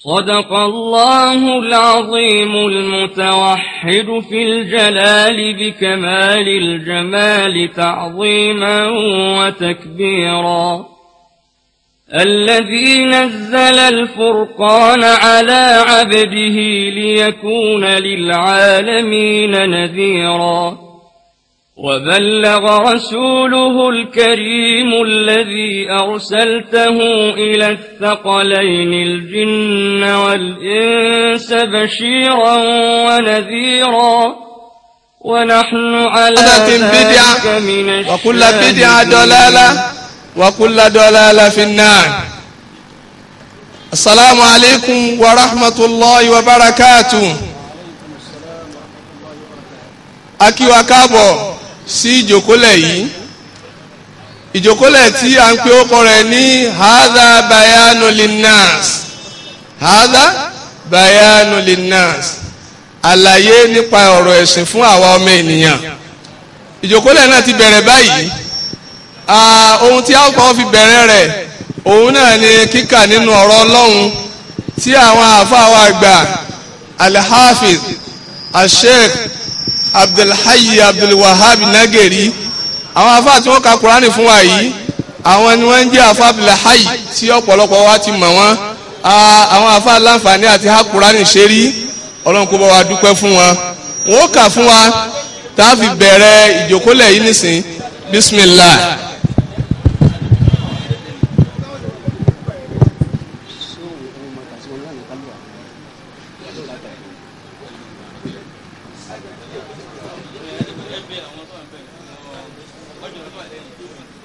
صدق الله العظيم المتوحد في الجلال بكمال الجمال تعظيما وتكبيرا الذي نزل الفرقان على عبده ليكون للعالمين نذيراً وبلغ رسوله الكريم الذي أرسلته إلى الثقلين الجن والإنس بشيرا ونذيرا ونحن على ذلك من وكل بدعة ضلالة وكل ضلالة في النار السلام عليكم ورحمة الله وبركاته أكي وكابو sí ìjókòlẹ̀ yìí ìjókòlẹ̀ tí a ń pè ókọ rẹ̀ ní haza bayanu linnas haza bayanu linnas àlàyé nípa ọ̀rọ̀ ẹ̀sìn fún àwa ọmọ ènìyàn ìjókòlẹ̀ náà ti bẹ̀rẹ̀ báyìí ohun tí a kọ́ fi bẹ̀rẹ̀ rẹ̀ òun náà ni kíkà nínú ọ̀rọ̀ ọlọ́run tí àwọn àáfàá wa gbà alhafiz asheikh abdulhayi abdulwahab nageri àwọn afa tí wọn ka kurani fún wa yìí àwọn ni wọn ń jẹ afa abdulhayi tí ọ̀pọ̀lọpọ̀ wa ti mọ̀ wọn àwọn afa láǹfààní àti ha kurani ṣeré Ọlọ́run kó bá wa dúpẹ́ fún wọn wọn ó kà fún wa tá a fi bẹ̀rẹ̀ ìjókòlẹ yìí nísìn bisimilah.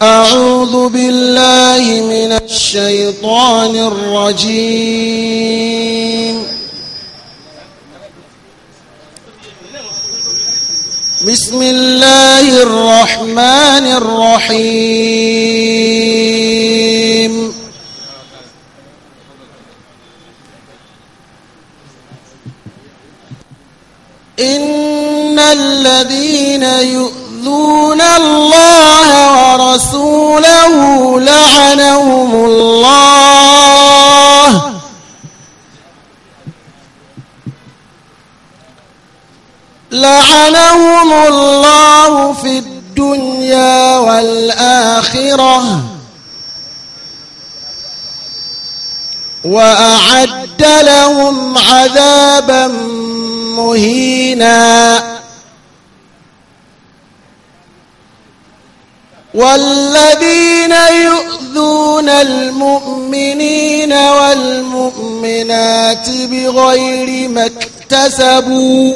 أعوذ بالله من الشيطان الرجيم بسم الله الرحمن الرحيم إن الذين يؤمنون يؤذون الله ورسوله لعنهم الله لعنهم الله في الدنيا والآخرة وأعد لهم عذابا مهيناً والذين يؤذون المؤمنين والمؤمنات بغير ما اكتسبوا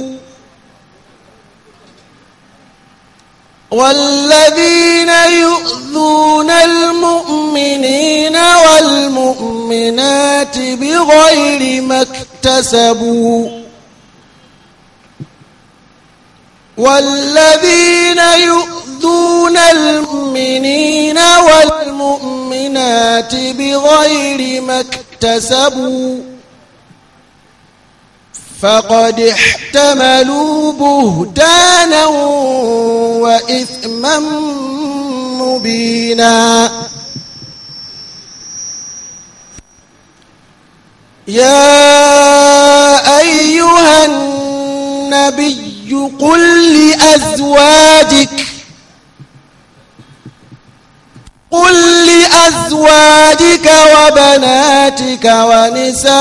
والذين يؤذون المؤمنين والمؤمنات بغير ما اكتسبوا والذين يؤذون دون المؤمنين والمؤمنات بغير ما اكتسبوا فقد احتملوا بهتانا وإثما مبينا يا أيها النبي قل لأزواجك قل لأزواجك وبناتك ونساء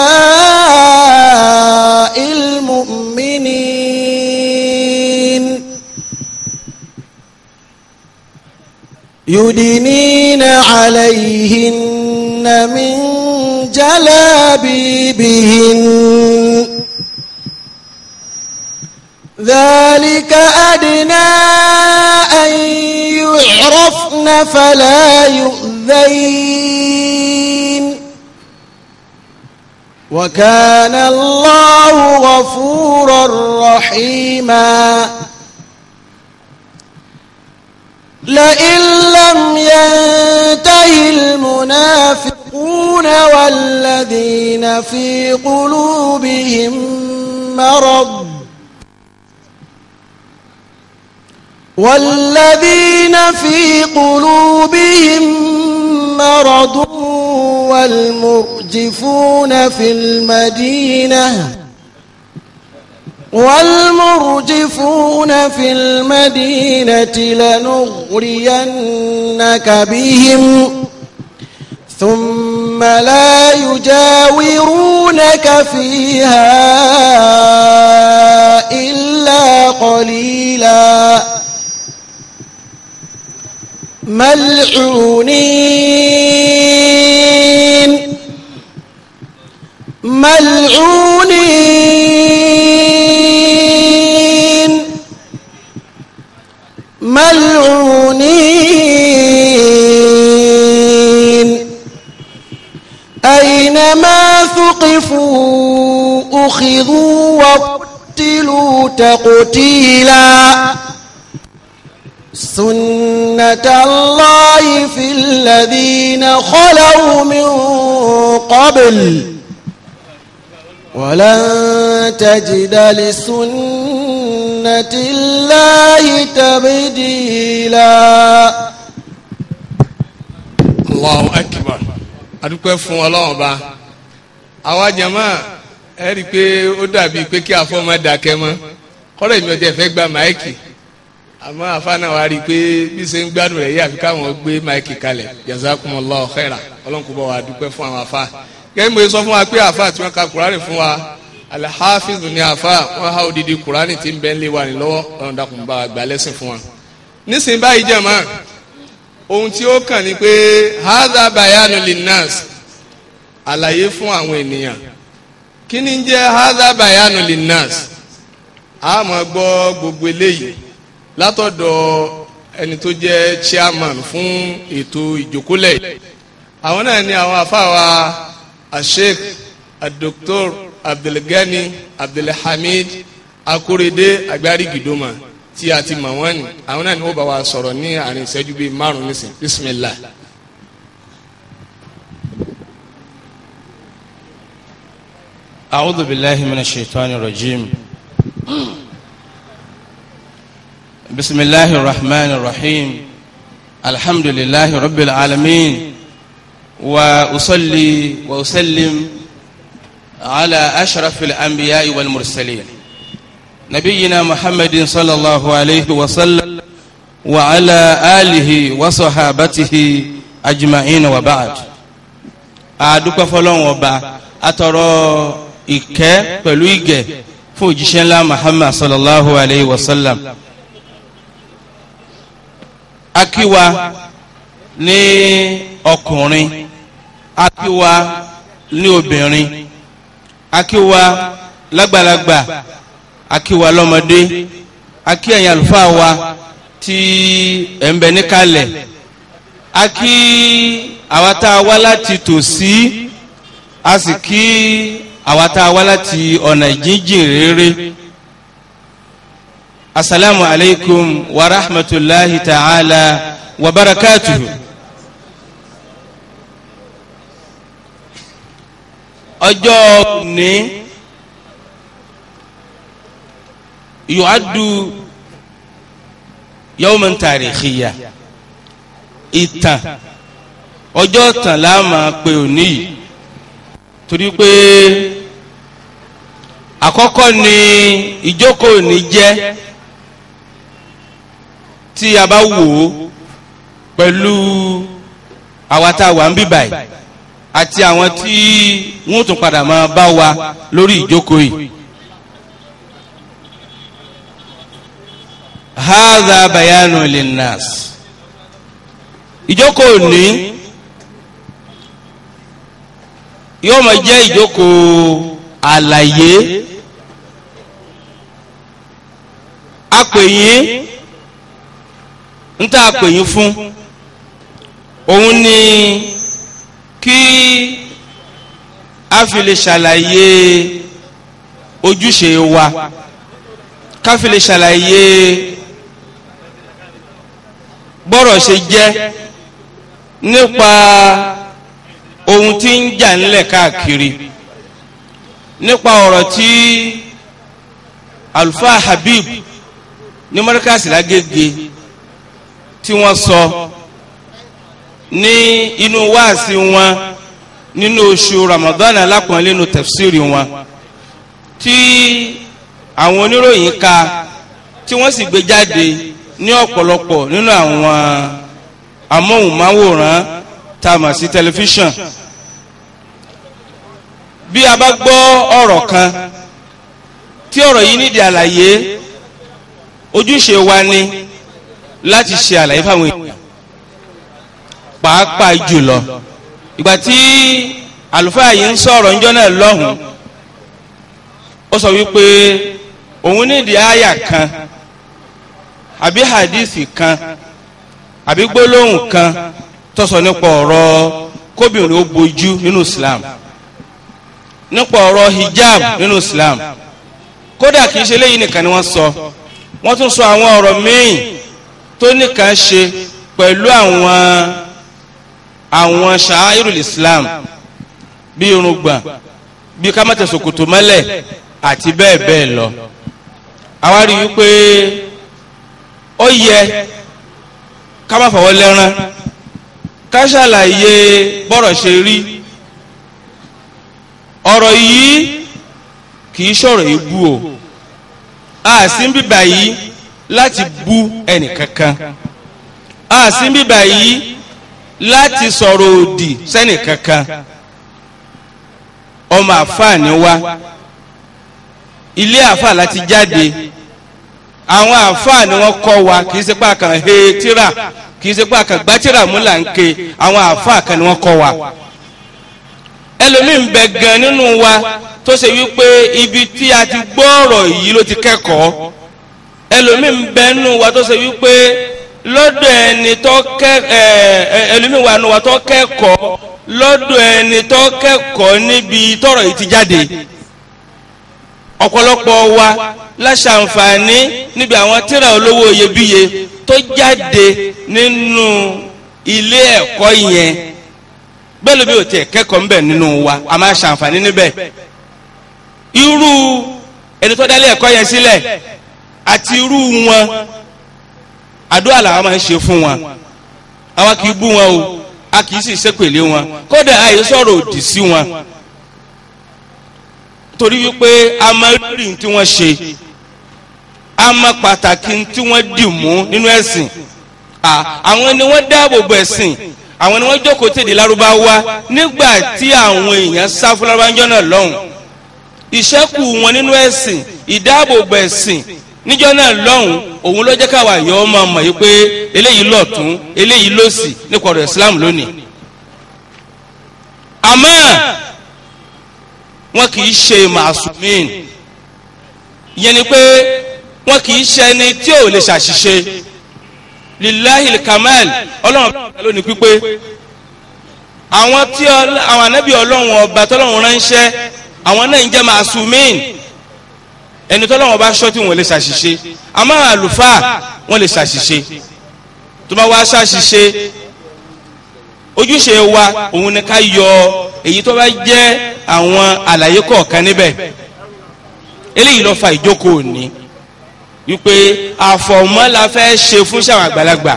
المؤمنين يدنين عليهن من جلابيبهن ذلك أدنى أن يعرفن فلا يؤذين وكان الله غفورا رحيما لئن لم ينته المنافقون والذين في قلوبهم مرض والذين في قلوبهم مرض والمرجفون في المدينة والمرجفون في المدينة لنغرينك بهم ثم لا يجاورونك فيها إلا قليلاً ملعونين ملعونين ملعونين أينما ثقفوا أخذوا وقتلوا تقتيلاً سنة الله في الذين خلوا من قبل ولن تجد لسنة الله تبديلا Allahu Akbar adúpẹ́ fún Ọlọ́run Ọba àwa jàmá ẹ rí i pé ó dàbí pé kí afọ́mọ́ dákẹ́ mọ́ kọ́rọ̀ èmi ọ̀jẹ̀ fẹ́ gba máìkì àmọ́ àfáàná wa rí i pé bí ṣe ń gbádùn rẹ̀ yí àfi káwọn gbé máìkì kalẹ̀ jazakumullahu khaira ọlọ́nkú bá wa dúpẹ́ fún àwọn afa. gẹ́gẹ́ sọ fún wa pé tí ka fún wa alhafiz ni àfáà wọ́n ha odidi kùránì ti ń bẹ lé wa ní lọ́wọ́ ọlọ́run dákun bá gbà lẹ́sìn fún wa. nísìnyí báyìí ohun tí ó kàn ní pé bayanu linnas àlàyé fún àwọn ènìyàn kí ni jẹ́ hadha bayanu linnas àmọ́ gbọ́ gbogbo eléyìí látọ̀dọ̀ ẹni tó jẹ́ chairman fún ètò ìjókòlẹ̀ àwọn náà ni àwọn afáwa asheik adoktor abdulgani abdulhamid akorede agbárigidoma tí a ti mọ̀ wọ́n ni àwọn náà ni ó bá wa sọ̀rọ̀ ní àárín ìṣẹ́jú bíi márùn-ún nísìn bismillah. أعوذ بالله من الشيطان الرجيم بسم الله الرحمن الرحيم الحمد لله رب العالمين وأصلي وأسلم على أشرف الأنبياء والمرسلين نبينا محمد صلى الله عليه وسلم وعلى آله وصحابته أجمعين وبعد أدوك فلون وبا أترى إكا بلويك فوجشن لا محمد صلى الله عليه وسلم Akiwa ní ọkùnrin Akiwa ní obìnrin Akiwa lágbàlagbà akíwa lọ́mọdé akí ẹ̀yin àlùfáà wa tí ẹ̀ ń bẹ níkàlẹ̀ akí àwa tá a wá láti tòsí a sì kí àwa tá a wá láti ọ̀nà ìjínjìn rere asalaamu alaykum wa rahmatulahi ta'ala wa barakatuhu. ọjọ́ ní yu'addu yawman tarikhiya ìtàn ọjọ́ tàn la máa pe òní torí pé àkọ́kọ́ ni ìjókòó ní jẹ́ tí a bá wò ó pẹ̀lú àwa tá a wà ń bí báyìí àti àwọn tí wọ́n tún padà máa bá wa lórí ìjókòó yìí. hadha bayanu linnas ìjókòó ní yóò máa jẹ́ ìjókòó àlàyé apèyìn. Nta tà pè yín fún òun ni kí a fi lè ṣàlàyé ojúṣe wa ká fi lè ṣàlàyé bọ́rọ̀ ṣe jẹ́ nípa ohun tí ń jà ńlẹ̀ káàkiri nípa ọ̀rọ̀ tí alfa habib ní mọ́ríkàsì lágége tí wọ́n sọ ní inú wáàsí wọn nínú oṣù Ramadan alápọ̀nlé nínú tafsiri wọn tí àwọn oníròyìn ka tí wọ́n sì gbé jáde ní ọ̀pọ̀lọpọ̀ nínú àwọn amóhùnmáwòrán tá a mọ̀ sí tẹlifíṣàn bí a bá gbọ́ ọ̀rọ̀ kan tí ọ̀rọ̀ yìí nídìí àlàyé ojúṣe wa ni láti ṣe àlàyé fáwọn èèyàn pàápàá jùlọ ìgbà tí àlùfáà yìí ń sọ̀rọ̀ ńjọ́ náà lọ́hùn ó sọ wípé òun nídìí àyà kan àbí hadisi kan àbí gbólóhùn kan tó sọ nípa ọ̀rọ̀ kóbìnrin ó bojú nínú Islam nípa ọ̀rọ̀ hijab nínú Islam kódà kìí ṣe léyìn nìkan ni wọ́n sọ wọ́n tún sọ àwọn ọ̀rọ̀ míì tó nìkan ṣe pẹ̀lú àwọn àwọn ṣááírùl islam bí irùngbọ̀n bí ká má tẹ ṣòkòtò mọ́lẹ̀ àti bẹ́ẹ̀ bẹ́ẹ̀ lọ àwa rí wípé ó yẹ ká má fọwọ́ lẹ́rán ká ṣàlàyé bọ́rọ̀ ṣe rí ọ̀rọ̀ yìí kì í ṣọ̀rọ̀ ìbú o a sì ń bíbà yìí láti bu ẹnìkankan a sì ń bíbà yìí láti sọ̀rọ̀ òdì sẹ́nìkankan ọmọ àfáà ni wá ilé àfáà láti jáde àwọn àfáà ni wọ́n wa kì í ṣe pé àkàn he tíra kì í ṣe pé àkàn gbátìrà mú là ń ke àwọn àfáà kan ni wọ́n kọ́ wa ẹlòmíín bẹ gan nínú wa tó ṣe wípé ibi tí a ti gbọ́ ọ̀rọ̀ yìí ló ti kẹ́kọ̀ọ́ ẹlòmíì ń bẹ nù wa tó ṣe wípé lọ́dọ̀ ẹni tó kẹ́ ẹ ẹlòmíì wà nù wa tó kẹ́kọ̀ọ́ lọ́dọ̀ ẹni tó kẹ́kọ̀ọ́ níbi tọ́rọ̀ yìí ti jáde ọ̀pọ̀lọpọ̀ wa láṣàǹfààní níbi àwọn tíra olówó iyebíye tó jáde nínú ilé ẹ̀kọ́ yẹn bẹ́ẹ̀ ló bí o tiẹ̀ kẹ́kọ̀ọ́ ńbẹ̀ nínú wa a máa ṣàǹfààní níbẹ̀ irú ẹni tó dálé ẹ̀kọ́ yẹn sílẹ̀ àti irú wọn àdúrà làwọn máa ń ṣe fún wọn àwa kì í bú wọn o a kì í sì ṣépèlé wọn kódà àyè sọ̀rọ̀ òdì sí wọn torí wípé a máa rí tí wọ́n ṣe a máa pàtàkì tí wọ́n dì mú nínú ẹ̀sìn àwọn ni wọ́n dáàbò bo ẹ̀sìn àwọn ni wọ́n jókòó tèdè lárúbáwá nígbà tí àwọn èèyàn sá fún lárúbáwá jọ́nà lọ́hùn ìṣẹ́kù wọn nínú ẹ̀sìn ìdáàbòbò ẹ̀sìn níjọ́ náà lọ́hùn òun ló jẹ́ káwa yọ ọmọ ọmọ yìí pé eléyìí lọ̀tún eléyìí lòsì nípa ọ̀rọ̀ islam lónìí àmọ́ wọn kì í ṣe màsùmíìn yẹn ni pé wọn kì í ṣe ẹni tí ò lè ṣàṣìṣe lilahi kamal ọlọ́run ọba ló ní pípé àwọn tí àwọn anábì ọlọ́run ọba tọ́lọ́run ránṣẹ́ àwọn náà ń jẹ́ màsùmíìn ẹni tọ́lọ́wọ́n bá ṣọ́ tí wọ́n lè ṣàṣìṣe àmọ́ àlùfáà wọ́n lè ṣàṣìṣe tó bá wá ṣàṣìṣe ojúṣe wa òun ni ká yọ èyí tó bá jẹ́ àwọn àlàyé kọ̀ọ̀kan níbẹ̀ eléyìí ló fa ìjókòó ní wípé àfọ̀mọ́ la fẹ́ ṣe fún sàwọn àgbàlagbà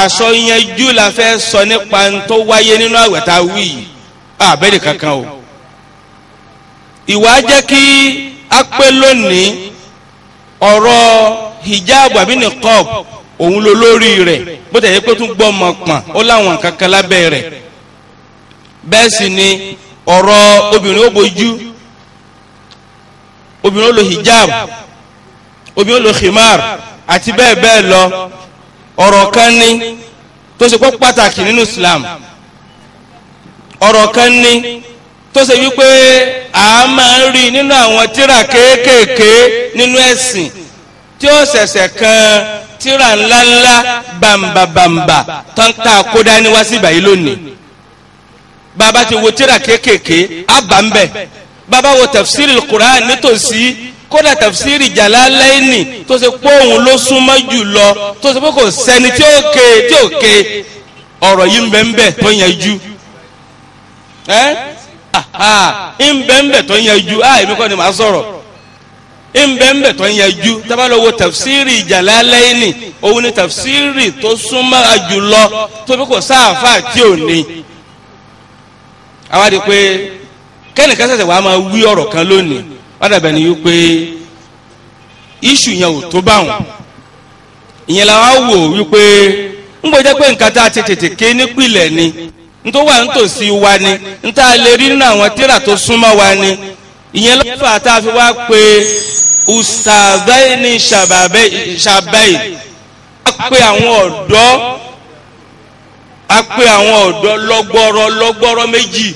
àsọyẹnjú la fẹ́ sọ nípa tó wáyé nínú àgbàtà wíì àbẹ́ẹ̀dì kankan o ìwà jẹ́ kí a pé lónìí ọ̀rọ̀ hijab àbí niqab òun ló lórí rẹ̀ bó tẹ̀yẹ pé tún gbọ́ ọmọ pọ̀n ó láwọn kankan lábẹ́ rẹ̀ bẹ́ẹ̀ sì ni ọ̀rọ̀ obìnrin ó bojú obìnrin ó lo hijab obìnrin ó lo khimar àti bẹ́ẹ̀ bẹ́ẹ̀ lọ ọ̀rọ̀ kan ní tó ṣe pọ́ pàtàkì nínú Islam ọ̀rọ̀ kan ní tó ṣe wípé a máa ń rí nínú àwọn tíra kéékèèké nínú ẹ̀sìn tí ó ṣẹ̀ṣẹ̀ kan tíra ńláńlá bàǹbàbàǹbà tó ń ta kódà ní wá sí ìbàyí lónìí bàbá ti wo tíra kéékèèké á bà ń bẹ̀ bàbá wo tafsiri Qur'an nítòsí kódà tafsiri Jalalaini tó ṣe pé òun ló súnmọ́ jù lọ tó ṣe pé kò sẹ́ni tí ó ké tí ó ké ọ̀rọ̀ yìí ń bẹ ń bẹ tó yanjú. Eh? nbẹ̀nbẹ̀ tó yanjú a ah, èmi kọ́ ni màá sọ̀rọ̀ nbẹ̀nbẹ̀ tó yanjú tábàlówó tafsiri Jalalaini ni tafsiri to súnmọ́ jùlọ tóbi kò sáàfà tí ò A àwa di pé kẹ́nìkan ṣẹ̀ṣẹ̀ wàá wí ọ̀rọ̀ kan lónìí wọ́n dàbẹ̀ ni wípé iṣu yẹn ò tó báwọn ìyẹn làwọn wò wípé ń gbọ́dọ̀ pé nǹkan tá a ti tètè ké ni. ntó wà nítòsí wa ni ntá lè rí nínú àwọn tíra tó súnmọ́ wa ni ìyẹn lọ́fà tá a fi wá pé ustazaini shabai a pé àwọn ọ̀dọ́ a pé àwọn ọ̀dọ́ lọ́gbọ́rọ́ lọ́gbọ́rọ́ méjì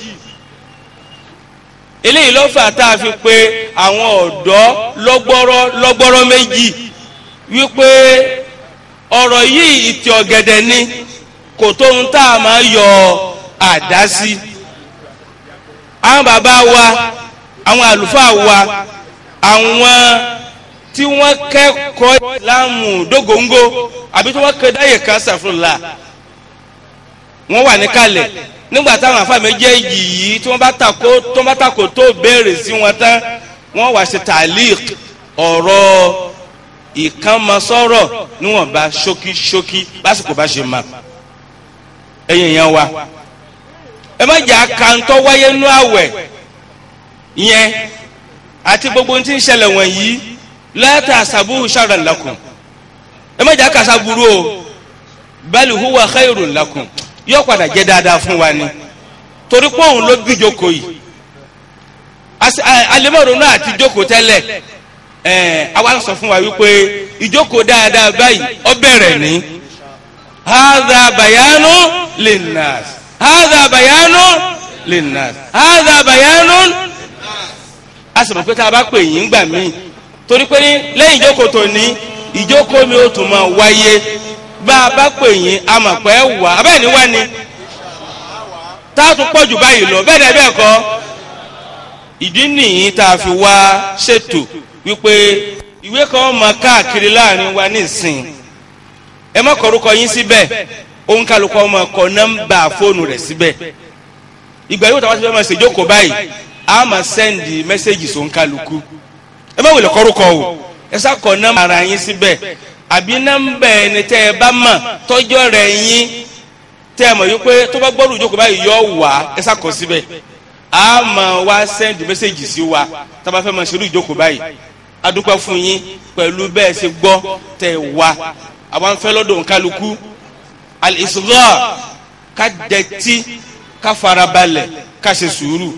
eléyìí lọ́fà tá a fi pé àwọn ọ̀dọ́ lọ́gbọ́rọ́ lọ́gbọ́rọ́ méjì wípé ọ̀rọ̀ yìí ìtì ọ̀gẹ̀dẹ̀ ni kò tó ń tá a máa yọ àdásí àwọn bàbá wa àwọn àlùfáà wa àwọn tí wọ́n kẹ́kọ̀ọ́ ìlàmù dógóńgó àbí tí wọ́n kẹ́ dáyè kan ṣàfùlà wọ́n wà níkàlẹ̀ nígbà táwọn àfa méjèèjì yìí tí wọ́n bá tako tó bá tako tó béèrè sí wọn tán wọ́n wá ṣe tàlík ọ̀rọ̀ ìkànnmọ́sọ́rọ̀ níwọ̀nba ṣókíṣókí lásìkò bá ṣe mọ̀ ẹ̀yìn yẹn wa ẹ má jà kàńtọ́ wáyé nú àwẹ̀ yẹn àti gbogbo tí ń ṣẹlẹ̀ wọ̀nyí lẹ́tà sàbúrù sharran lakum ẹ má jà kàṣà burú o bal huwa khairun lakum yóò padà jẹ́ dáadáa fún wa ni torí pé òun ló bí jókòó yìí alẹ́mọ̀rún náà ti jókòó tẹ́lẹ̀ ẹ̀ àwa sọ fún wa wípé ìjókòó dáadáa báyìí ó bẹ̀rẹ̀ ní hadha bayanu linnas hádà le na hádà bayanu a sì mọ̀ pé tá gbà mi ó tún máa wáyé bá a bá pè yín a mọ̀ pé wà abẹ́ ní wá ni tá a tún pọ̀ jù lọ bẹ́ẹ̀ dẹ́ bẹ́ẹ̀ kọ́ ìdí nìyí tá a fi wá ṣètò wípé ìwé kan máa káàkiri láàrin wa nísìn ẹ má kọ yín òun kálukọ ọmọ kọ nọ́mbà fóònù rẹ̀ síbẹ̀ ìgbà yóò tàwọn ti fẹ́ máa ṣèjókòó báyìí a máa sẹ́ndì mẹ́sẹ́gì sóun kálukú ẹ má wulẹ̀ kọ́rúkọ o ẹ sá kọ nọ́mbà ara yín síbẹ̀ àbí nọ́mbà ẹni tẹ́ ẹ bá mọ̀ tọ́jọ́ rẹ̀ yín tẹ́ ẹ mọ̀ yí pé tó bá gbọ́dọ̀ ìjókòó báyìí yọ wá ẹ sá kọ síbẹ̀ a máa wá sẹ́ndì mẹ́sẹ́gì sí wa tá a bá fẹ́ máa ṣerú ìjókòó báyìí adúpẹ́ fún yín pẹ̀lú bẹ́ẹ̀ ṣe gbọ́ tẹ́ wá àwọn afẹ́ lọ́dọ̀ kálukú al-isghar ká dẹ̀tí ká farabalẹ̀ ká ṣe sùúrù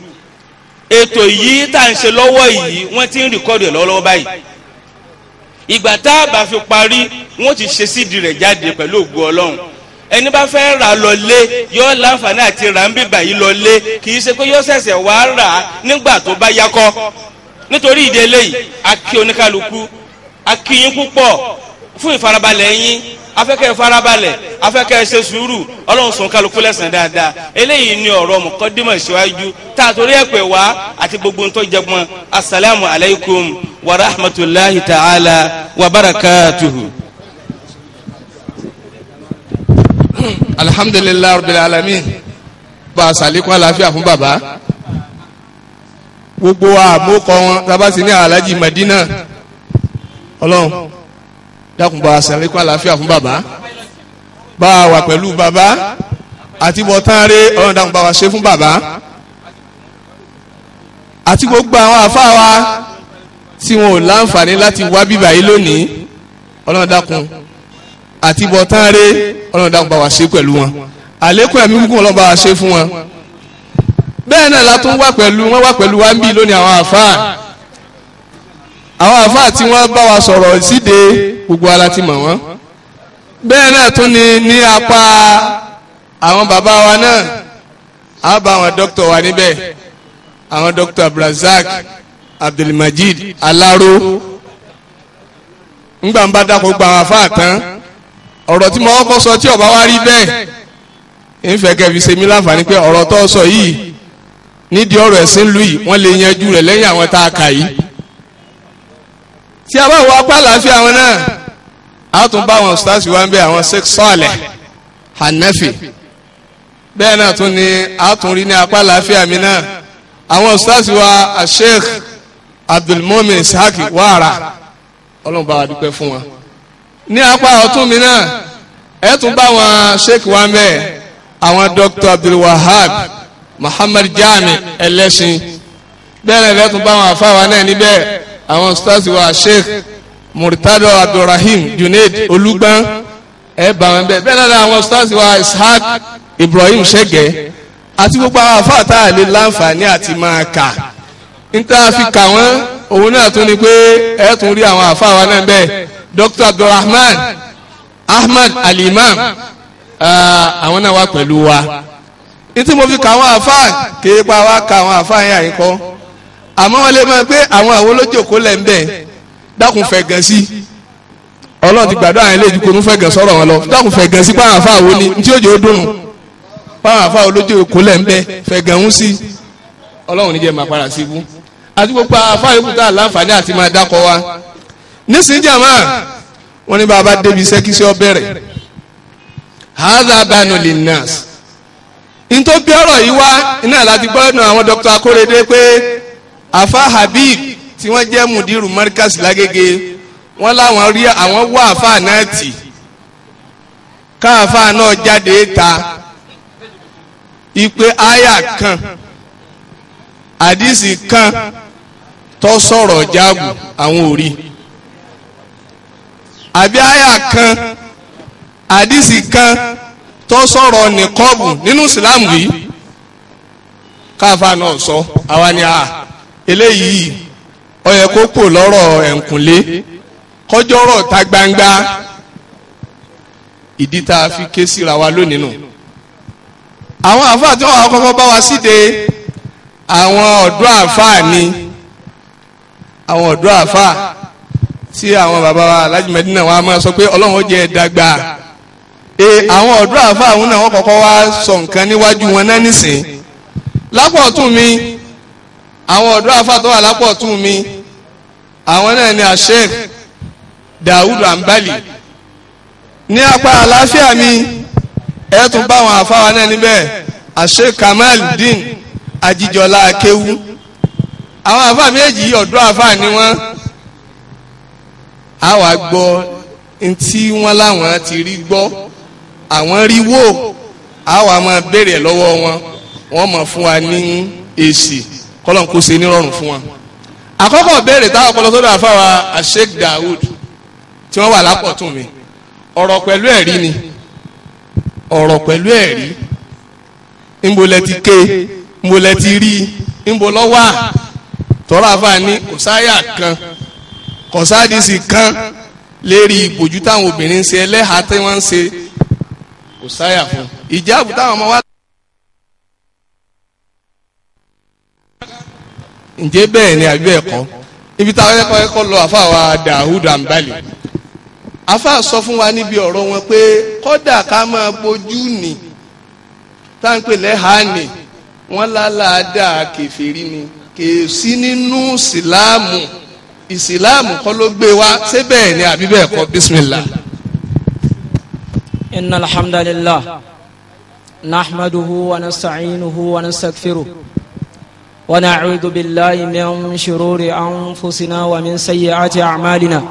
ètò yìí tá à ń ṣe lọ́wọ́ yìí wọ́n ti ń rìkọ́dù ẹ̀ lọ́wọ́ báyìí ìgbà tá a bá fi parí wọ́n ti ṣe sídìí rẹ̀ jáde pẹ̀lú ògo ọlọ́run ẹni bá fẹ́ rà lọlé yóò láǹfààní àti rà ń lọlé kì í ṣe pé yóò ṣẹ̀ṣẹ̀ wá rà á nígbà tó bá yakọ́ nítorí ìdí eléyìí a kí oníkálukú a kí yín púpọ̀ fún ìfarabalẹ̀ yín afẹ́kẹ́ farabalẹ̀ afẹ́kẹ́ ṣe sùúrù ọlọ́run sọ kálukú lẹ́sàn dáadáa eléyìí ni ọ̀rọ̀ mọ̀kọ́dímọ̀ ìṣíwájú tá a torí ẹ̀pẹ̀ wá àti gbogbo ntọ́ jẹgbọn asalaamu alaykum wa rahmatulahi ta'ala wa barakatuhu. alhamdulilayi rabbil alamin bá a sàlékún àlàáfíà fún bàbá gbogbo àmúkọ wọn tábàsí ní alhaji madina ọlọ́run dákun bá a sẹ́lẹ̀ kó àlàáfíà fún bàbá bá a wà pẹ̀lú bàbá àti bọ̀tánré ọlọ́run dákun bá wa ṣe fún bàbá àti gbogbo àwọn àfáà wa tí wọn ò láǹfààní láti wá bíbà yìí lónìí ọlọ́run dákun àti bọ̀tánré ọlọ́run dákun bá wa ṣe pẹ̀lú wọn àlékún ẹ̀mí gúngún ọlọ́run bá wa ṣe fún wọn bẹ́ẹ̀ náà la wà pẹ̀lú wọn wà pẹ̀lú wa ń bí lónìí àwọn àfáà àwọn àfáà tí wọ́n bá wa sọ̀rọ̀ síde gbogbo ara ti mọ̀ wọ́n bẹ́ẹ̀ náà tún ni ní apá àwọn bàbá wa náà á bá àwọn dókítà wa níbẹ̀ àwọn dókítà Abdulrazak Abdulmajid Alaro ńgbà ń bá dàpọ̀ gba àwọn àfáà tán ọ̀rọ̀ tí mo kọ́kọ́ sọ tí ọba wa rí bẹ́ẹ̀ ń fẹ́ kẹ́ ṣe mí láǹfààní pé ọ̀rọ̀ tó sọ yìí nídìí ọ̀rọ̀ ẹ̀sìn lùyìí wọ́n lè yanjú rẹ̀ lẹ́yìn àwọn tá a kà yìí tí a bá wọ apá àlàáfíà wọn náà a tún bá wọn stars wá bẹ àwọn Sheikh Saleh Hanafi náà tún ni a tún rí ní apá àlàáfíà mi náà àwọn stars wa Sheikh Abdulmumin Ishaq Wàrà ọlọ́run bá wa dúpẹ́ fún wọn ní apá ọ̀tún mi náà ẹ tún bá wọn Sheikh wa ń àwọn Dr. Abdulwahab Muhammad Jami ẹlẹ́sìn bẹ́ẹ̀ náà ẹ tún bá wọn àfáwa náà níbẹ̀ àwọn stars wa sheikh murtado abdulrahim junaid olúgbọ́n ẹ bá wọn bẹ́ẹ̀ bẹ́ẹ̀ lára àwọn stars wa ishaq ibrahim ṣẹ́gẹ́ àti gbogbo àwọn afáàtà àlè láǹfààní àti máa kà níta fi kà wọ́n òun náà tún ni pé ẹ tún rí àwọn àfáà náà bẹ́ẹ̀ dr abdulrahman ahmad alimam àwọn náà wà pẹ̀lú wa ní tí mo fi kà àwọn àfáà kéèpá wa kà àwọn àfáà yẹn àyíkọ́ àmọ́ wọn lè máa pé àwọn àwọn olójókòó lẹ̀ ń bẹ̀ dákun fẹ̀ gan sí ọlọ́run ti gbàdúrà yẹn léjú kónú fẹ̀ gan sọ̀rọ̀ wọn lọ dákun fẹ̀ gan sí páwọn àfa àwọn ni ntí òjò dùn páwọn àfa olójókòó lẹ̀ ń bẹ̀ fẹ̀ gan ń sí ọlọ́run níjẹ́ máa para sí ibú àti gbogbo àfa yòókù tá láǹfààní àti máa dákọ wa nísìnyí jàmá wọn ní bàbá débi iṣẹ́ kí iṣẹ́ ọ bẹ̀rẹ̀ haza banu linnas ntọ́ bí ọ̀rọ̀ yìí wá iná láti gbọ́ ẹnu àwọn afa habib tí wọ́n jẹ́ mudiru markas lágége wọ́n láwọn rí àwọn wá afa náà tì káàfa náà jáde ta ipe aya kan àdìsí kan tó sọ̀rọ̀ jágù àwọn òrí àbí aya kan àdìsí kan tó sọ̀rọ̀ nìkọ́bù nínú ìsìlámù yìí káàfa náà sọ àwa ni a. Ah eléyìí ó yẹ kó pọ̀ lọ́rọ̀ ẹ̀ǹkùnlé kọjọ́rọ̀ ta gbangba ìdí tá a fi ké síra wa lónìí nù. àwọn àáfàá tí wọn kọ́kọ́ bá wa síde àwọn ọ̀dọ́ àáfàá ni àwọn ọ̀dọ́ àáfàá tí àwọn bàbá wa Alhaji Medina wa máa sọ pé ọlọ́run ó jẹ́ ẹ dàgbà e àwọn ọ̀dọ́ àáfàá àwọn náà wọ́n kọ́kọ́ wá sọ nǹkan níwájú wọn náà nísìn lápò ọ̀tún mi àwọn ọ̀dọ́ afa tó wà lápọ̀ tún mi àwọn náà ni àṣẹ Dawud Ambali ní apá àlàáfíà mi ẹ tún bá àwọn àfáwa náà níbẹ̀ àṣẹ Kamal Din Ajijọla Akewu àwọn àfáà méjì ọ̀dọ́ àfáà ni wọ́n á wà gbọ́ ntí wọ́n láwọn ti rí gbọ́ àwọn rí wò á wà máa béèrè lọ́wọ́ wọn wọ́n máa fún wa ní èsì. E kọ́lọ́n kó ṣe nírọ̀rùn fún wa. àkọ́kọ́ béèrè táwọn ọpọlọ sọ́dọ̀ àfáwà Sheikh Daoud tí wọ́n wà lápọ̀tún mi ọ̀rọ̀ pẹ̀lú ẹ̀rí ni ọ̀rọ̀ pẹ̀lú ẹ̀rí ńbọlẹ̀ ti ké ńbọlẹ̀ ti rí ńbọlọ́ wà tọ́lá àfáà ní kòsáyà kan kòsádìsì kan lérí ìbòjú táwọn obìnrin ń ṣe ẹlẹ́hàá tí wọ́n ń ṣe kòsáyà fún ìjáàbù táwọn ọmọ wa. ǹjẹ́ bẹ́ẹ̀ ni àbí bẹ́ẹ̀ kọ́ ibi táwọn ẹ̀kọ́ ẹ̀kọ́ lọ àfa wa Dawud Ambali àfa sọ fún wa níbi ọ̀rọ̀ wọn pé kọ́dà ká máa bojú nì táǹpẹ̀ lẹ́hàánì wọ́n lálàádà kẹfìrí ni kè sí nínú ìsìláàmù ìsìláàmù kọ́ ló gbé wa ṣé bẹ́ẹ̀ ni àbí bẹ́ẹ̀ kọ́ bísímìlà. inna alhamdulillah nahmaduhu wa nasta'inuhu wa ونعوذ بالله من شرور أنفسنا ومن سيئات أعمالنا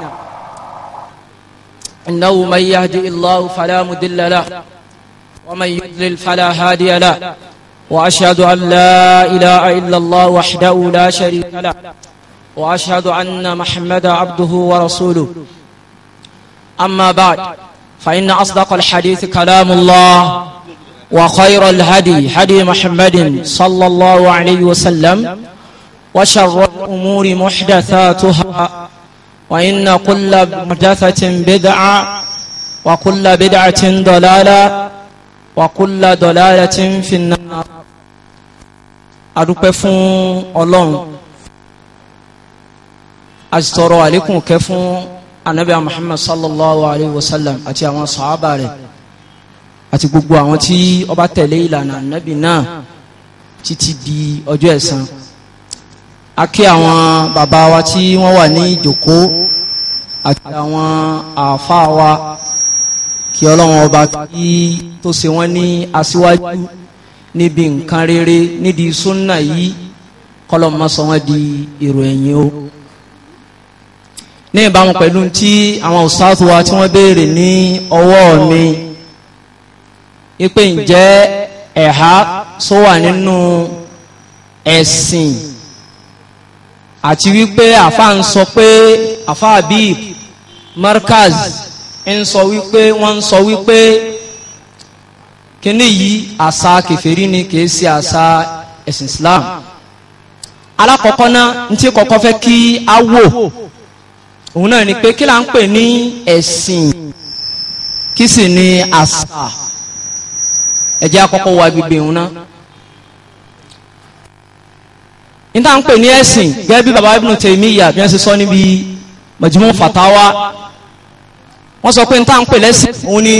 إنه من يهدي الله فلا مدل له ومن يضلل فلا هادي له وأشهد أن لا إله إلا الله وحده لا شريك له وأشهد أن محمدا عبده ورسوله أما بعد فإن أصدق الحديث كلام الله وخير الهدي هدي محمد صلى الله عليه وسلم وشر الأمور محدثاتها وإن كل محدثة بدعة وكل بدعة ضلالة وكل ضلالة في النار adúpẹ́ fún ọlọ́run asitọrọ àlékún kẹ́ fún anabi muhammad sallallahu alayhi wa sallam àti àwọn àti gbogbo àwọn tí ó bá tẹ̀lé ìlànà nẹ́bì náà títí di ọjọ́ ẹ̀san a kí àwọn bàbá wa tí wọ́n wà ní ìjòkó àti àwọn àáfàá wa kí ọlọ́run ọba kí tó ṣe wọ́n ní aṣíwájú níbi nǹkan rere nídìí súnà yìí kọlọ́n di èrò ẹ̀yìn o ní ìbámu pẹ̀lú tí àwọn òṣàtúwa tí wọ́n béèrè ní ọwọ́ mi. ipe ǹjẹ́ ẹ̀há só wà nínú ẹ̀sìn àti wípé àfa ń sọ pé àfa Habib Markaz ń sọ wípé wọ́n ń sọ wípé kíní yìí àṣà ni kìí ṣe àṣà ẹ̀sìn Islam alákọ̀ọ́kọ́ náà ní tí kọ́kọ́ fẹ́ kí á wò òun náà ni pé kí là ń pè ní ẹ̀sìn kí sì ni àṣà. ẹ jẹ́ àkọ́kọ́ wa gbígbé òun ná. níta ń pè ní ẹ̀sìn gẹ́gẹ́ bí baba Ibn Taymiyyah bí wọ́n ṣe sọ níbi Majmu' Fatawa wọ́n sọ pé níta ń pè lẹ́sìn òun ni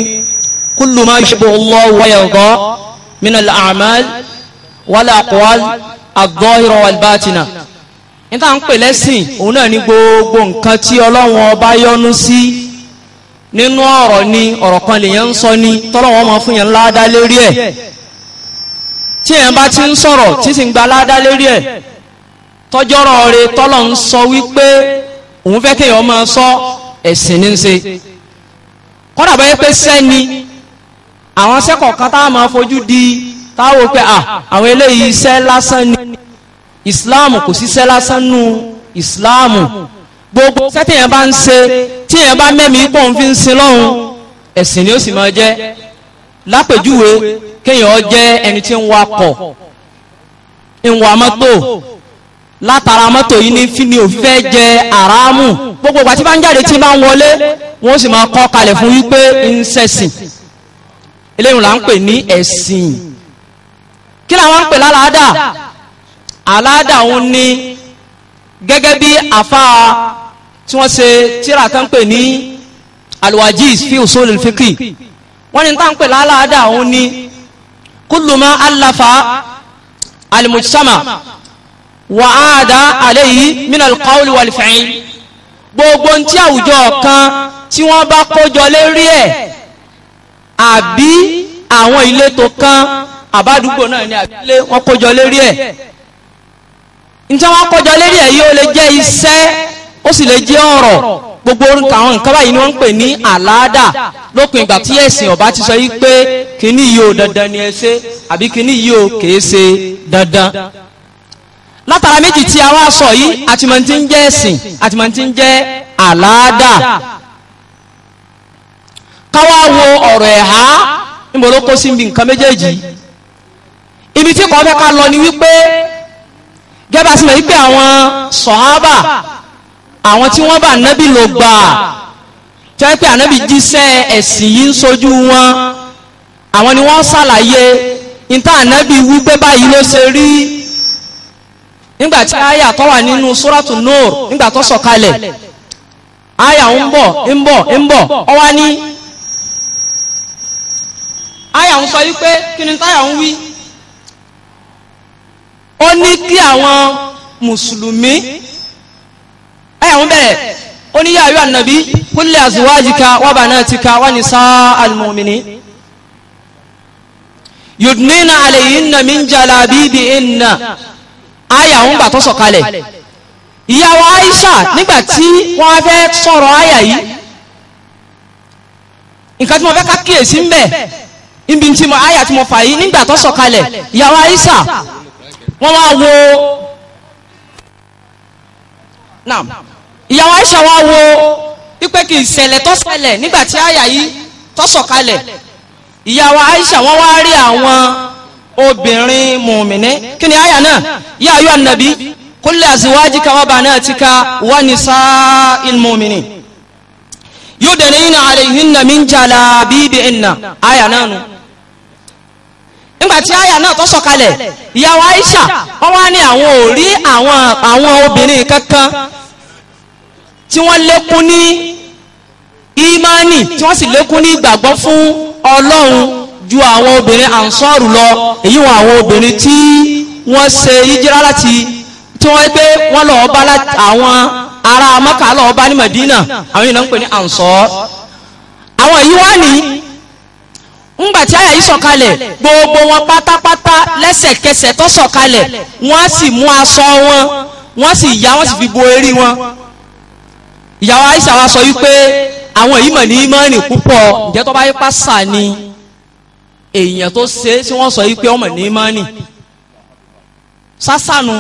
kullu ma yushbihu Allah wa yarda mina al-a'mal wal aqwal al-zahira wal níta ń pè lẹ́sìn òun náà ni gbogbo nǹkan tí Ọlọ́run ọba yọ́nú sí. Si nínú ọ̀rọ̀ ni ọ̀rọ̀ kan lèyàn ń sọ ní tọ́lọ́wọ́n máa fún yẹn ládá lérí ẹ̀ tí èyàn bá ti ń sọ̀rọ̀ tí sì ń gba ládá lérí ẹ̀ tọ́jọ́rọ̀ rẹ tọ́lọ̀ ń sọ wípé òun fẹ́ kéèyàn máa sọ ẹ̀sìn ní ṣe kọ́dà bá pé sẹ́ni àwọn sẹ́kọ̀ọ́ táwọn máa fojú di táwọn pé à àwọn eléyìí iṣẹ́ lásán ni Islam kò sí iṣẹ́ lásán nù Islam. Islam gbogbo sẹ́tìyàn bá ń ṣe tíyàn bá mẹ́mí pọ̀ ń fi ń sin lọ́hùn ẹ̀sìn ni ó sì máa jẹ́ lápèjúwe kéèyàn jẹ́ ẹni tí ń wakọ̀ ń wa mọ́tò látara mọ́tò yìí ní fi ni ò fẹ́ jẹ àràámù gbogbo ìgbà tí bá ń jáde tí bá ń wọlé wọ́n sì máa kọ́ kalẹ̀ fún wípé ń ṣẹ̀sìn eléyìí là ń pè ní ẹ̀sìn kí làwọn ń pè lálàádà àlàádà òun ni gẹ́gẹ́ bí àfáà tí wọ́n ṣe tíra kan pè ní alwajiz fi usul al-fiqh wọ́n ní tá ń pè láàláàdá òun ni kullu ma allafa al-mujtama wa aada alayhi min al-qawl wal-fi'l gbogbo tí àwùjọ kan tí wọ́n bá kójọ lérí ẹ̀ àbí àwọn ìletò kan àbádúgbò náà ni àbílé wọ́n kójọ lérí ẹ̀ ǹjẹ́ wọ́n kójọ lérí ẹ̀ yóò lè jẹ́ iṣẹ́ ó sì lè jẹ́ ọ̀rọ̀ gbogbo àwọn nǹkan báyìí ni wọ́n ń pè ní àláàdà lópin ìgbà tí ẹ̀sìn ọ̀bá ti sọ yí pé kíní yìí ò dandan ni ẹ ṣe àbí kíní yìí ò kèé ṣe dandan látara méjì tí a wá sọ yìí àtìmọ̀tí ń jẹ́ ẹ̀sìn àtìmọ̀tí ń jẹ́ àláàdà káwá wo ọ̀rọ̀ ẹ̀há níbo ló kó sí nǹkan méjèèjì ibi tí kò fẹ́ ká lọ ni wípé gẹ́gẹ́ bá sì mọ̀ wípé àwọn sọ̀hábà àwọn tí wọ́n bá ànábì lò gbà tí wọ́n pè ànábì jíṣẹ́ ẹ̀sìn yìí ń sojú wọn àwọn ni wọ́n ṣàlàyé níta ànábì wí pé báyìí ló ṣe rí nígbà tí àyà tó wà nínú sóràtù nóòr nígbà tó sọ̀kalẹ̀ àyà ń bọ̀ ń bọ̀ ń bọ̀ ọ wá ní àyà ń sọ yí pé kí ni táyà ń wí ó ní kí àwọn mùsùlùmí ayà wọn bẹ̀rẹ̀ ó ní yàrá ànàbí kulli azwajika wa banatika wa nisa'al mu'minin yudnina alayhinna min jalabibihinna ayà wọn gbà tó sọ̀kalẹ̀ ìyàwó Aisha nígbà tí wọ́n fẹ́ sọ̀rọ̀ ayà yìí nǹkan tí wọ́n fẹ́ ká kíyèsí ń bẹ̀ níbi tí mo ayà tí mo fà yìí nígbà tó sọ̀kalẹ̀ ìyàwó Aisha wọ́n wá wo Naam. Naam ìyàwó Aisha wa wo wípé kì í ṣẹlẹ̀ tó ṣẹlẹ̀ nígbà tí àyà yìí tó sọ̀kalẹ̀ ìyàwó Aisha wọ́n wá rí àwọn obìnrin mùmìnì kí ni àyà náà yá ayọ́ ànàbí kulli azwajika wa banatika wa nisa'il mu'minin yudnina alayhinna min jalabibihinna àyà náà nù nígbàtí àyà náà tó sọ̀kalẹ̀ ìyàwó Aisha wọ́n wá ní àwọn ò rí àwọn obìnrin kankan tí wọ́n lékún ní ìmánì tí wọ́n sì lékún ní ìgbàgbọ́ fún ọlọ́run ju àwọn obìnrin ansọ́ọ̀rù lọ èyí wọn àwọn obìnrin tí wọ́n ṣe ìjírá láti tí wọ́n gbé wọ́n lọ́ọ́ bá àwọn ará Mẹ́kà lọ́ọ́ bá ní Madina àwọn yìí náà ń pè ní ansọ́ọ̀rù àwọn èyí wá ní ńgbàtí àyà yìí sọ̀kalẹ̀ gbogbo wọn pátápátá lẹ́sẹ̀kẹsẹ̀ tó sọ̀kalẹ̀ wọ́n sì mú aṣọ wọn wọ́n sì yá wọ́n sì fi bo eré wọn ìyàwó Aisha wa sọ wípé àwọn èyí mọ̀ ní ìmọ̀ọ́nì púpọ̀ ǹjẹ́ tó bá yẹ pásà ni èèyàn tó ṣe tí wọ́n sọ wípé ọmọ ní ìmọ̀ọ́nì sásànù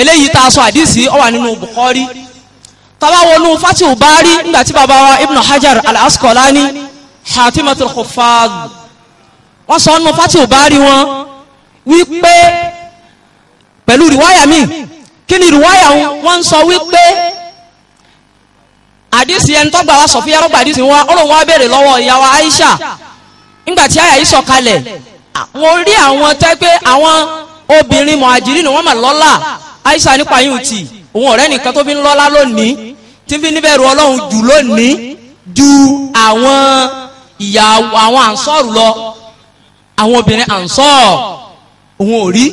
eléyìí tá a sọ àdìsí ó wà nínú Bukhari tàbá wọnú Fathul Bari nígbà tí bàbá wa Ibn Hajar al-Asqalani Hatimatul Huffaz wọ́n sọ nínú Fathul Bari wọn wípé pẹ̀lú rìwáyà míì kí ni rìwáyà wọn sọ wípé àdìsí ẹni tó gbà wá sọ fíyàwó gbà àdìsí wọn ọlọ́run wọn béèrè lọ́wọ́ ìyàwó Aisha nígbà tí àyà yìí sọ̀kalẹ̀ wọn rí àwọn tẹ́ pé àwọn obìnrin mọ̀hàjírí ni wọ́n mà lọ́lá Aisha nípa yìí ti òun ọ̀rẹ́ nìkan tó fi ń lọ́lá lónìí tí fi níbẹ̀rù ọlọ́run jù lónìí ju àwọn ìyàwó àwọn ànsọ́ọ̀rù lọ àwọn obìnrin ànsọ́ọ̀ òun ò rí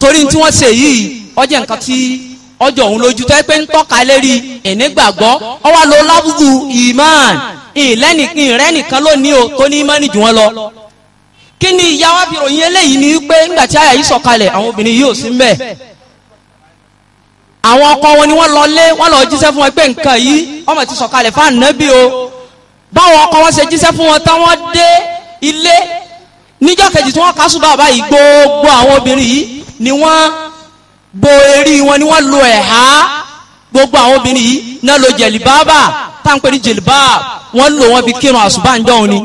torí tí wọ́n ṣe yìí ó jẹ́ nǹkan tí ọjọ́ òun lójú tẹ́ pé ń tọ́ka lérí ìnígbàgbọ́ ọ wá lo lábùkù iman ìlẹ́nìkan ìrẹ́nìkan lónìí o tó ní imani jù wọ́n lọ kí ni ìyá wa fi ròyìn eléyìí ni pé nígbà tí àyà yìí sọ̀kalẹ̀ àwọn obìnrin yìí ò sí mbẹ̀ àwọn ọkọ wọn ni wọ́n lọ lé wọ́n lọ jíṣẹ́ fún wọn pé nǹkan yìí ọmọ ti sọ̀kalẹ̀ fún ànábì o báwọn ọkọ wọn ṣe jíṣẹ́ fún wọn táwọn dé ilé níjọ́ kejì tí wọ́n kásùbà báyìí gbogbo àwọn obìnrin yìí ni wọ́n bo eré wọn ni wọ́n lo ẹ̀há gbogbo àwọn obìnrin yìí náà lo jẹ̀lìbáàbà táǹpẹ́ ní jẹ̀lìbáà wọ́n lò wọ́n fi kírun àṣùbà ń ni.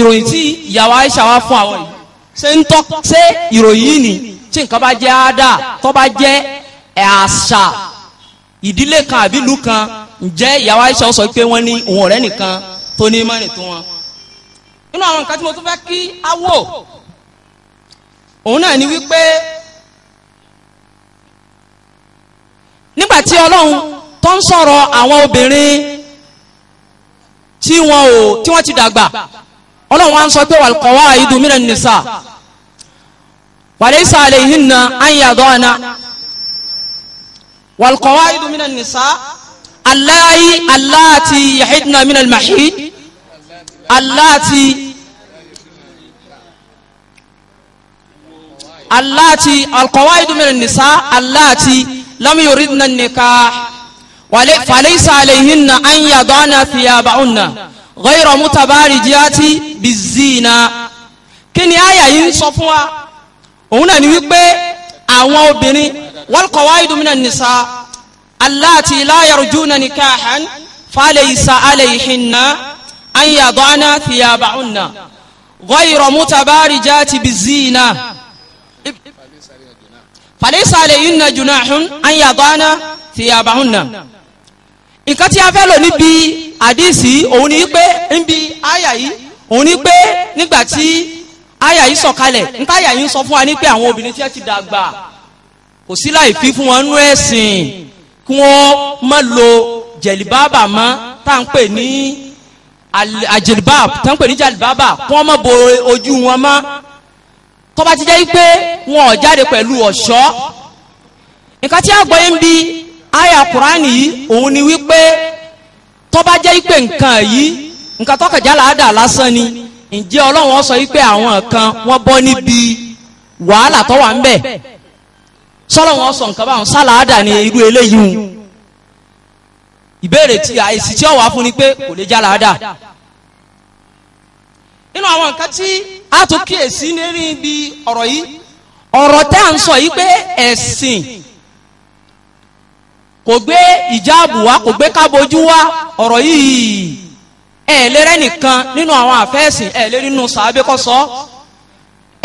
ìròyìn tí ìyàwó Aisha wa fún àwọn yìí ṣé ń tọ́ ṣé ìròyìn yìí ni ṣé nǹkan bá jẹ́ àádá tó bá jẹ́ àṣà ìdílé kan àbí ìlú kan ǹjẹ́ ìyàwó Aisha sọ pé wọ́n ní òun ọ̀rẹ́ nìkan tó ní mọ́rin tó wọn. nínú àwọn nǹkan tí mo tún fẹ́ kí á wò òun náà ni wípé nígbàtí ọlọ́run tó ń sọ̀rọ̀ àwọn obìnrin tí wọn ò tí wọ́n ti dàgbà ọlọ́run wa ń sọ pé wàlùkọ́wá ìdùn mìíràn nìsà wàlẹ́sà àlẹ́yìnà àyàdọ́ àná wàlùkọ́wá ìdùn mìíràn nìsà aláàyí aláàtì yahidna mìíràn màhí aláàtì. allati alqawaidu min nisa allati lam yuridna nikah wale falaysa alayhinna an yadana thiyabahunna ghayra mutabarijati bizina kíni aya yìí ń sọ fún wa òun náà ni wípé àwọn obìnrin walqawaidu min nisa allati la yarjuna nikahan falaysa alayhinna an yadana thiyabahunna ghayra mutabarijati bizina fàlẹ́sà alayhinna junahun an yadana thiyabahunna nǹkan tí a fẹ́ lò níbi àdìsí òun ni pé níbi àyà yìí òun ni pé nígbà tí àyà yìí sọ̀kalẹ̀ níta àyà yìí ń sọ fún wa ní pé àwọn obìnrin tí ẹ ti dàgbà kò sí láì fi fún wọn nú ẹ̀sìn kí wọ́n má lo jẹ̀lìbábà mọ́ tá à ń pè ní àjẹ̀lìbábà tá à ń pè ní jẹ̀lìbábà kí wọ́n má bo ojú wọn mọ́ tó bá ti jẹ́ wípé wọn ò jáde pẹ̀lú ọ̀ṣọ́ nǹkan tí àgbọ̀yé ń bi àyà kùránì yìí òun ni wípé tó bá jẹ́ wípé nǹkan yìí nǹkan tó kẹjá làádà lásán ni ǹjẹ́ ọlọ́run sọ wípé àwọn kan wọ́n bọ́ níbi wàhálà tó wà ń bẹ̀ sọ́lọ́run sọ nǹkan báwọn sálàádà ni irú eléyìí hùn ìbéèrè tí àìsí tí ó wà fún ni pé kò lè já làádà nínú àwọn nǹkan tí a tún kíyèsí lérí ibi ọ̀rọ̀ yìí ọ̀rọ̀ tẹ́ à ń sọ yìí pé ẹ̀sìn kò gbé ìjáàbù wa kò gbé kábojú wa ọ̀rọ̀ yìí ẹ̀ lérẹ́ nìkan nínú àwọn àfẹ́sìn ẹ̀ lérí nínú sàábé kọ́ sọ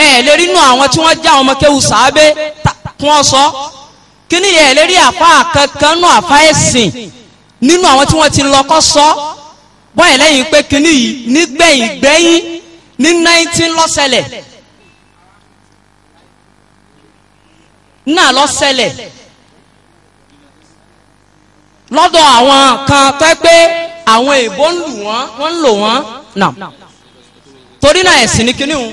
ẹ̀ lérí nínú àwọn tí wọ́n já ọmọ kéwu sàábé kún ọ sọ kí ni ẹ̀ lérí àfa kankan nínú àfa ẹ̀sìn nínú àwọn tí wọ́n ti lọ kọ́ sọ bọ́ẹ̀ lẹ́yìn pé kíní yìí nígbẹ̀yìn gbẹ́yìn ní nineteen lọ́sẹ̀lẹ̀ náà lọ́sẹ̀lẹ̀ lọ́dọ̀ àwọn kan tó ẹ pé àwọn èèbó ń lù wọ́n wọ́n ń lò wọ́n nà torí náà ẹ̀sìn ní kíní o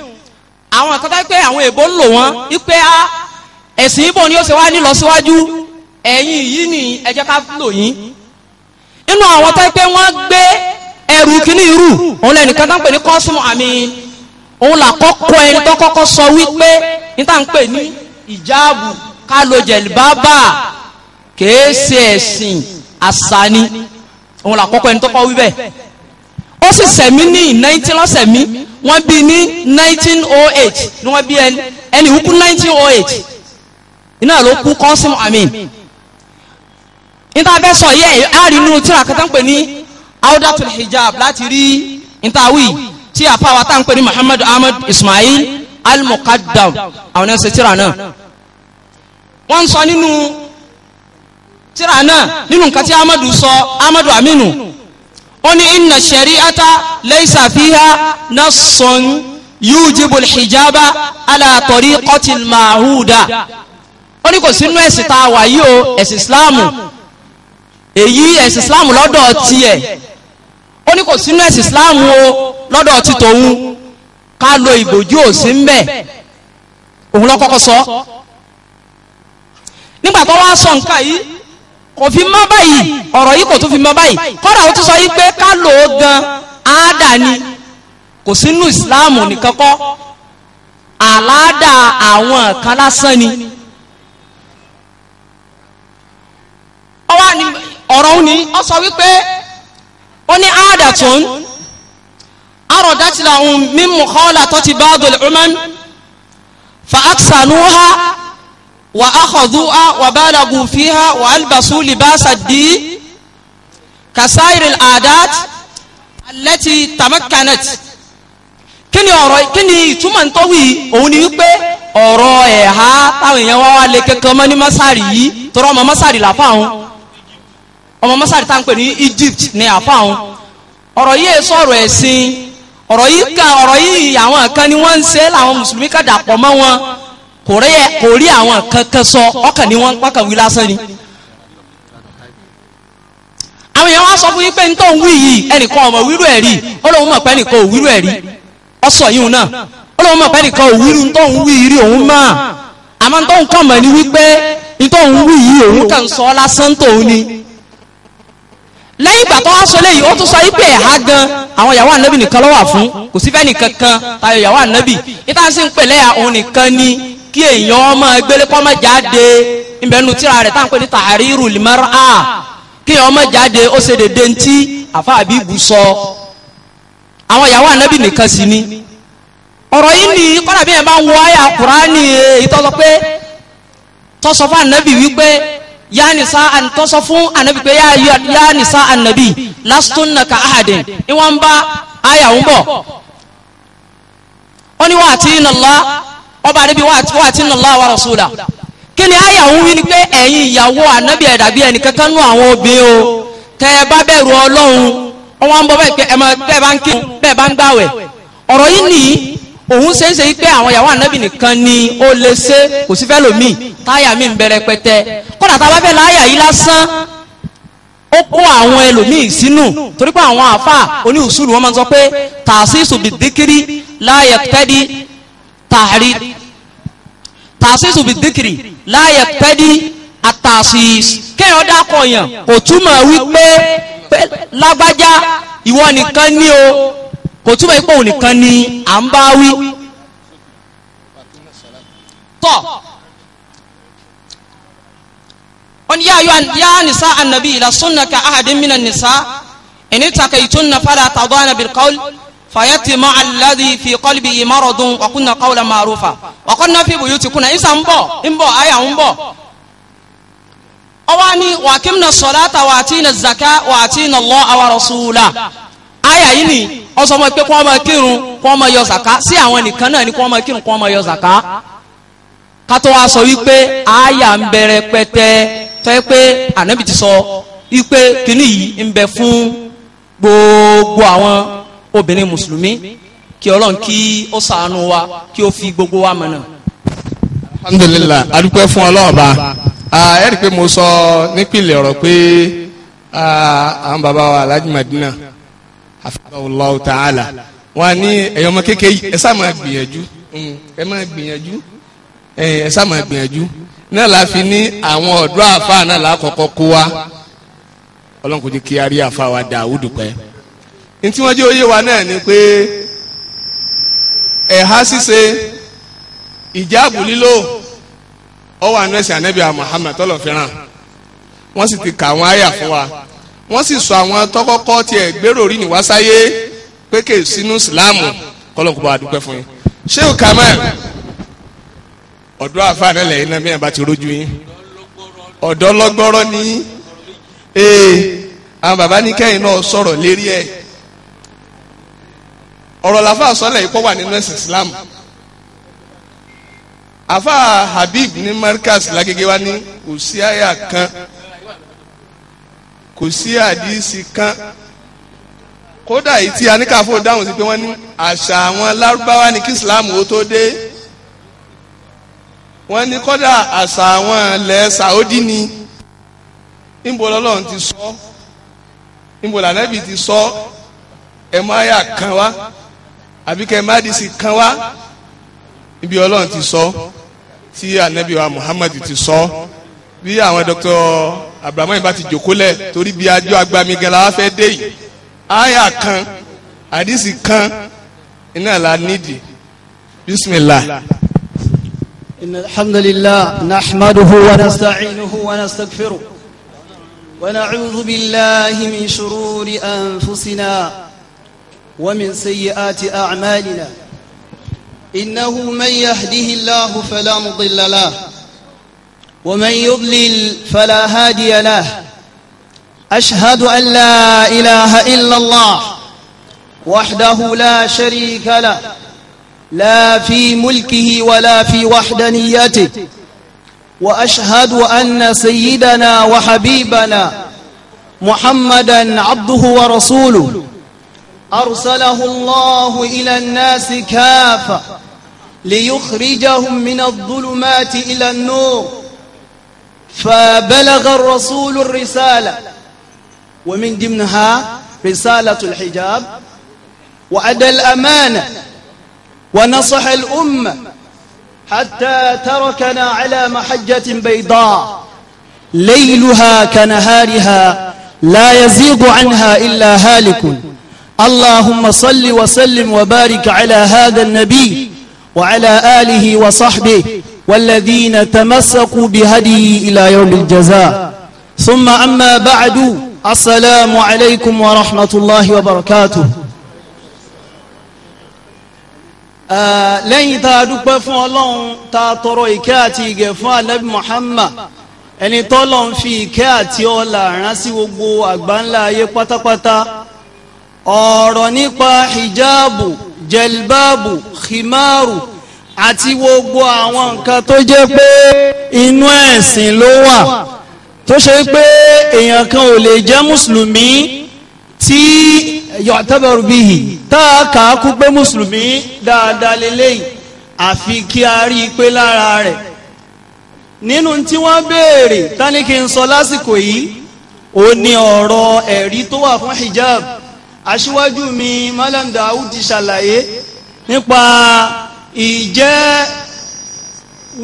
àwọn kan tó ẹ pé àwọn èèbó ń lò wọ́n wípé a ẹ̀sìn ibo ni ó ṣe wá ní lọ síwájú ẹ̀yìn yìí ni ẹ jẹ́ ká lò yín nínú àwọn tó ẹ pé wọ́n gbé ẹrù kíní irú òun lẹ́nu kan tó ń pè ní kọ́sùmù àmì òun là kọ́kọ́ ẹni tó kọ́kọ́ sọ wípé ní tá à ń pè ní ìjáàbù ká lo jẹ̀lìbábà kèé ṣe ẹ̀sìn àṣà ni òun là kọ́kọ́ ẹni tó kọ́ wíbẹ̀ ó sì sẹ̀mí ní nineteen lọ́sẹ̀mí wọ́n bí ní nineteen oh eight ni wọ́n bí ẹni ẹni ìwúkú nineteen oh eight iná ló kú kọ́sìmù àmín níta fẹ́ sọ yẹ àárínú tíra kẹta ń pè ní audatul hijab láti rí ntawi tí àfáwà tá ń pè ní muhammadu ahmed ismail al-muqaddam àwọn ẹsẹ̀ tíra náà wọ́n sọ nínú tíra náà nínú nǹkan tí ahmadu sọ ahmadu aminu ó ní inna shari'ata laysa fiha nassun yujibu al-hijaba ala tariqati al-mahuda ó ní kò sínú ẹ̀sìn tá a wà yìí o ẹ̀sìn islamu èyí ẹ̀sìn islamu lọ́dọ̀ tiẹ̀ ó ní kò sínú ẹ̀sìn islam o lọ́dọ̀ ti tòun ká lo ìbòjú òsì ń bẹ̀ òun lọ kọ́kọ́ sọ nígbà tó wá sọ nǹkan yìí kò fi mọ́ báyìí ọ̀rọ̀ yìí kò tún fi mọ́ báyìí kọ́dà ó tún sọ yìí pé ká lò ó gan áádà ni kò sínú islam nìkan kọ́ àládà àwọn kan lásán ni. ọ̀rọ̀ òun ni ó sọ wípé ó ní àádàtún àròdátìlà ohun mímú kọ́ọ̀lá tó ti bá dòlè ọmọn fa aksanuha wa akhadhuha wa balagu fiha wa albasu libasa di kasairil adat alẹ́tì tamakkanat kí ni ọ̀rọ̀ kí ni ìtumọ̀ òun ni wípé ọ̀rọ̀ ẹ̀há táwọn èèyàn wá wá lè kankan mọ́ ní masari yìí tọrọ ọmọ masari làfáwọn ọmọ mọ́sàrí tá ń pè ní Egypt ní àfáàwọn ọ̀rọ̀ yìí sọ̀rọ̀ ẹ̀sìn ọ̀rọ̀ yìí kan ọ̀rọ̀ yìí àwọn kan ni wọ́n ń ṣe làwọn mùsùlùmí kàdà pọ̀ mọ́ wọn kò rí àwọn kankan sọ ọkàn ni wọ́n pàkàn wí lásán ni àwọn èèyàn wá sọ fún yín pé nítorí òun wí yìí ẹnìkan ọmọ wíru ẹ̀ rí Ọlọ́hun mọ̀ pé ẹnìkan ẹ̀ rí ọsọ yìí náà Ọlọ́hun mọ̀ pé ẹnìkan nítorí òun wí yìí rí òun mọ̀ àmọ́ nítorí òun kàn mọ̀ ní wípé nítorí òun wí yìí òun kàn sọ lásán tòun ni lẹ́yìn ìgbà tó wá sọ léyìí ó tún sọ wípé ẹ̀há gan àwọn ìyàwó ànábì nìkan ló fún kò sí fẹ́ni kankan tayọ ìyàwó ànábì ìta sí ń pè lẹ́yà òun nìkan ni kí èèyàn ọmọ gbélé kọ́mọ jáde ìbẹ̀nu tíra rẹ̀ tá à ń pè ní tààrírù lìmọ́ra kí èèyàn ọmọ jáde ó ṣe dédé ń tí àfa àbíbù sọ àwọn ìyàwó ànábì nìkan sì ni ọ̀rọ̀ yìí ni kọ́dà bí ẹ̀ máa ń wọ àyà kùránì ìtọ́sọ pé ya nisa an tó sọ fún anabi pé ya nisa annabi lastunna ka ahadin ìwọ̀n bá aya ń bọ̀ ó ní wà tí iná lọ ọba níbi wà tí iná lọ wà rọ̀súlà kí ni aya ń wí ni pé ẹ̀yin ìyàwó anabi ẹ̀dà bí kankan nú àwọn obìnrin o tẹ́ ẹ bá bẹ̀rù ọlọ́run wọ́n ń bọ́ bá ń kí bẹ́ẹ̀ yìí nìyí òun ṣe ń ṣe pé àwọn ìyàwó ànábì nìkan ni ó lè ṣe kò sí fẹ́ lòmíì táyà mi ń bẹ̀rẹ̀ pẹtẹ kódà tá a bá fẹ́ láyà yìí lásán ó kó àwọn ẹlòmíì sínú torí pé àwọn àáfàá oní usulu wọn máa ń sọ pé tàṣíṣù bìdíkiri láyà tẹ́dí tààrí tàṣíṣù bìdíkiri láyà tẹ́dí àtàṣíṣ kéèyàn dákọ̀ yàn kò túmọ̀ wípé lágbájá ìwọ nìkan ni o kò túbọ̀ ipò nìkan ni à ń bá wí tọ́ wọ́n yá ayọ́ yá nìsá annabi ìlà súnà ka ahadin mina nìsá ẹni takaytun na fara tàgọ́nà bilkọ́l fayatima alladhi fi qalbihi maradun wa kunna qawlan ma'rufa wa kunna fi buyutikunna isa ń bọ̀ ń bọ̀ aya ń bọ̀ ọwá ní wàkímnà sọ̀látà wà tí na zaka wà na Allah wa rasula aya yìí ni ó sọ fún ẹ pé kí wọ́n máa kírun kí wọ́n yọ zaka sí àwọn nìkan náà ni kí wọ́n máa kírun kí wọ́n máa yọ zaka kátó wa sọ wípé àyà ń bẹ̀rẹ̀ pẹ́tẹ́ tó yẹ pé ànábì ti sọ wípé kínní yìí ń bẹ fún gbogbo àwọn obìnrin mùsùlùmí kí ọlọ́run kí ó ṣàánú wa kí ó fi gbogbo wa mọ̀nà. alhamdulilayi adúpẹ́ fún ọlọ́ọ̀ba ẹ rí i pé mo sọ nípìnlẹ̀ ọ̀rọ̀ pé àwọn bàbá wa alhaji afabawulawo ta'ala wọn ní ẹ̀yọ́ ọmọ kékeré ẹ sá máa gbìyànjú ẹ máa gbìyànjú ẹ sá máa gbìyànjú náà la fi ní àwọn ọ̀dọ́ àfa náà la kọ́kọ́ kó wa ọlọ́run kò jẹ́ kí a rí àfa wa Dáúdù pẹ́ ntí wọ́n jẹ́ òye wa náà ni pé ẹ̀há ṣíṣe ìjáàbù lílò ọwọ́ àánú ẹ̀sìn ànábìà Muhammad tọ́lọ̀ fẹ́ràn wọ́n sì ti kà wọ́n àyà fún wa wọ́n sì sọ àwọn tọ́kọ́kọ́ tiẹ̀ gbèrò rí níwá sáyé pé kè sínú ìsìláàmù kọ́lọ́kù bá dúpẹ́ fún yín. Sheikh Kamal ọ̀dọ́ àfáàní lẹ́yìn náà bí ẹ̀ bá ti rójú yín ọ̀dọ́ lọ́gbọ́rọ́ ní ee àwọn bàbá ní kẹ́yìn náà sọ̀rọ̀ lérí ẹ̀ ọ̀rọ̀ làfà sọ́lẹ̀ yìí kọ́ wà nínú ẹ̀sìn Islam àfà Habib ní Markaz lágége wa ní òsì àyà kan kò sí àdìsí kan kódà yìí tí aníkàfọ́ dáhùn sí pé wọ́n ní àṣà àwọn lárúbáwá ni kí islam ó tó dé wọ́n ní kódà àṣà àwọn ilẹ̀ saudi ni níbo lọ́lọ́run ti sọ níbo ti sọ ẹ kan wá àbí kẹ má kan wá níbi ọlọ́run ti sọ tí ànàbì wa muhammad ti sọ bí àwọn dr abrahamu yìí bá ti jòkó lẹ̀ torí bí ajó agbami gan la wá fẹ́ dé yìí àyà kan àdìsí kan iná la nídìí bisimilah. إن الحمد لله نحمده ونستعينه ونستغفره ونعوذ بالله من شرور أنفسنا ومن سيئات أعمالنا إنه من يهده الله فلا مضل له ومن يضلل فلا هادي له أشهد أن لا إله إلا الله وحده لا شريك له لا في ملكه ولا في وحدانيته وأشهد أن سيدنا وحبيبنا محمدا عبده ورسوله أرسله الله إلى الناس كافة ليخرجهم من الظلمات إلى النور فبلغ الرسول الرسالة ومن ضمنها رسالة الحجاب وأدى الأمانة ونصح الأمة حتى تركنا على محجة بيضاء ليلها كنهارها لا يزيغ عنها إلا هالك اللهم صل وسلم وبارك على هذا النبي وعلى آله وصحبه والذين تمسكوا بهدي إلى يوم الجزاء ثم أما بعد السلام عليكم ورحمة الله وبركاته lẹ́yìn tá a dúpẹ́ fún ọlọ́run tá a tọrọ ìkẹ́ àti ìgẹ̀ fún alẹ́bí Muhammad ẹni tọ́lọ́run fi ìkẹ́ àti ọlà rán sí gbogbo àgbáńlá ayé pátápátá ọ̀rọ̀ nípa hijabu jelbabu khimaru àti gbogbo àwọn nǹkan tó jẹ́ pé inú ẹ̀sìn ló wà tó ṣe pé èèyàn kan ò lè jẹ́ mùsùlùmí tí yọ̀tẹ́bẹ̀rù bíi tá a kà á kú pé mùsùlùmí dáadáa lélẹ́yìn àfi kí a rí i pé lára rẹ̀ nínú tí wọ́n béèrè tání kí n sọ lásìkò yìí ó ní ọ̀rọ̀ ẹ̀rí tó wà fún hijab aṣíwájú mi malam daoud ti ṣàlàyé nípa ìjẹ́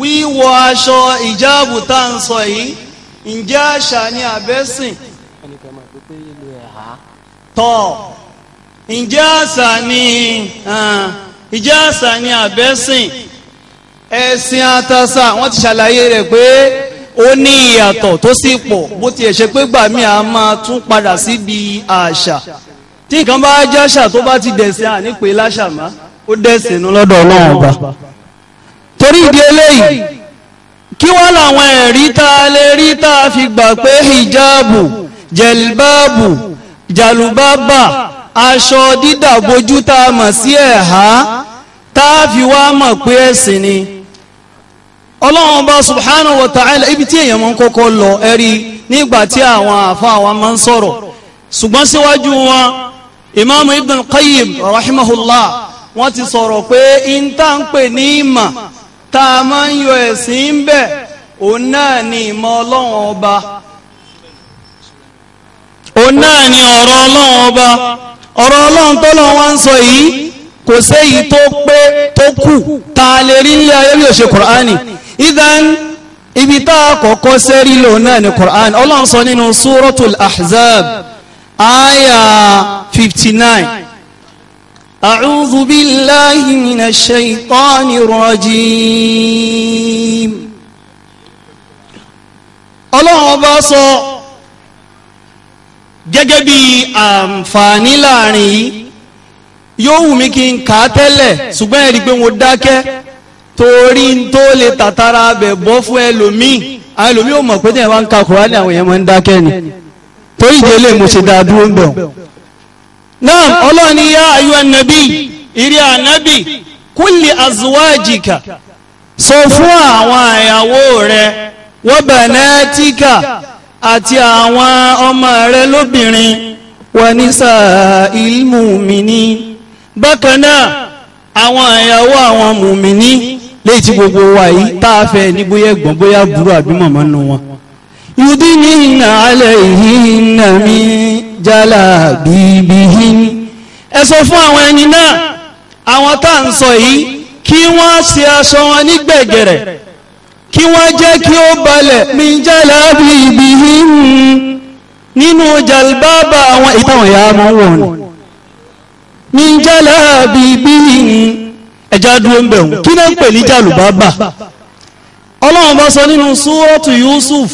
wíwọ aṣọ ìjáàbù tá à ń sọ yìí ǹjẹ́ àṣà ni àbẹ́sìn tọ́ ǹjẹ́ àṣà ni ǹjẹ́ àṣà ni àbẹ́sìn ẹ̀sìn àtàṣà wọ́n ti ṣàlàyé rẹ̀ pé ó ní ìyàtọ̀ tó sì pọ̀ bó tiẹ̀ ṣe pé gbà mí a máa tún padà síbi àṣà tí nǹkan bá jẹ́ tó bá ti dẹ̀sìn ànípe láṣà máa ó dẹ̀sìn ní lọ́dọ̀ ọlọ́run ọba torí ìdí eléyìí kí wọ́n làwọn ẹ̀rí tá lè rí tá fi gbà pé hijabu jẹ̀lbáàbù jàlùbábà aṣọ dídàbójú tá a mọ̀ sí ẹ̀há tá a fi wá mọ̀ pé ẹ̀sìn ni ọlọ́run ọba subhanahu wa ta'ala ibi tí èèyàn máa ń kọ́kọ́ lọ ẹ̀rí nígbà tí àwọn àfa àwa máa ń sọ̀rọ̀ ṣùgbọ́n síwájú wọn imaamu ibn qayyim rahimahullah wọ́n ti sọ̀rọ̀ pé ìntànpè ní ìmọ̀ tá a máa ń yọ ẹ̀sìn ń bẹ̀ òun náà ni ìmọ̀ ọlọ́run ọba òun náà ni ọ̀rọ̀ ọlọ́run ọba ọ̀rọ̀ ọlọ́run tó lọ́wọ́ ń sọ yìí kò séyìí tó pé tó kù tá lè rí nílé ayé bí òṣè kùránì idan ibi tá a kọ́kọ́ sẹ́rí lòun náà ni kùránì ọlọ́run sọ nínú súrọ́tul ahzab aya 59 أعوذ بالله من الشيطان الرجيم ọlọ́run bá sọ gẹ́gẹ́ bí àǹfààní láàrin yìí yóò wù mí kí n kà á tẹ́lẹ̀ ṣùgbọ́n ẹ̀rí pé mo dákẹ́ torí n tó lè tàtàrà abẹ̀ bọ́ fún ẹlòmíì àwọn ẹlòmíì ò mọ̀ pé tí ẹ̀ bá ń ka Kùránì àwọn èèyàn máa ń dákẹ́ ni torí ìdílé mo ṣe dáa dúró ń bẹ̀ wọ́n. náà ọlọ́ni yá ayú ànábì ìrí ànábì kúlì azuwájìkà sọ fún àwọn àyàwó rẹ wa banatika ati àwọn ọmọ re lóbìnrin wani nisa ilmùmíní bákan náà àwọn àyàwó àwọn mùmíní gbogbo wa yìí tá a fẹ́ jalabibihin ẹ sọ fún àwọn ẹni náà àwọn tá à ń sọ yìí kí wọ́n ṣe aṣọ wọn ní gbẹ̀gẹ̀rẹ̀ kí wọ́n jẹ́ kí ó balẹ̀ min jalabibihin nínú jalbaba àwọn ìtàwọn ìyá mọ́ wọn min jalabibihin ẹja dúró ń bẹ̀rùn kí náà ń pè ní jalubaba ọlọ́run bá sọ nínú súrọ́tù Yusuf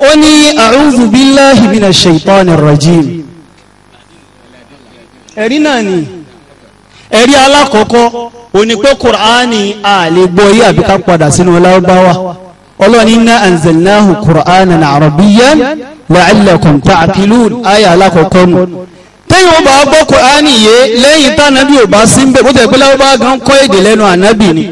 ó ní a'udhu billahi minash shaitani rajim ẹ̀rí náà ni ẹ̀rí alákọ̀ọ́kọ́ òní pé kùránì àlégbọ́ yí àbíká padà sínú lárúbáwá ọlọ́ni inna anzalnahu qur'anan arabiyyan la'allakum ta'qilun ayà alákọ̀ọ́kọ́ nù tẹ́yìn ó bá gbọ́ kùránì yé lẹ́yìn tánàbí ò bá sí ń bẹ̀ bó tẹ̀ pé lárúbáwá gan kọ́ èdè lẹ́nu ànábì ni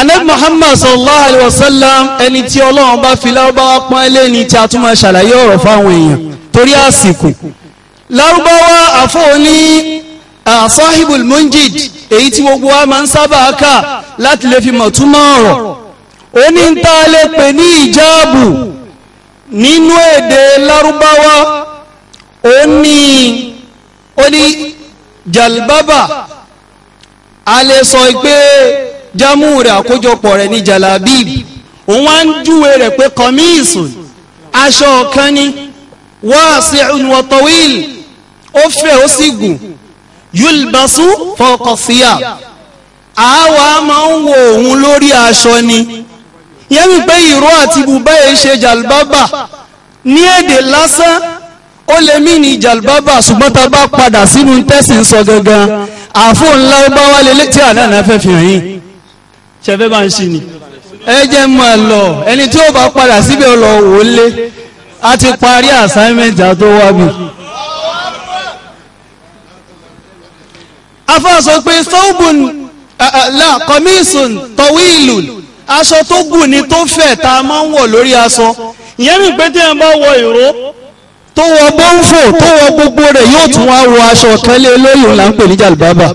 anabi muhammad sallallahu alayhi wa sallam ẹni tí ọlọ́run bá fi lárúbáwá pọ́n lẹ́ni tí a tún máa ṣàlàyé ọ̀rọ̀ fáwọn èèyàn torí àsìkò lárúbáwá àfọwọ́ní àṣáhìbùl munjid èyí tí gbogbo wa máa ń sábà kà láti lè fi mọ̀ túmọ̀ ọ̀rọ̀ oní ń tá lè pè ní ìjáàbù nínú èdè lárúbáwá ó ní jalbaba a lè sọ pé jámù rẹ̀ àkójọpọ̀ rẹ̀ ní jalabib òun wá ń júwe rẹ̀ pé kọmíìsùn aṣọ kan ní wasi'un wa tawil ó fẹ̀ ó sì gùn yulbasu fawqa siyab àwa máa ń wo òun lórí aṣọ ni yẹn wípé ìró àti bùbá yìí ṣe jalbaba ní èdè lásán ó lè mí ní jalbaba ṣùgbọ́n tá a bá padà sínú tẹ̀sí ń sọ gangan àfọ̀ ńlá ó bá wálé létí àdáná fẹ́ fi hàn yín ṣẹfẹ́ bá ń ṣì ni ẹ jẹ́ máa lọ ẹni tí ó bá padà síbẹ̀ lọ wò ó lé a ti parí assignment àtó wá bì. afa pé sọ́ọ̀bùn la kọ́mísùn tọ́wíìlù aṣọ tó gùn ni tó fẹ̀ tá a máa ń wọ̀ lórí aṣọ ìyẹn mi pé tí ẹ bá wọ ìró tó wọ bọ́ǹfò tó wọ gbogbo rẹ̀ yóò tún wá wọ aṣọ kẹ́lẹ́ lóyún là ń pè ní jàlùbábà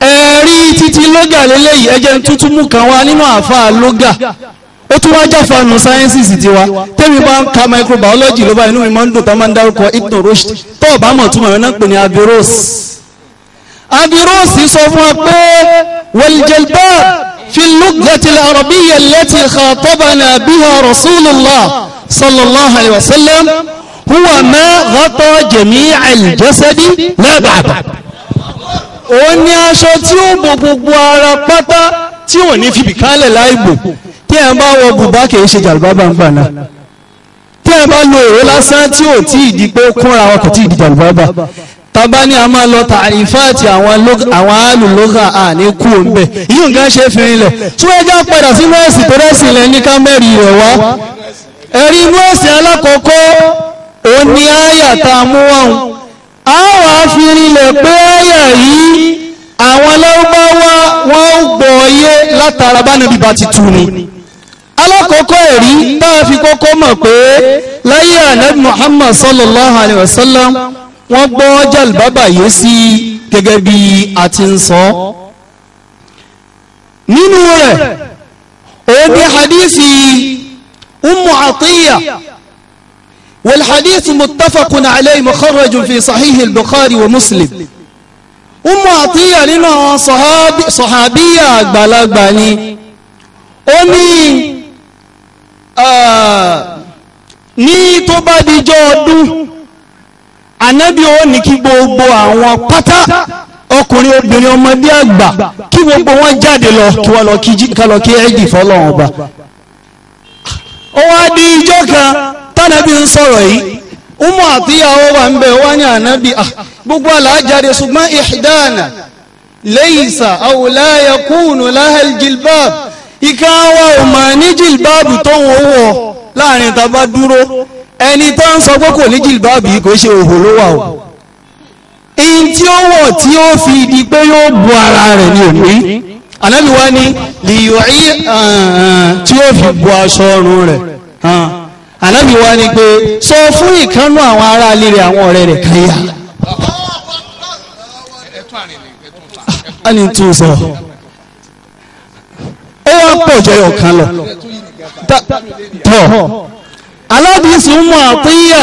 ẹ̀rí títí lógà lélẹ́yìí ẹjẹ́ tuntun mú kan wá nínú àáfàá lógà ó tún wáá jáfanu sáyẹ́nsìs tiwa tẹ́mi bá ń ka microbiology ló bá inú mi máa ń dùn tá máa ń dárúkọ ibn rushd tó o bá mọ̀ túmọ̀ rẹ̀ náà pè ní abiros abiros sọ fún wa pé wàlìjẹ̀lbá fi lugati al-arabiyya allati khatabana biha rasulullah sallallahu alayhi wa sallam huwa ma ghata jami'a al-jasadi la òun ni aṣọ tí ó bo gbogbo ara pátá tí ò ní fìbì kálẹ̀ láìbò tí ẹ̀ ń bá wọ bùbá kìí ṣe jàlùbábà ń gbà náà tí ẹ̀ bá lo èrò lásán tí ò tí ì di pé ó kúnra wọn kò tí ì di jàlùbábà tàbá ní a máa lọ tàrífàtì àwọn alùlọ́gà à kú òǹbẹ̀ yíò nǹkan ṣe fi rinlẹ̀ tí wọ́n já padà sí nọ́ọ̀sì tó rẹ́sì lẹ ní kámẹ́rì rẹ̀ wá ẹ̀rí nọ́ọ̀sì alákọ̀ọ́kọ́ òní àyà tá a mú wá a wàá fi rinlẹ̀ pé àyà yìí àwọn lọ́rùbáwá wọ́n gbọ́ọ̀yé látara bánàbí bá ti tú ni alákọ̀ọ́kọ́ ẹ̀rí bá a fi kọ́kọ́ mọ̀ pé láyé ànábì Muhammad sallallahu alayhi wa sallam wọ́n gbọ́ jàlbábà yé sí gẹ́gẹ́ bí a ti ń sọ nínú rẹ̀ òun ni hadithi umu atiya wal hadith alayhi mukharrajun fi sahihi al wa muslim. muslim. Ummu Atiyya nínú àwọn sọ̀hábíyà àgbàlagbà ni ó ní ní tó bá dijọ́ ọdún ànábì ó ní kí gbogbo àwọn pátá ọkùnrin obìnrin ọmọdé àgbà kí gbogbo wọn jáde lọ kí wọ́n lọ kí ọba ó wá di kan tánàbí ń yìí gbogbo alájáde ṣùgbọ́n ìhìdáàna lẹ́yìnsà àwòláyà kúùnù láhàl jilbab ìka wa ò mà ní jilbabu tó ń wọ̀ láàrin tàbá dúró ẹni tó ń sọ pé kò ní jilbabu yìí kò ṣe òhò ló wà o in tí ó wọ̀ tí ó fi di pé yóò bu ara rẹ̀ ní òní ànábì ni lìyọ̀í ah, tí ó fi bu aṣọ ọrùn rẹ̀ ah. ànábì ni pé sọ fún ìkánú àwọn ará ilé rẹ̀ àwọn ọ̀rẹ́ rẹ̀ káyà. á ní tún sọ ó wá pọ̀ jẹ́ ọ̀kan lọ tọ́ aládìsí mú àpínyà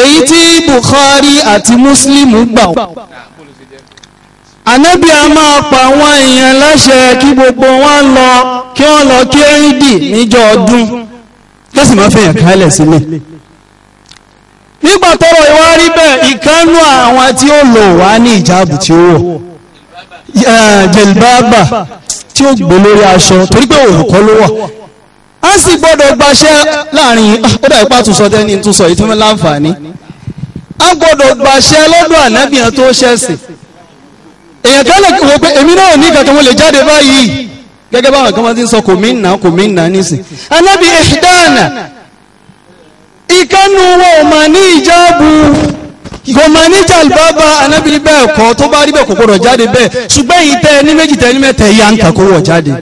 èyí tí Bukhari àti Muslim gbà ànábì a máa pa àwọn èèyàn láṣẹ kí gbogbo wọn lọ kí wọn lọ kí ẹrìndì níjọ́ ọdún kẹsì máa fẹyàn kálẹ̀ sílẹ̀ nígbà tọrọ ìwárí bẹ́ẹ̀ ìkánú àwọn tí ó lò wá ní ìjáàbù tí ó wọ̀ jẹ̀lbáàbà tí ó gbò lórí aṣọ torí pé ló wà. a sì gbọdọ gbaṣẹ́ láàrin ó dà ipá sọ tẹ́ni sọ yìí láǹfààní a gbọ́dọ̀ gbaṣẹ́ lọ́dọ̀ ànábìyàn tó èèyàn kan lè wò pé èmi náà ní kankan mo lè jáde báyìí gẹ́gẹ́ báwọn kan ti ń sọ nà kò nà ní ìjáàbù ìkọ̀mọ̀ níjà bàbá anábìlì bẹ́ẹ̀ kọ́ tó bá rí bẹ́ẹ̀ kò gbọdọ̀ jáde bẹ́ẹ̀ ṣùgbọ́n yìí tẹ́ ní méjì tẹ́ ní mẹ́tẹ̀ yà ń kà kó wọ̀ jáde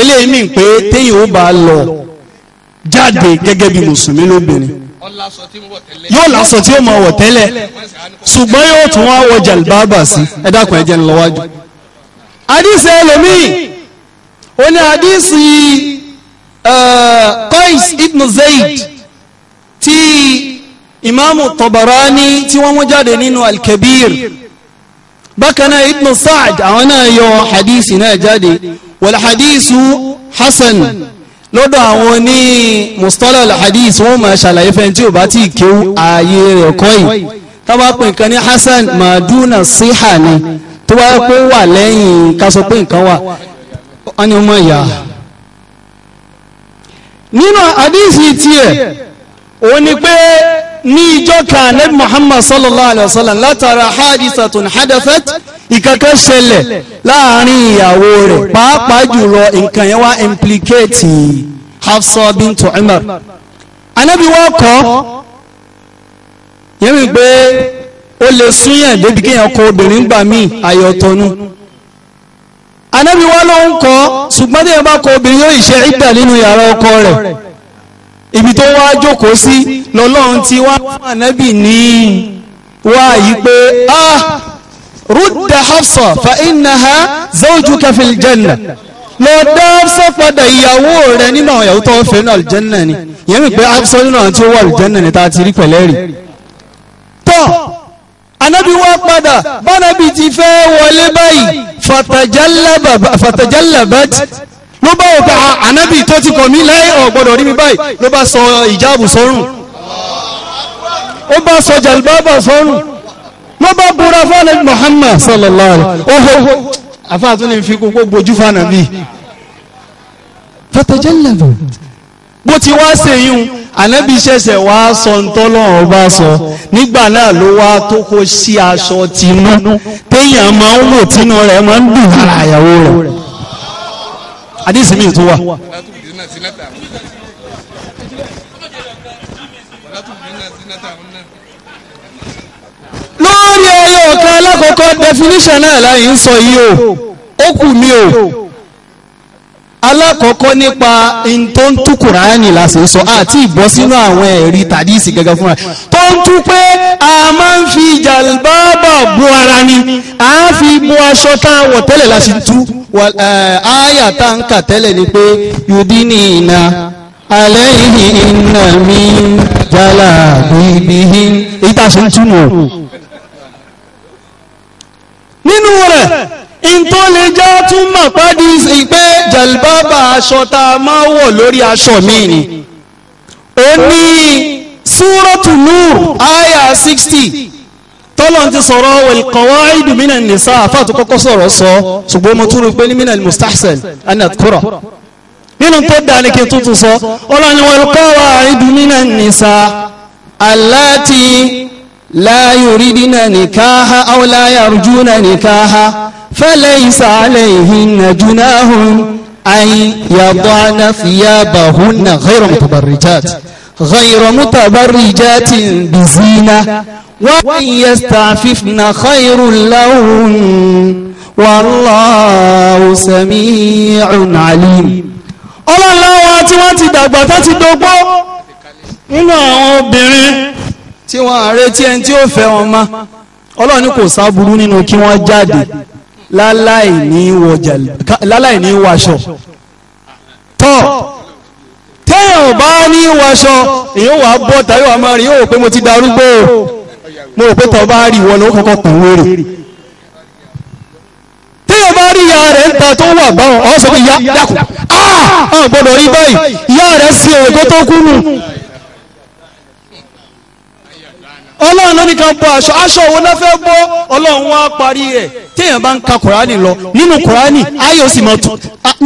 eléyìí mi pé téyìn ó bá lọ jáde gẹ́gẹ́ bí mùsùlùmí lóbìnrin yóò lásọ tí ó máa wọ̀ tẹ́lẹ̀ ṣùgbọ́n yóò tún wá wọ jàlbábà sí ẹ dákun ẹ jẹ́ ń àdìsí ẹlòmíì ó ní àdìsí eh, Qais ibn Zaid ti imaamu tabarani tí wọ́n mú jáde nínú alkabir bákanáà ibn sa'ad àwọn náà yọ hadisi náà jáde wàlá hadisu hasan lọ́dọ̀ àwọn ní mustala alhadis wọ́n máa ṣàlàyé fẹ́ tí ò bá tí kéwú ààyè rẹ̀ kọ́ yìí tábà pé nǹkan ní hasan maduna siha ni tó wá pé wà lẹ́yìn ká pé nǹkan wà wọ́n ni ọmọ ìyá nínú hadisi tiẹ̀ òun ni pé ní ìjọ kan anabi muhammad sallallahu alayhi wa sallam látara hadithatun hadathat ìkankan ṣẹlẹ̀ láàrin ìyàwó rẹ̀ pàápàá jùlọ nǹkan yẹn wá implicate hafsa bintu umar anabi wọn kọ yẹn mi pé ó lè súnyàn débi kéèyàn kọ obìnrin gbà mí àyọ̀tọ̀nu anabi wọn ló ń kọ ṣùgbọ́n tí yẹn bá kọ obìnrin yóò ṣe ìdà nínú yàrá ọkọ rẹ̀ ibi tó wá jókòó sí lọ́lọ́run tí wá ànábì ní wá yìí pé ah rúdà hafsa fa innaha zawjuka fil janna lọ dá hafsa padà ìyàwó rẹ nínú àwọn ìyàwó tó ń fẹ́ nínú àlùjẹ́nà ni ìyẹn mi pé hafsa nínú àwọn tí ó wà àlùjẹ́nà ni tá a ti rí pẹ̀lẹ́ rí tọ́ anábì wá padà bánábì ti fẹ́ wọlé báyìí fatajallabat ló bá wò pé ah, ànábì tó ti kọ̀ mí láyé ọ̀gbọ́dọ̀ rí mi báyìí ló bá sọ ìjáàbù sọ́rùn ó bá sọ jàlbábà sọ́rùn ló bá búra fọ́lẹ̀ Muhammad sallallahu alaihi oho afáàtú ni fi kókó gbojú fànàbí fatajallabu bó ti wá sèyún ànábì ṣẹ̀ṣẹ̀ wá sọ ntọ́lọ́run ọba sọ nígbà náà ló wá tó kó sí aṣọ tinú téèyàn máa ń wò tínú rẹ̀ máa ń dùn lára àyàwó rẹ̀ àdìsí mi tún wà. lórí ẹyọ ọ̀kan alákọ̀ọ́kọ́ definition náà láyé ń sọ yìí o ó kù mí o alákọ̀ọ́kọ́ nípa n tó ń tú kùránì láti sọ àti ìbọ́ sínú àwọn ẹ̀rí tàdíìsì gẹ́gẹ́ fúnra tó ń tú pé a máa ń fi jàlbá bo ara ni a fi bo aṣọ tá a wọ̀ tẹ́lẹ̀ la sì tú àyà tá n kà tẹ́lẹ̀ ni pé yòdí ni ìna alẹ́ yìí iná mi jálà bíbí èyí tá a sì ń túmọ̀ nínú rẹ̀ ìntó lè jẹ́ tún mọ̀ pàdé ìpé jàlbábà aṣọ tá a máa wọ̀ lórí aṣọ mi ni ó ní súrọ́tù núr àyà 60 tọ́lọ́n ti sọ̀rọ̀ wal-qawaidu minan nisa àfáàtú kọ́kọ́ sọ̀rọ̀ sọ ṣùgbọ́n mo tún rí pé ní minal mustahsan an adhkura nínú tó dáa ní kí n tuntun sọ ọlọ́ni wal-qawaidu minan nisa allati la yuridna nikaha aw la yarjuna nikaha falaysa alayhinna junahun an yad'na thiyabahunna ghayra mutabarrijat غير متبرجات بزينة ومن يستعففن خير لهم والله سميع عليم ọlọ́lọ́ wa tí wọ́n ti dàgbà tó ti dógbó nínú àwọn obìnrin tí wọ́n àrètí ẹni tí ó fẹ́ wọn mọ́ ọlọ́run ní kò sáburú nínú kí wọ́n jáde láláì ní wọ aṣọ tọ́ọ̀ téèyàn bá ní wàṣọ èyàn wà bọ́ tàbí wà máa rí yóò pé mo ti darúgbó mo rò pé tọ́ bá rí wọn ló kọ́kọ́ pè wéré téèyàn bá rí ìyá rẹ̀ ń ta tó wà báwọn ọ̀ sọ pé ìyá dákun ah ọ̀ gbọ́dọ̀ rí báyìí ìyá rẹ̀ sí èrè tó tó kú nù. ọlọ́run ló ní kan bọ́ aṣọ aṣọ òun ló fẹ́ bọ́ ọlọ́run wá parí rẹ̀ téèyàn bá ń ka kùránì lọ nínú kùránì ayé ó sì máa tú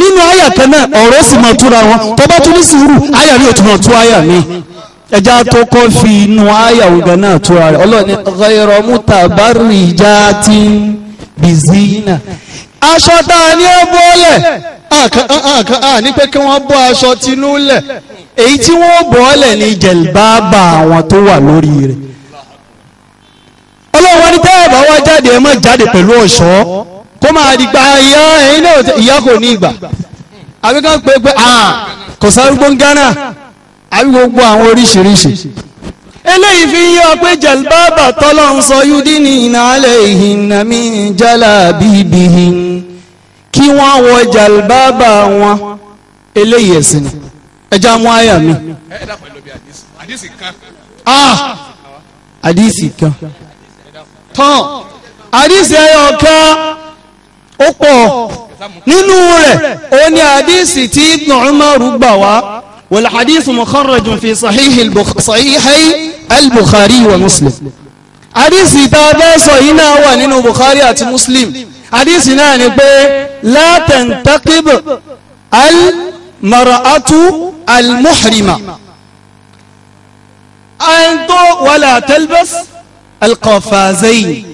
nínú ayé kan náà ọ̀rọ̀ sì máa wọn tó bá tún ní sùúrù ayé rí ẹja tó kọ́ fi náà rẹ̀ ọlọ́run ní ghayra mutabarrijatin bizina aṣọ tá a ní ó pé kí wọ́n bọ́ aṣọ tinú lẹ̀ èyí tí wọ́n ní jẹ̀lbáàbà àwọn tó wà lórí ọlọ́run wọn ní tẹ́ ẹ̀bà wá jáde ẹ má jáde pẹ̀lú ọ̀ṣọ́ kó máa di gba ìyá ẹ̀yin náà ìyá kò ní ìgbà àbí kan pé pé kò sárúgbó ń gánà àbí gbogbo àwọn oríṣiríṣi eléyìí fi yí ọ pé jẹ̀lbábà tọ́lọ́ ń sọ yúdí ní ìnálẹ̀ ìhìnàmí jálà bíbí kí wọ́n wọ jẹ̀lbábà wọn eléyìí ẹ̀sìn ni ẹja mú àyà mi. àdìsí kan. Ah! tán àdìsí ẹyọ kan ó pọ̀ nínú rẹ̀ ó ní àdìsí tí Ibn Umar gbà wá والحديث مخرج في صحيح البخ... صحيحي البخاري ومسلم حديث تابع صحيحنا wà nínú Bukhari àti Muslim حديث náà ni pé لا تنتقب المرأة المحرمة أنت ولا تلبس alqafazayn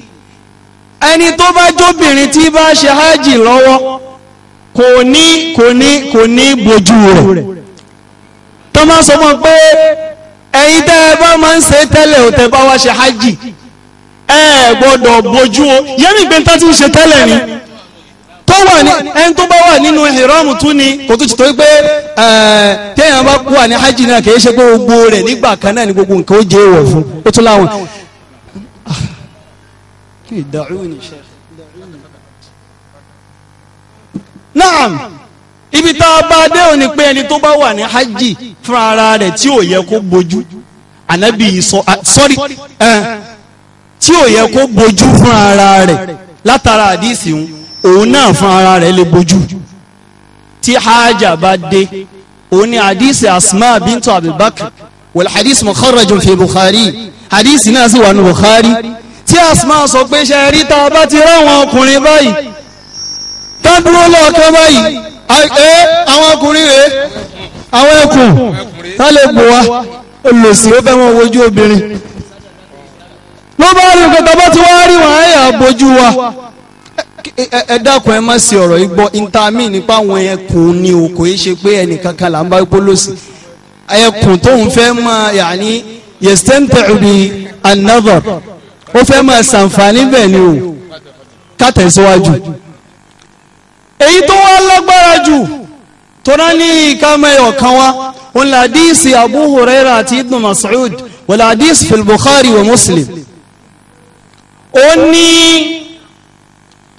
ẹni tó bá jóbìnrin tí bá ṣe hajj lọ́wọ́ kò ní kò ní kò ní bojú rẹ̀ tó máa sọ mọ́ pé ẹ̀yin tẹ́ ẹ bá máa ń ṣe tẹ́lẹ̀ ò tẹ́ bá wá ṣe hajj ẹ gbọ́dọ̀ bojú o yẹ́nì pé tá ti ń ṣe tẹ́lẹ̀ ni tó wà ní ẹni tó bá wà nínú ìrọ́mù tún ni kò tún ti tó pé téèyàn bá kú wà ní hajj náà kì í ṣe pé gbogbo rẹ̀ nígbà kan náà ni gbogbo nǹkan ó jẹ́ èèwọ̀ fún ó tún láwọn da'uni sheikh da'uni. naam ibi tá a bá dé òní pé ẹni tó bá wà ní hajj fún ara rẹ̀ tí ò yẹ kó bojú ànábì sọ ah, sọ́rí eh, tí ò yẹ kó bojú fún ara rẹ̀ látara àdìsí òun náà fún ara rẹ̀ lè bojú tí hajà bá dé òun ni àdìsí asma bintu abubakar wal hadith fi bukhari hadisi náà sì wà ní Bukhari tí Asma sọ pé ṣe rí tá a bá ti ráwọn ọkùnrin báyìí tá dúró lọ́ọ̀kan báyìí ẹ àwọn ọkùnrin rèé àwọn ẹkùn tá lè pò wá olùsí ó fẹ́ wọn wojú obìnrin ló bá rí nǹkan tọ́bọ́ tí wọ́n rí wọn àyà bójú wa ẹ dákun ẹ má ṣe ọ̀rọ̀ yìí gbọ́ intami nípa àwọn ẹkùn ni o kò í ṣe pé ẹnìkan kan là ń bá polóòsì ẹkùn tóun fẹ́ máa yà ní yẹ̀stẹ́ntẹ̀ òbí another ó fẹ́ máa ṣàǹfààní bẹ́ẹ̀ ni o kátẹ̀síwájú èyí tó wá lágbára jù tó náà ní ìkámẹ́yọ̀ kan wá wọn là díìsì Abu Huraira àti Ibn Mas'ud wọn là díìsì fil Bukhari wa Muslim ó ní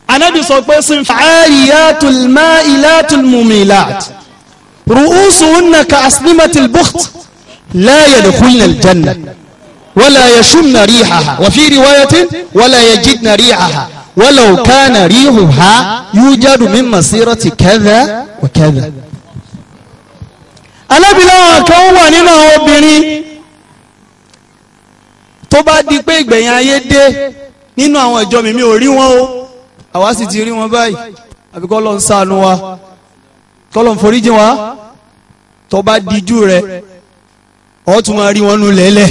anábì sọ pé sinfàáriyatul ma'ilatul mumilat ru'usuhunna ka aslimatil bukht la yadkhulna aljanna wala yashunna rihaha wa fi riwayatin wala yajidna rihaha walau kana rihuha yujadu min masirati kadha wa kadha alábìláwọn kan wà nínú àwọn obìnrin tó bá di pé ìgbẹ̀yìn ayé dé nínú àwọn ìjọ mi mi ò rí wọn o àwa sì ti rí wọn báyìí àbí kọ́ ló ń ṣàánú wa kọ́ ló ń foríjì wa tó bá dijú rẹ̀ ọ tún máa rí wọn nu lẹ́lẹ̀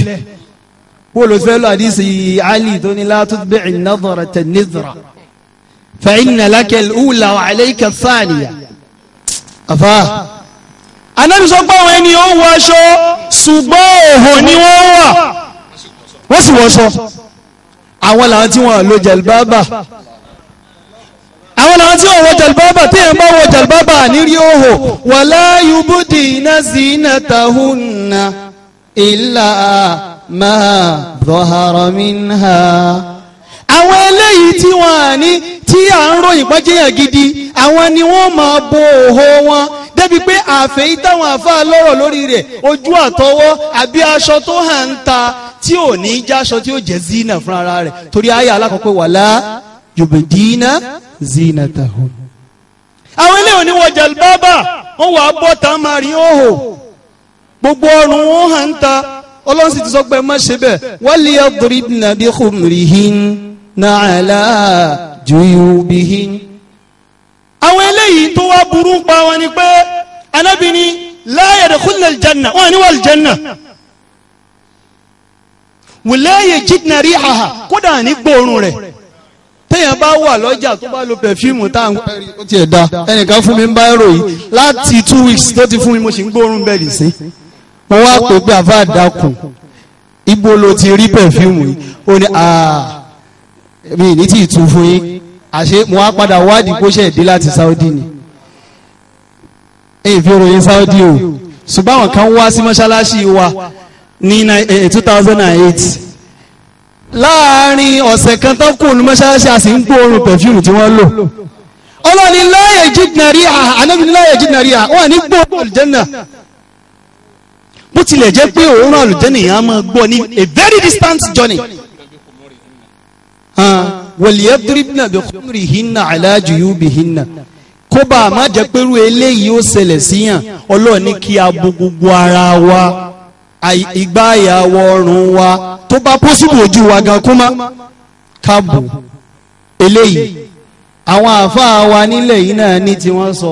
wọ́n lọ fẹ́ lọ àdìsí ali tó ní la tutbi' an-nadhra tan-nidhra fa inna laka al-ula wa alayka ath-thaniya àfa anábì sọ pé àwọn ẹni ó wọ aṣọ ṣùgbọ́n òhò ni wọ́n wà wọ́n sì wọ́ṣọ àwọn làwọn tí wọ́n lo jẹ̀lbábà àwọn làwọn tí wọ́n wọ jẹ̀lbábà tí èèyàn bá wọ jẹ̀lbábà ní rí òhò wala yubdina zinatahunna. إلا ما ظهر منها àwọn eléyìí tí wọ́n à ní tí à ń ròyìn pọ́jẹ́yàn gidi àwọn ni wọ́n máa bo òho wọn débi pé àfẹ́yí táwọn àfáà lọ́rọ̀ lórí rẹ̀ ojú àtọwọ́ àbí aṣọ tó hàn ń ta tí ò ní jáṣọ tí ó jẹ́ zina fún ara rẹ̀ torí ayé alákọ̀ọ́pẹ́ wala yubdina zinatahun. àwọn eléyìí ò ní wọ jàlbábà wọ́n wà á bọ́ tá a máa rí òhò gbogbo ọrùn wọn hàn ń ta ọlọ́run sì ti sọ pé má ṣe bẹ́ẹ̀ waliyadribna bi khumrihinna ala juyubihin. àwọn eléyìí tó wá burú pa wọn ni pé Ànábì ní la yadkhulna aljanna wọn ni wal janna wala yajidna rihaha kódà ní gbóòórùn rẹ̀ téèyàn bá wà lọ́jà tó bá lo pẹ̀fíìmù tá à ń pẹ́rì ó tiẹ̀ da ẹnìkan fún mi ń bá ẹ̀rọ yìí láti two weeks tó ti fún mi mo sì ń gbóòórùn bẹ́ẹ̀ lì sí mo wá pè pé àfa àdàkùn ibo ló ti rí pẹ̀fíùmù yìí ó ní mi ní tí ì fún yín àṣé mo wá padà wádìí kó ṣe dé láti Saudi ni èyí fi ròyìn Saudi o ṣùgbọ́n àwọn kan wá sí mọ́ṣáláṣí wa ní eh, eh, two thousand and eight láàárín ọ̀sẹ̀ kan tó kù ní mọ́ṣáláṣí a sì ń gbóòórùn pẹ̀fíùmù tí wọ́n lò ọlọ́ni láyé jìdìnnà rí à ànábìnrin láyé jìdìnnà rí à wọ́n à ní gbóòórùn àlùjẹ́nà bó tilẹ̀ jẹ́ pé òórùn àlùjẹ́nì yẹn á máa gbọ́ ní a very distant journey. wọ̀lìyẹ́dúríbìnà bí kúrì hinna aláàjù yóò bí hinna kó bá a má jẹ́ pé irú eléyìí ó ṣẹlẹ̀ síyàn ọlọ́run ní kí a bo gbogbo ara wa ìgbà àyàwó ọrùn wa tó bá pósìbò ojú wa gan kó má káàbò eléyìí àwọn àáfàá wa nílẹ̀ yìí náà ní tí sọ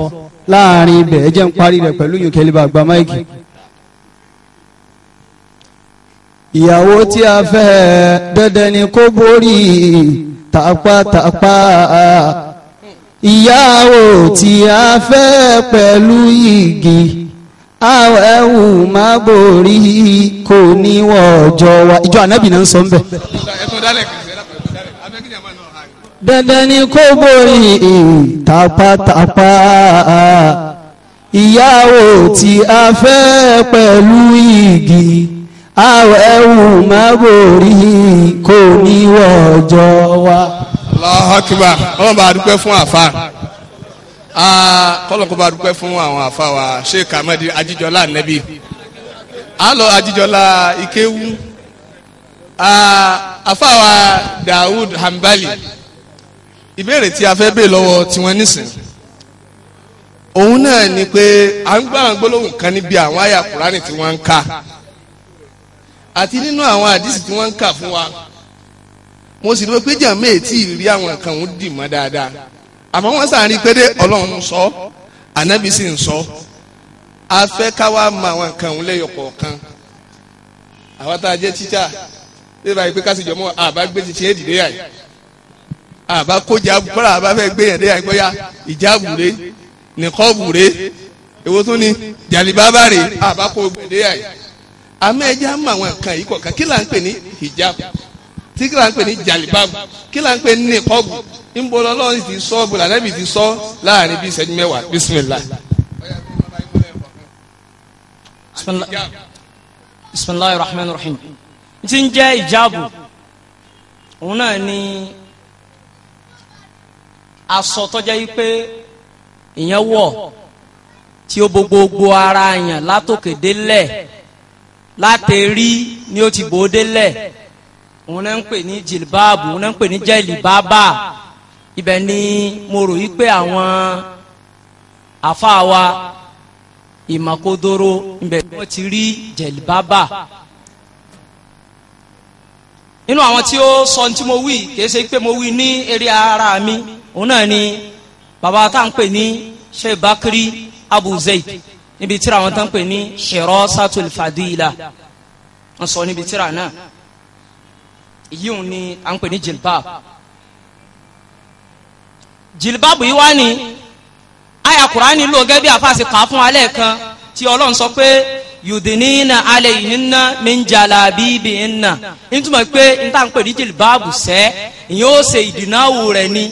láàrin ibẹ̀ ẹ jẹ́ ń parí rẹ̀ pẹ̀lú yòókè lè bá gba máìkì. ìyàwó tí a fẹ́ dandan ni kó borí tapatapa ìyàwó tí a fẹ́ pẹ̀lú igi awẹ́wù má borí kò ní wọ́jọ́ wa ìjọ ànábì náà ń sọ ń bẹ̀. dandan ni kó borí tapatapa ìyàwó tí a fẹ́ pẹ̀lú igi àwẹ̀hùn má borí kò ní wọ́jọ́ wa. Allahu Akbar ọlọ́run bá dúpẹ́ fún àfa kọ́lọ́n kó bá dúpẹ́ fún àwọn àfa wa Sheikh Ahmed Ajíjọlá nẹ́bí àlọ Ajíjọlá Ìkéwú àfa wa Dawud Hambali ìbéèrè tí a fẹ́ bèè lọ́wọ́ tiwọn nísìn òun náà ni pé à ń gbọ́ àwọn gbólóhùn kan níbi àwọn àyà Kùránì tí wọ́n ń ka àti nínú àwọn àdìsí tí wọ́n ń kà fún wa mo sì rò pé jàmbá ètí rí àwọn nǹkan òun dì mọ́ dáadáa àmọ́ wọ́n sàárín pé dé ọlọ́run sọ ànábì sì ń sọ a fẹ́ ká wá mọ àwọn nǹkan òun lẹ́yọ̀ kọ̀ọ̀kan àwọn tá a jẹ́ tíṣà ṣé báyìí pé kásìjọ mọ́ àbá gbé ti ṣe é dìde àyè àbá kó jáàbù kọ́ra àbá fẹ́ gbé yàn dé àyè bóyá ìjáàbù rèé nìkọ́ọ̀bù rèé èwo tún ni jàlíbábà rèé àbá kó gbèdé àyè àmọ́ ẹja mọ àwọn kan yìí kọ̀ọ̀kan kí là ń pè ní hijab tí kí là ń pè ní jalibab kí là ń pè ní nìkọ́bù ńbọ̀lọ́ lọ́run ti sọ bùrọ̀ ànábì ti sọ láàrin bíi ìṣẹ́jú mẹ́wàá bisimilah. bisimilahi rahman rahim n ti ń jẹ́ ìjáàbù òun náà ni aṣọ tó jẹ́ yìí pé ìyẹn wọ̀ tí ó gbogbo ara yàn látòkè délẹ̀ látẹ̀rí ni ó ti bò ó délẹ̀ òun náà ń pè ní jìlbáàbù òun náà ń pè ní jẹ́lìbábà ibẹ̀ ni mo rò yí pé àwọn àfáà ìmàkódóró ibẹ̀ ni wọ́n ti rí jẹ̀lìbábà nínú àwọn tí ó sọ tí mo wí kìí ṣe pé mo wí ní eré ara mi òun náà ni bàbá tá à ń pè ní Sheikh Bakri Abu Zaid níbi tíra wọn tán pè ní Shirasatul Fadila wọn sọ níbi tíra náà yíwọn ni à ń pè ní jilbab jilbab yìí wá ní àyà Kùránì lò gẹ́gẹ́ bí àfàṣe kà fún alẹ́ kan tí Ọlọ́run sọ pé yudinina alayhinna min jalabibihinna nítumọ̀ pé n ta n pè ní jìlbáàbù sẹ́ ìyẹn ó ṣe ìdìnnáwó rẹ̀ ni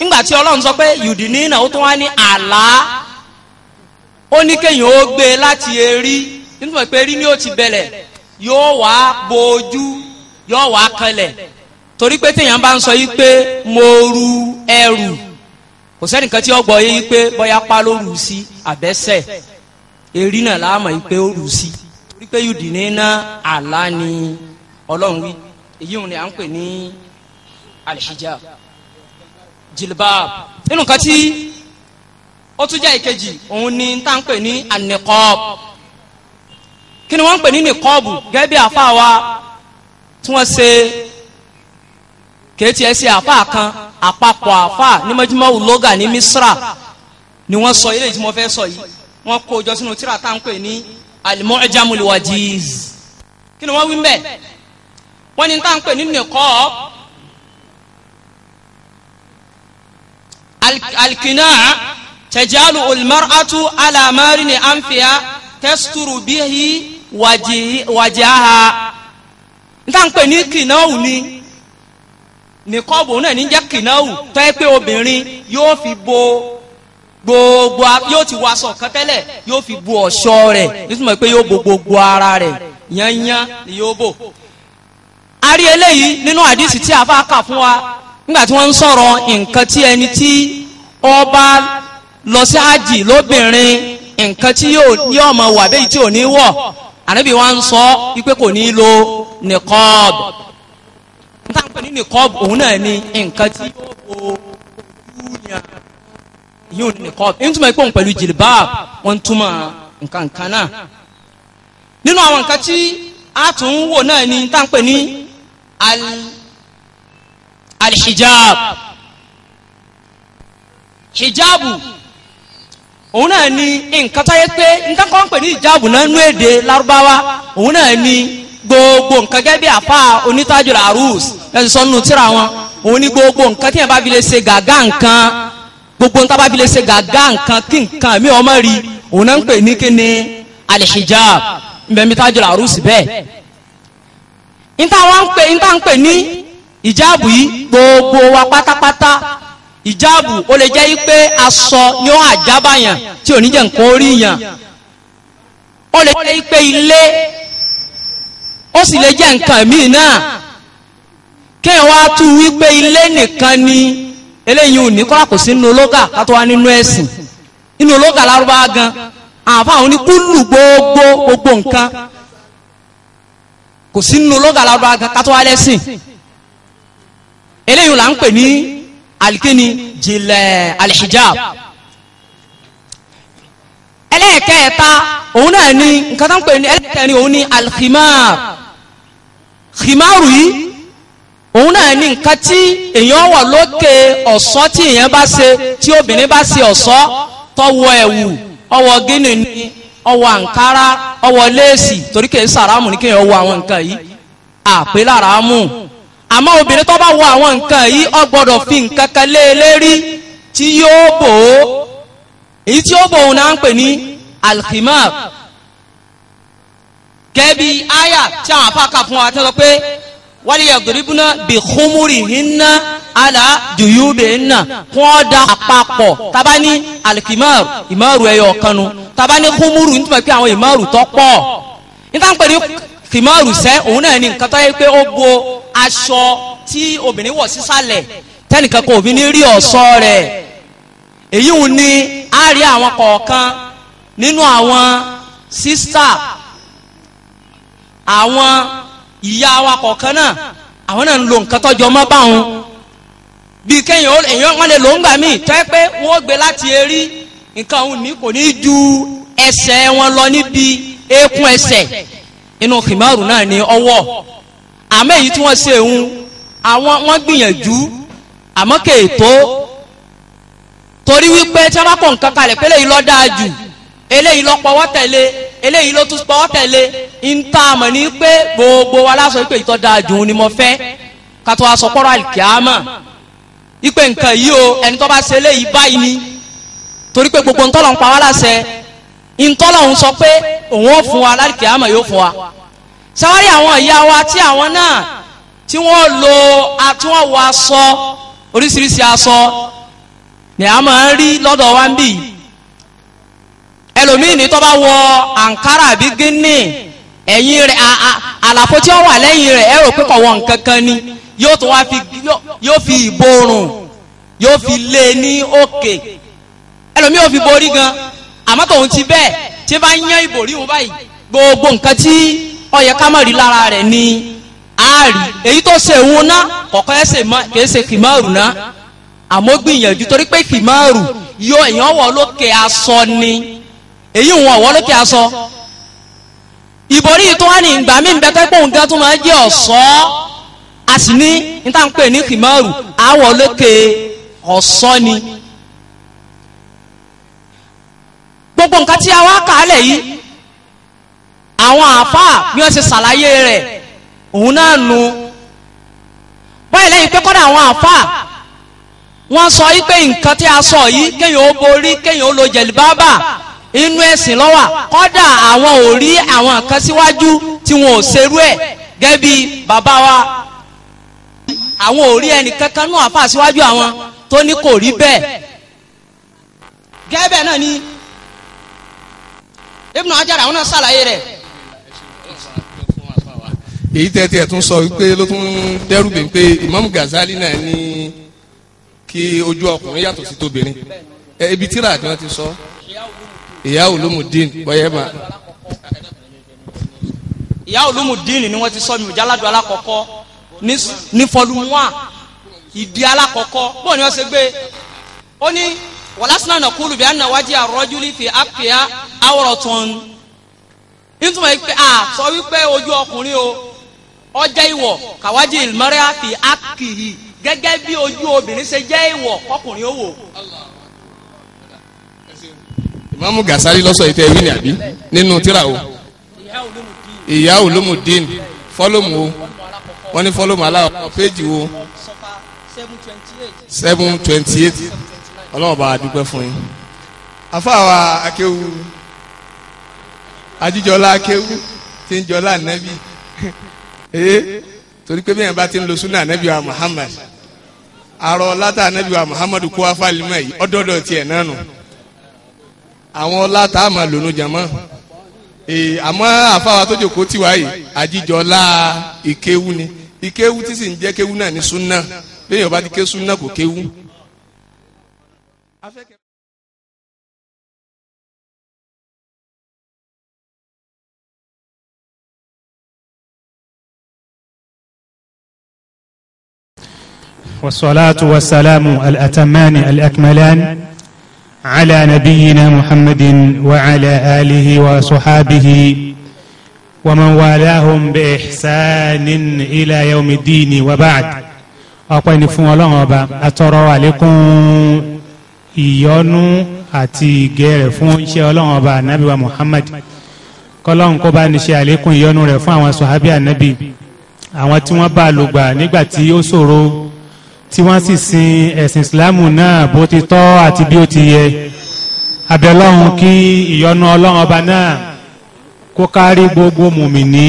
nígbà tí ọlọ́run sọ pé yudinina ó tún wá ní àlá ó ní kéèyàn ó gbé láti erí nítorí pé erí ni ó ti bẹ̀lẹ̀ yóò wá bojú yóò wá kanlẹ̀ torí pé téèyàn bá ń sọ yìí pé mo ru ẹrù kò sẹ́nìkan tí ó gbọ́ yìí pé bóyá pa ló rù sí àbẹ́sẹ̀ erí náà láàmọ̀ yìí pé ó rù sí torí pé àlá ni ọlọ́run wí ni à ń pè ní nínú ó tún jẹ́ ìkejì òun ni tá ń pè ní ànìkọ́ọ̀bù kí ni wọ́n ń pè ní nìkọ́ọ̀bù gẹ́gẹ́ bí àfa wa tí wọ́n ṣe kéétì ẹ̀ ṣe àfa kan àpapọ̀ àfa ní mọ́júmọ́wù lóga ní misra ni wọ́n sọ ilé tí mo fẹ́ sọ yìí wọ́n kó jọ sínú tíra tá ń pè ní al-Mu'jamul kí ni wọ́n wí ń wọ́n ní tá ń pè ní nìkọ́ọ̀bù alikina. Al تجعل المرأة على مارن أنفها تستر به وجهها nta mpe ní kìnnáwù ni nìkọ́bù náà ní jẹ́ kìnnáwù tó obìnrin yóò fi bo gbogbo yóò ti wọ aṣọ kan tẹ́lẹ̀ yóò fi bo ọ̀ṣọ́ rẹ̀ nítorí pé yóò bo gbogbo ara rẹ̀ yányán ni yóò bò. a rí eléyìí nínú fún wa nígbà tí wọ́n ń sọ̀rọ̀ nǹkan ọba lọ sí àjì lóbìnrin nǹkan tí yóò mọ wà bẹ́ẹ̀ tí ò ní wọ̀ ànábì wa ń sọ wípé kò ní lo nìkọ́ọ̀bù níta pé ní nìkọ́ọ̀bù òun náà ni nǹkan tí yóò bo yúnyà yóò ní nìkọ́ọ̀bù ní túmọ̀ ìpòhùn pẹ̀lú jìlbáàbù wọ́n túmọ̀ nǹkan kan náà nínú àwọn nǹkan tí a tún ń wò náà ni níta pé ní alhijab hijabu òun náà ni nǹkan tó yẹ pé nǹkan kan ń pè ní ìjáàbù náà nú èdè lárúbáwá òun náà ni gbogbo nǹkan gẹ́gẹ́ bí àfa onítàjùlá arúùs ẹ̀sùn sọ́nù tíra wọn òun ni gbogbo nǹkan tí yẹn bá fi lè ṣe gàgá nǹkan gbogbo nǹkan bá fi lè ṣe gàgá nǹkan kí nǹkan mi ọmọ rí òun náà ń pè ní kí ni alihijab mbẹ́mi tájùlá arúùs bẹ́ẹ̀ nta wa ń pè nta ń pè ní ìjáàbù yìí gbogbo wa pátápátá ìjáàbù ó lè jẹ́ pé aṣọ ni ó àjábàyàn tí ò ní jẹ́ nǹkan orí yàn ó lè jẹ́ pé ilé ó sì lè jẹ́ nǹkan míì náà kéèyàn wá tú wípé ilé nìkan ni eléyìí ò ní kọ́lá kò sí nínú ológa kátó wá nínú ẹ̀sìn nínú ológa lárúbáwá gan àfáà òní kúlù gbogbo gbogbo nǹkan kò sí nínú ológa lárúbáwá gan kátó wá lẹ́sìn eléyìí là ń pè ní alikini jilẹ eh, alihijab ẹlẹ́ẹ̀kẹ́ẹ̀ta òun náà ni nǹkan tó ń pè ní ẹlẹ́ẹ̀kẹ́rin òun ni alkhimar khimaru yìí òun náà ni nǹkan tí èèyàn wọ̀ lókè ọ̀ṣọ́ tí èèyàn bá ṣe tí obìnrin bá ṣe ọ̀ṣọ́ tọwọ́ ẹ̀wù ọwọ́ gíní ni ọwọ́ àǹkárá ọwọ́ léèsì torí kìí sàrámù ní kéèyàn wọ àwọn nǹkan yìí àpé láraámù àmọ́ obìnrin tó bá wọ àwọn nǹkan yìí ó gbọ́dọ̀ fi nǹkan kan lé e lérí tí yóò bò ó èyí tí ó bò ó náà ń pè ní alkhimar gẹ́bí aya tí àwọn apáka fún wa tí wọ́n sọ pé wálé bí kúmúrì hinna ala jùyúbẹ̀ hinna kún ọ́ da àpapọ̀ taba ní alkhimar ìmáàrù ẹ̀yọ̀ kanu taba ní kúmúrù nítorí pé àwọn ìmáàrù tó pọ̀ nítorí pé kìmáàrù sẹ́ òun náà ní nǹkan tó yẹ pé ó bo aṣọ tí obìnrin wọ̀ sísàlẹ̀ tẹ́nìkan kò fi ní rí ọ̀ṣọ́ rẹ̀ èyí ń ní a rí àwọn kọ̀ọ̀kan nínú àwọn sísà àwọn ìyá wa kọ̀ọ̀kan náà àwọn náà ń lo nǹkan tọ́jọ́ mọ́ báwọn bíi kẹ́yìn èèyàn wọn lè lò ń gbà míì tẹ́ pé wọ́n gbé láti erí nǹkan òun ní kò ní ju ẹsẹ̀ wọn lọ níbi eékún ẹsẹ̀ inú kìmọ́rù náà ní ọwọ́ àmọ́ èyí tí wọ́n ṣe ń àwọn wọ́n gbìyànjú àmọ́ kèètó torí wípé tí wọ́n bá kọ̀ nǹkan kalẹ̀ pé eléyìí ló dáa jù eléyìí ló pọwọ́ tẹ̀lé eléyìí ló tún pọwọ́ tẹ̀lé ń ta àmọ́ ní pé gbogbo wa lásán pé ìtọ́ dáa jù ni mo fẹ́ ká tó aṣọ kọ́rọ̀ àlìkíámà ipe nǹkan yìí o ẹni tó bá ṣe eléyìí báyìí ni torí pé gbogbo ntọ́lọ̀ ń pa wá láṣẹ ntọ́lọ̀ ń sọ pé òun ò fún wa àlìkíámà yóò fún wa sáwárí àwọn ìyá wa tí àwọn náà tí wọ́n lo tí wọ́n wọ aṣọ oríṣiríṣi aṣọ ni a máa ń rí lọ́dọ̀ wa ń bì ẹlòmíì ní tó bá wọ àǹkárá àbí gíní ẹ̀yìn rẹ̀ àlàfo tí ó wà lẹ́yìn rẹ̀ ẹ̀rọ pé kọ̀ wọ ni yóò tún wá fi yóò fi ìborùn yóò fi lé e ní òkè ẹlòmíì ò fi borí gan àmọ́ tòun ti bẹ́ẹ̀ tí bá ń yán ìbòrí òun báyìí gbogbo nǹkan tí ó yẹ ká má rí lára rẹ̀ ní àárí èyí tó ṣe òun ná kọ̀kọ́ ẹ̀ṣẹ̀ kìí ṣe kìmáàrù ná àmọ́ gbìyànjú torí pé kìmáàrù yọ èèyàn wọ̀ lókè aṣọ ni èyí wọn wọ̀ lókè aṣọ ìbòrí tó wá ní ìgbà mí bẹ́tẹ́ pé òun gan máa jẹ́ ọ̀ṣọ́ a sì ní níta ń pè ní kìmáàrù àwọ̀ lókè ọ̀ṣọ́ ni gbogbo nǹkan tí a wá kàálẹ̀ yìí àwọn àáfàá bí wọ́n ṣe ṣàlàyé rẹ̀ òun náà nu báyìí lẹ́yìn pé kọ́dà àwọn àáfàá wọ́n sọ yí pé nǹkan tí a sọ yìí kéèyàn ó borí kéèyàn ó lo jẹ̀lìbábà inú ẹ̀sìn lọ́wà kọ́dà àwọn ò rí àwọn nǹkan síwájú tí wọn ò ṣerú ẹ̀ gẹ́gẹ́ bí bàbá wa àwọn ò rí ẹnì kankan náà síwájú àwọn tó ní kò rí bẹ́ẹ̀ gẹ́gẹ́ bẹ́ẹ̀ náà ni Ibn Hajar àwọn náà ṣàlàyé rẹ̀ èyí tẹ́tí ẹ̀ tún sọ wípé ló tún dẹ́rù bẹ́ẹ̀ pé Imam Ghazali náà ní kí ojú ọkùnrin yàtọ̀ sí tóbìnrin ibi tíra àti wọn ti sọ ìyá olómùdín bọ́yẹ́ máa. ìyá olómùdín ni wọ́n ti sọ mi òjáládùn alákọ̀ọ́kọ́ ní fọlùmùwà ìdí alákọ̀ọ́kọ́ bọ́ọ̀ ni wọ́n ṣe gbé ó ní wàlásínà nà kúlù bí a nà wájú àrọ́júlì fi àpìyà àwòrán tó ń. nítorí pé a sọ wípé ojú ọkùnrin o ọjẹ́ ìwọ̀ kàwájì ìmọ̀rẹ́à fi ákìhì gẹ́gẹ́ bí ojú obìnrin ṣe jẹ́ ìwọ̀ kọkùnrin ó wò. ìmáàmù Gàsálí lọ́sọ̀ ìtẹ́ ẹ̀wí ni àbí nínú tíra o ìyá olómùdín fọ́lọ́mù o wọ́n ní fọ́lọ́mù aláwọ̀ péjì o seven twenty eight ọlọ́run bá a dúpẹ́ fún yín. afáwa akéwu ajíjọlá akéwu tí ń jọlá nẹ́bí. ee eh? torí pé bẹ́ẹ̀ bá ti ń lo sunna anabi wa muhammad arọ láta anabi wa muhammad kó wa fálímọ̀ yìí ọdọọdọ tiẹ̀ náà àwọn láta àmà lónú jama ee eh, àmọ́ àfáwà tó jòkó tiwa yìí àjíjọlá ìkéwu ni ìkéwu tí sì ń jẹ́ kéwu náà ní sunna bẹ́ẹ̀ bá ti ké sunna kò kéwu. والصلاة والسلام الأتمان الأكملان على نبينا محمد وعلى آله وصحابه ومن والاهم بإحسان إلى يوم الدين وبعد ọpẹ́ ni fún ọlọ́run ọba atọrọ àlékún ìyọ́nú àti ìgẹ́ rẹ̀ fún iṣẹ́ ọlọ́run ọba ànábì wa muhammad kọ́lọ́run kó bá ní ṣe àlékún ìyọ́nú rẹ̀ fún àwọn sọ̀hábí ànábì àwọn tí wọ́n bá lògbà nígbà tí ó ṣòro tí wọ́n sì sin ẹ̀sìn ìsìláàmù náà bó ti tọ́ àti bí ó ti yẹ abẹ́ ọlọ́run kí ìyọ́nú ọlọ́run ọba náà kó kárí gbogbo mùmìnì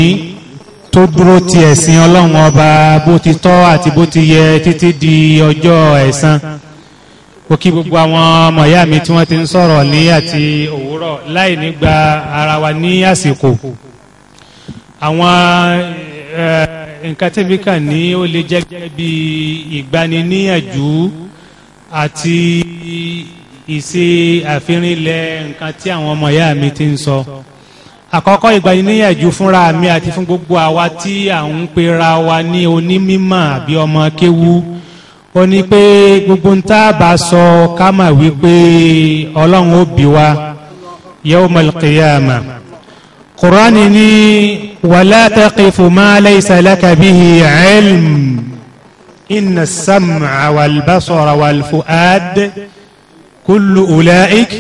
tó dúró ti ẹ̀sìn ọlọ́run ọba bó ti tọ́ àti bó ti yẹ títí di ọjọ́ ẹ̀san kò kí gbogbo àwọn ọmọ mi tí wọ́n ti ń sọ̀rọ̀ ní àti òwúrọ̀ láì ní gba ara wa ní àsìkò àwọn ẹ̀ nǹkan tẹ́mi kàn ní ó lè jẹ́ gẹ́gẹ́ bí ìgbaniníyànjú àti ìṣe àfirinlẹ̀ nǹkan tí àwọn ọmọ ìyá mi ti ń sọ. àkọ́kọ́ ìgbaniníyànjú fúnra mi àti fún gbogbo àwa tí à ń pera wa ní onímímọ̀ àbí ọmọ kéwú ó ní pé gbogbo ń tá a bá sọ ká mà wípé ọlọ́run ó bí wa yawmal qiyamah kùránì ní. ولا تقف ما ليس لك به علم إن السمع والبصر والفؤاد كل أولئك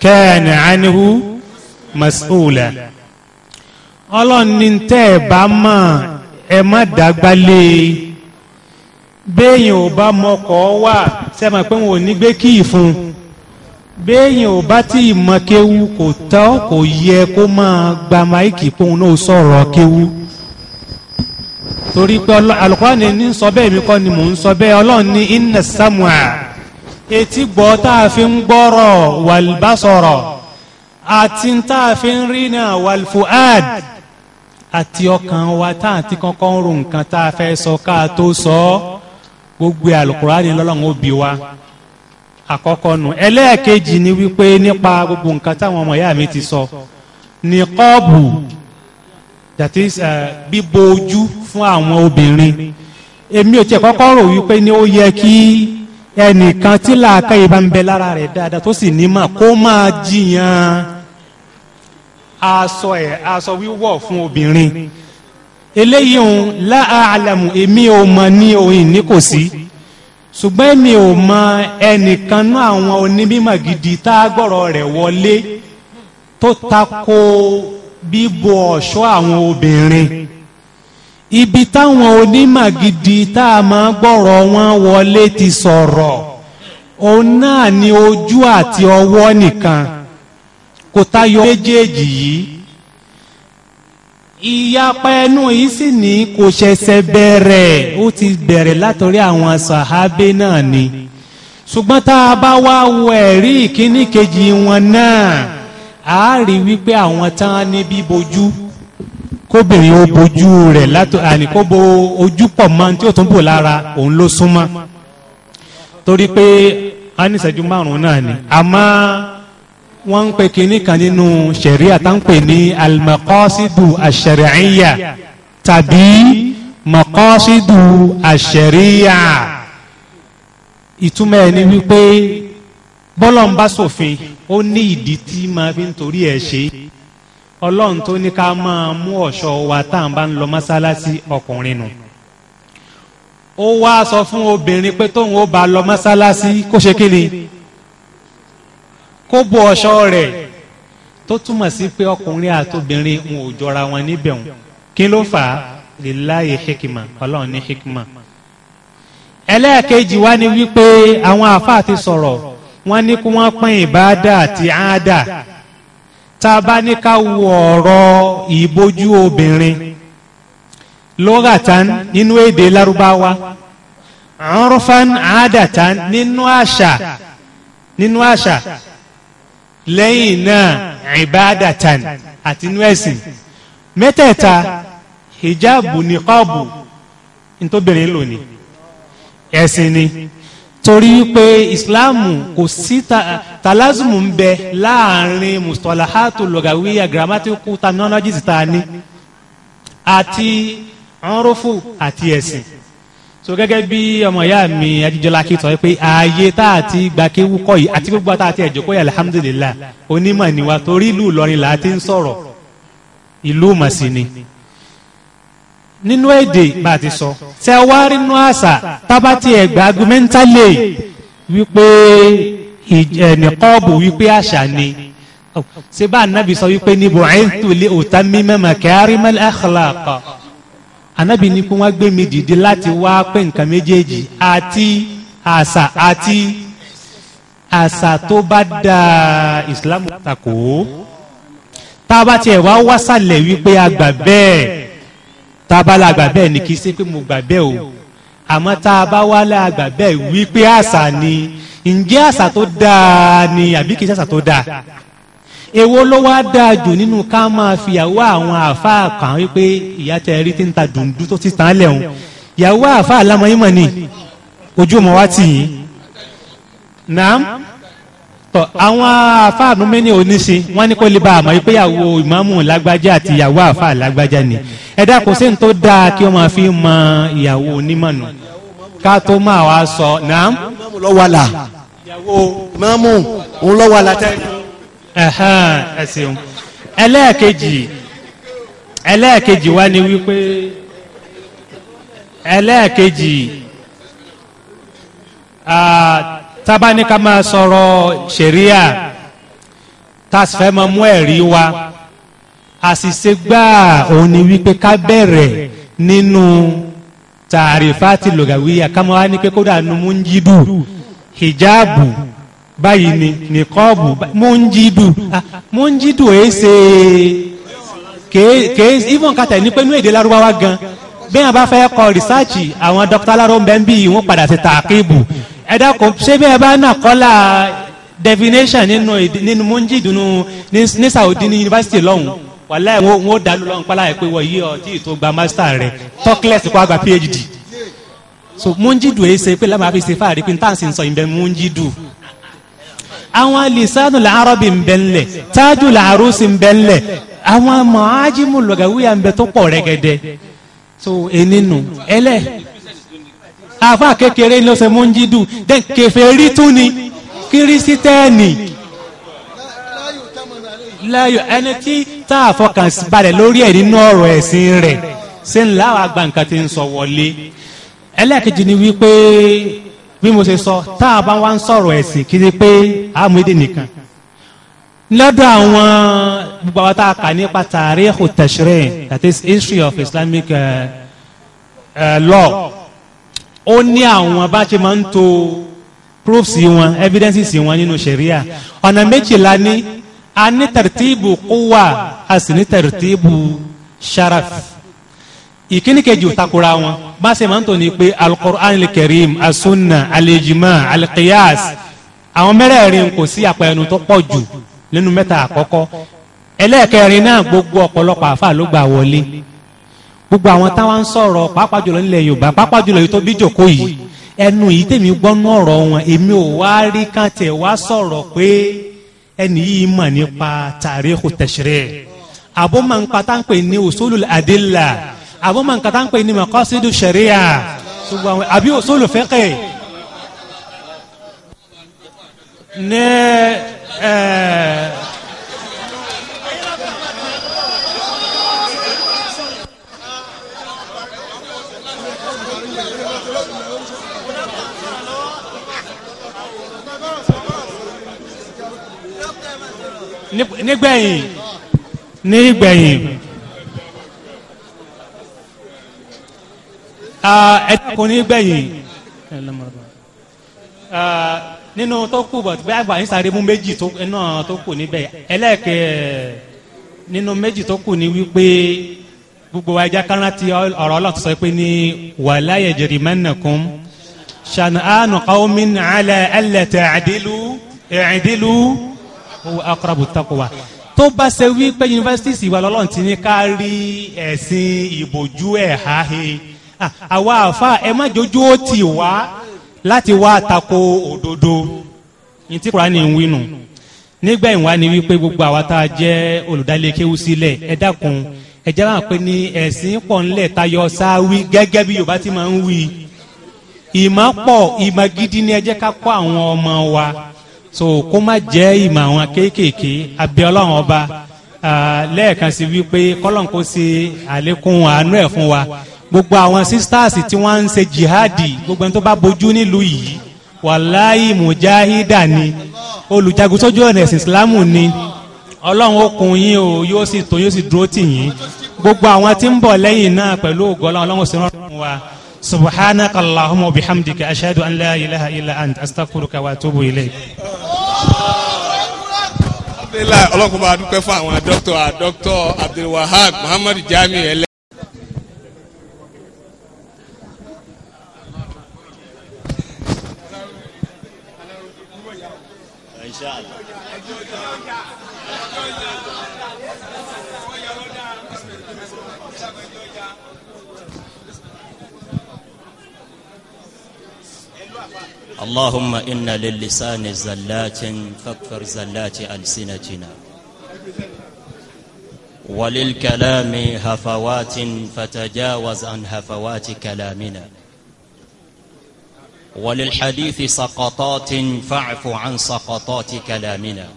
كان عنه مسؤولا ọlọ́run ní bá mọ̀ ẹ má dàgbálé e. béèyàn ò bá mọkọ̀ wà sẹ́mi pé wọn ò ní gbé kíì fún béèyàn ò bá tí ì mọ kéwu kò tọ́ kò yẹ kó máa gba máìkì kóun náà sọ̀rọ̀ kéwu torí pé alukóhánì ní sọ bẹ́ẹ̀ mi kọ́ ni mò ń sọ bẹ́ẹ̀ ọlọ́run ní inna samua etí gbọ́ tá a fi ń gbọ́rọ̀ wàlbásọ̀rọ̀ àti tá a fi ń rí náà wàlfuad àti ọkàn wa tá àti kankan ro nǹkan tá a fẹ́ sọ ká tó sọ gbogbo alukóhánì lọ́lọ́run ó bi wa àkọ́kọ́ nù ẹlẹ́ẹ̀kejì ni wípé nípa gbogbo nǹkan táwọn ọmọ ìyá mi ti sọ nìkọ́ọ̀bù that is eh, bíbo ojú fún àwọn obìnrin èmi ò tiẹ̀ kọ́kọ́ rò wípé ni ó yẹ kí ẹnìkan tí làákà yìí bá ń bẹ lára rẹ̀ dáadáa tó sì ní mà kó máa jiyàn aṣọ ẹ̀ aṣọ wíwọ̀ fún obìnrin eléyìí ń láàlàmù èmi ò mọ̀ ní òyìn ní kò sí ṣùgbọ́n èmi ò mọ ẹnìkan náà àwọn onímọ̀ gidi tá a gbọ́rọ̀ rẹ̀ wọlé tó tako bíbo ọ̀ṣọ́ àwọn obìnrin ibi táwọn onímọ̀ gidi tá a máa gbọ́rọ̀ wọn wọlé ti sọ̀rọ̀ òun náà ni ojú àti ọwọ́ nìkan kò tayọ méjèèjì yìí ìyapa ẹnu yìí sì ní kò ṣẹ̀ṣẹ̀ bẹ̀rẹ̀ ó ti bẹ̀rẹ̀ látọ̀rí àwọn sàhábé náà ni ṣùgbọ́n tá a bá wá wo ẹ̀rí ìkíní kejì wọn náà a rí wípé àwọn tán ní bíbojú kóbìnrin ó bojú rẹ̀ látọ̀ àní kó bo ojú pọ̀ mọ́ tí ó tún bò lára òun ló súnmọ́ torí pé a ní ìṣẹ́jú márùn náà ni àmọ́ wọ́n ń pè kínní kan nínú ṣẹ̀ríà tá ń pè ní al-maqasidu ash-shar'iyya tàbí maqasidu ash-shar'iyya ìtumọ̀ ẹ̀ ni wípé bọ́lọ́n bá ṣòfin ó ní ìdí tí máa fi ń torí ẹ̀ ṣe ọlọ́run tó ní ká máa mú ọ̀ṣọ́ wa tá à ń bá ń lọ mọ́sálásí ọkùnrin nù ó wá sọ fún obìnrin pé tóun ó bá lọ mọ́sálásí kó ṣe kí ni kó bo ọ̀ṣọ́ rẹ̀ tó túmọ̀ sí pé ọkùnrin àtòbìnrin ń ò jọra wọn níbẹ̀ wọn kí ló fà á lillahi hikima ọlọ́run ní hikima. ẹlẹ́ẹ̀kejì wá ní wípé àwọn àáfàá ti sọ̀rọ̀ wọ́n ní kí wọ́n pín ìbáadà àti áádà tá a bá ní ká wo ọ̀rọ̀ ìbojú obìnrin lóratan nínú èdè lárúbáwá ọ̀rọ̀fan áádàtàn nínú àṣà nínú àṣà lẹ́yìn náà ìbádàtàn àti inú ẹ̀sìn mẹ́tẹ̀ẹ̀ta hijabu niqabu ntòbìnrin lónìí ẹ̀sìn ni torí pé ìsìláàmù kò sí talazumu ń bẹ láàrin mustalahatu lugawiyya grammatical terminologies ta ni àti ọrùfù àti ẹ̀sìn so gẹ́gẹ́ bí ọmọ ìyá mi ajíjọlá kí sọ pé ààyè tá a ti gba kéwú kọ́ yìí àti gbogbo àti àti ẹ̀jọ̀ kọ́ yìí alihamudulilayi onímọ̀ ni wa torí ìlú Ìlọrin là á ti ń sọ̀rọ̀ ìlú màsí ni nínú èdè bá a ti sọ tẹ wá rínú àṣà tábàtì ẹgbẹ agumẹ́ntálè wípé ẹnìkọ́ọ̀bù wípé àṣà ni ṣé bá a nàbì sọ wípé níbo ẹ̀ ń tòlé òtá mímẹ́ màkàrí mẹ́lẹ́ àkàlà kan anabi ní kó wọ́n gbé mi dìde láti wá pé nǹkan méjèèjì àti àṣà àti àṣà tó bá da ìsìlámù takò tá a bá tiẹ̀ wá wásàlẹ̀ wípé a gbà bẹ́ẹ̀ tá a bá la gbà bẹ́ẹ̀ ni kì í ṣe pé mo gbà bẹ́ẹ̀ o àmọ́ tá a bá wá la gbà bẹ́ẹ̀ wípé àṣà ni ǹjẹ́ àṣà tó dáa ni àbí kì í ṣe àṣà tó dáa èwo ló wá dáa jù nínú ká máa fìyàwó àwọn àáfàá kan wípé ìyá tẹ rí tí ń ta dùndú tó ti tàn án lẹ́hùn ìyàwó àáfàá lámọ yín mọ̀ ni ojú ọmọ wa tì yín nàám tọ àwọn àáfàá nu mẹ́ni oníṣe wọ́n ní kó lè bá àmọ́ pé ìyàwó ìmáàmù lágbájá àti ìyàwó àáfàá lágbájá ni ẹ̀dá kò sí ní tó dáa kí wọ́n máa fi mọ ìyàwó onímọ̀ ká tó máa wá sọ nàám. ìyàwó ìmáàmù lọ́wọ́ ẹ ṣeun ẹlẹ́ẹ̀kejì ẹlẹ́ẹ̀kejì wá ni wípé ẹlẹ́ẹ̀kejì tabaníka máa sọ̀rọ̀ ṣẹ̀ríà tasfẹ́ máa mú ẹ̀rí wa àṣìṣe gbáà òun ni wípé ká bẹ̀rẹ̀ nínú tààrífà ti ká máa wá ní pé kódà nu múnjídù hijabu. hijabu báyìí ni nìkọ́ọ̀bù mọ́njídù ah, mọ́njídù èé ṣe kèé even kàtà ní pé inú èdè lárúbáwá gan bí wọn bá fẹ́ kọ rìsáàcì àwọn dókítà aláró ń bẹ́ ń bí wọn padà ti ta àkébù ẹ dákun ṣé bí ẹ bá nà kọ́là definition nínú nínú mọ́njídù ní Saudi ní yunifásitì lọ́hùn wàlẹ́ wọn ò dàlú lọ́hùn pálá ẹ̀ pé wọ́n yí ọtí tó gba master rẹ̀ tọ́kílẹ̀sì kó àgbà PhD so mọ́njídù èé ṣe pé lẹ́mọ̀ àfi ṣe fáàrí pé ní ń sọ ìbẹ̀ mọ́njídù àwọn lisanu làárọ̀bì ń bẹ ńlẹ̀ tájú làárọ̀sì ń bẹ ńlẹ̀ àwọn mọ̀ájímù lọ̀gàwíyà ń bẹ tó pọ̀ rẹ́gẹ́dẹ́ so eninu ẹlẹ́ àfa kékeré ló ṣe mú ń jí dùn then kèfèrí tún kírísítẹ́ẹ̀nì láyò ẹni tí tá a fọkàn balẹ̀ lórí ẹ̀ nínú ọ̀rọ̀ ẹ̀sìn rẹ̀ ṣe ń láwọn àgbà nǹkan tí ń sọ wọlé ẹlẹ́ẹ̀kejì ni wípé bí mo ṣe sọ tá a bá wá ń sọ̀rọ̀ ẹ̀sìn kí ni pé àmúdé nìkan lọ́dọ̀ àwọn gbogbo àwọn tá a kà nípa tàríkù tẹ̀sírẹ̀ that is history of Islamic uh, uh, law ó ní àwọn bá ṣe máa ń to proofs wọn evidences wọn nínú sharia ọ̀nà méjìlá ni a ní tartibu quwa a sì ní tartibu sharaf ìkíní kejì ò takora wọn bá a ṣe máa ń tò ní pé alukur'an karim asunna alijima alikiyas àwọn mẹ́rẹ̀ẹ̀rin kò sí àpẹẹnu tó pọ̀ jù nínú mẹ́ta àkọ́kọ́ ẹlẹ́ẹ̀kẹrin náà gbogbo ọ̀pọ̀lọpọ̀ àfa ló gbà wọlé gbogbo àwọn táwọn ń sọ̀rọ̀ pàápàá jùlọ nílẹ̀ yorùbá pàápàá jùlọ yìí tó bí jòkó yìí ẹnu yìí tèmi gbọ́nú ọ̀rọ̀ wọn èmi ò wá rí kan wá sọ̀rọ̀ pé ẹni yìí mọ̀ nípa tàríkù tẹ̀sírẹ̀ àbó máa ń pa táǹpẹ̀ ní usulul adilla àbọ̀ máa ń kàtà ń pè ní maqasidu sharia ṣùgbọ́n àwọn àbí usulu fiqh ní ẹ̀. nígbẹ̀yìn nígbẹ̀yìn ẹ̀dá kò ní gbẹ̀yìn nínú tó kù bọ̀ bí àgbà ìsàrè mú méjì náà tó kù níbẹ̀ ẹlẹ́ẹ̀kẹ́ nínú méjì tó kù ní wípé gbogbo wa ẹja kan láti ọ̀rọ̀ ọlọ́tún sọ pé ní wàhálà ẹ̀jẹ̀rì mẹ́nàkún ṣàánú qawmin ala alla ta'dilu i'dilu huwa aqrabu taqwa tó bá ṣe wípé yunifásitì ìwà lọ́lọ́run ti ní ká rí ẹ̀sìn ìbòjú ẹ̀ háhe àwa àfa ẹ má jojú ó tì wá láti wá tako òdodo ní tí kúránì ń wí nù nígbà ìwà ni wípé gbogbo àwa tá a jẹ́ olùdálékéwú sílẹ̀ ẹ dákun ẹ jẹ́ máa pé ní ẹ̀sìn pọ̀ ńlẹ̀ tayọ sáwí gẹ́gẹ́ bí yorùbá ti máa ń wí ìmọ̀ pọ̀ ìmọ̀ gidi ni ẹ jẹ́ ká kọ́ àwọn ọmọ wa so kó má jẹ́ ìmọ̀ àwọn kéékèèké abẹ́ ọlọ́run ọba lẹ́ẹ̀kan sí wípé kọ́lọ́n kó àlékún àánú ẹ̀ fún wa gbogbo àwọn sisters tí wọ́n ń ṣe jihadi gbogbo ẹni tó bá bojú nílùú yìí wàláyé mujahida ni olùjagun sójú ọ̀nà ẹ̀sìn islam ni ọlọ́run ó yín o yóò sì tó yóò sì dúró tì yín gbogbo àwọn tí ń bọ̀ lẹ́yìn náà pẹ̀lú ògo ọlọ́run ọlọ́run sì rán wa subhanaka allahumma bihamdika ashhadu an la ilaha illa ant astaghfiruka wa atubu ilayk. alhamdulilayi ọlọ́kùnrin bá a dúpẹ́ fún àwọn dókítà dókítà abdulwahab muhammadu jami ẹlẹ́. شاء الله اللهم إن للسان زلات فاكفر زلات ألسنتنا وللكلام هفوات فتجاوز عن هفوات كلامنا وللحديث سقطات فاعف عن سقطات كلامنا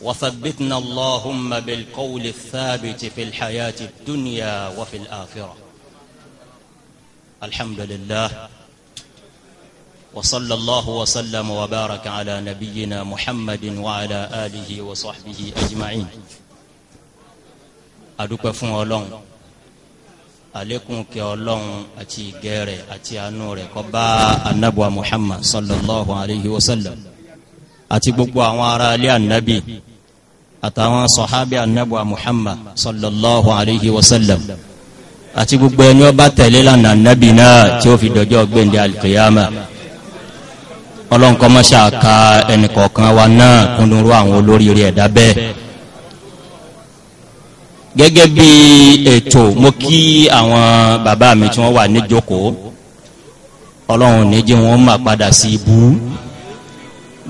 وثبتنا اللهم بالقول الثابت في الحياة الدنيا وفي الآخرة الحمد لله وصلى الله وسلم وبارك على نبينا محمد وعلى آله وصحبه أجمعين أدوك فون alekun kẹ Ọlọ́run àti ìgẹ́ rẹ̀ àti àánú rẹ̀ anabuwa muhammad sallallahu alayhi wa sallam àti gbogbo àwọn ará ilé anabi àtàwọn sọhábì anabuwa muhammad sallallahu alayhi wa sallam àti gbogbo ẹni ó bá tẹ̀lé lànà anabi náà tí ó fi dọjọ́ gbẹ̀ndé alikiyama Ọlọ́run kó má ṣe wa náà kúndùnrú àwọn olóríire ẹ̀dá bẹ́ẹ̀ gẹ́gẹ́ bí ètò mo kí àwọn bàbá mi tí wọ́n wà níjókòó ọlọ́run ní jẹ́ wọ́n mà padà sí ibú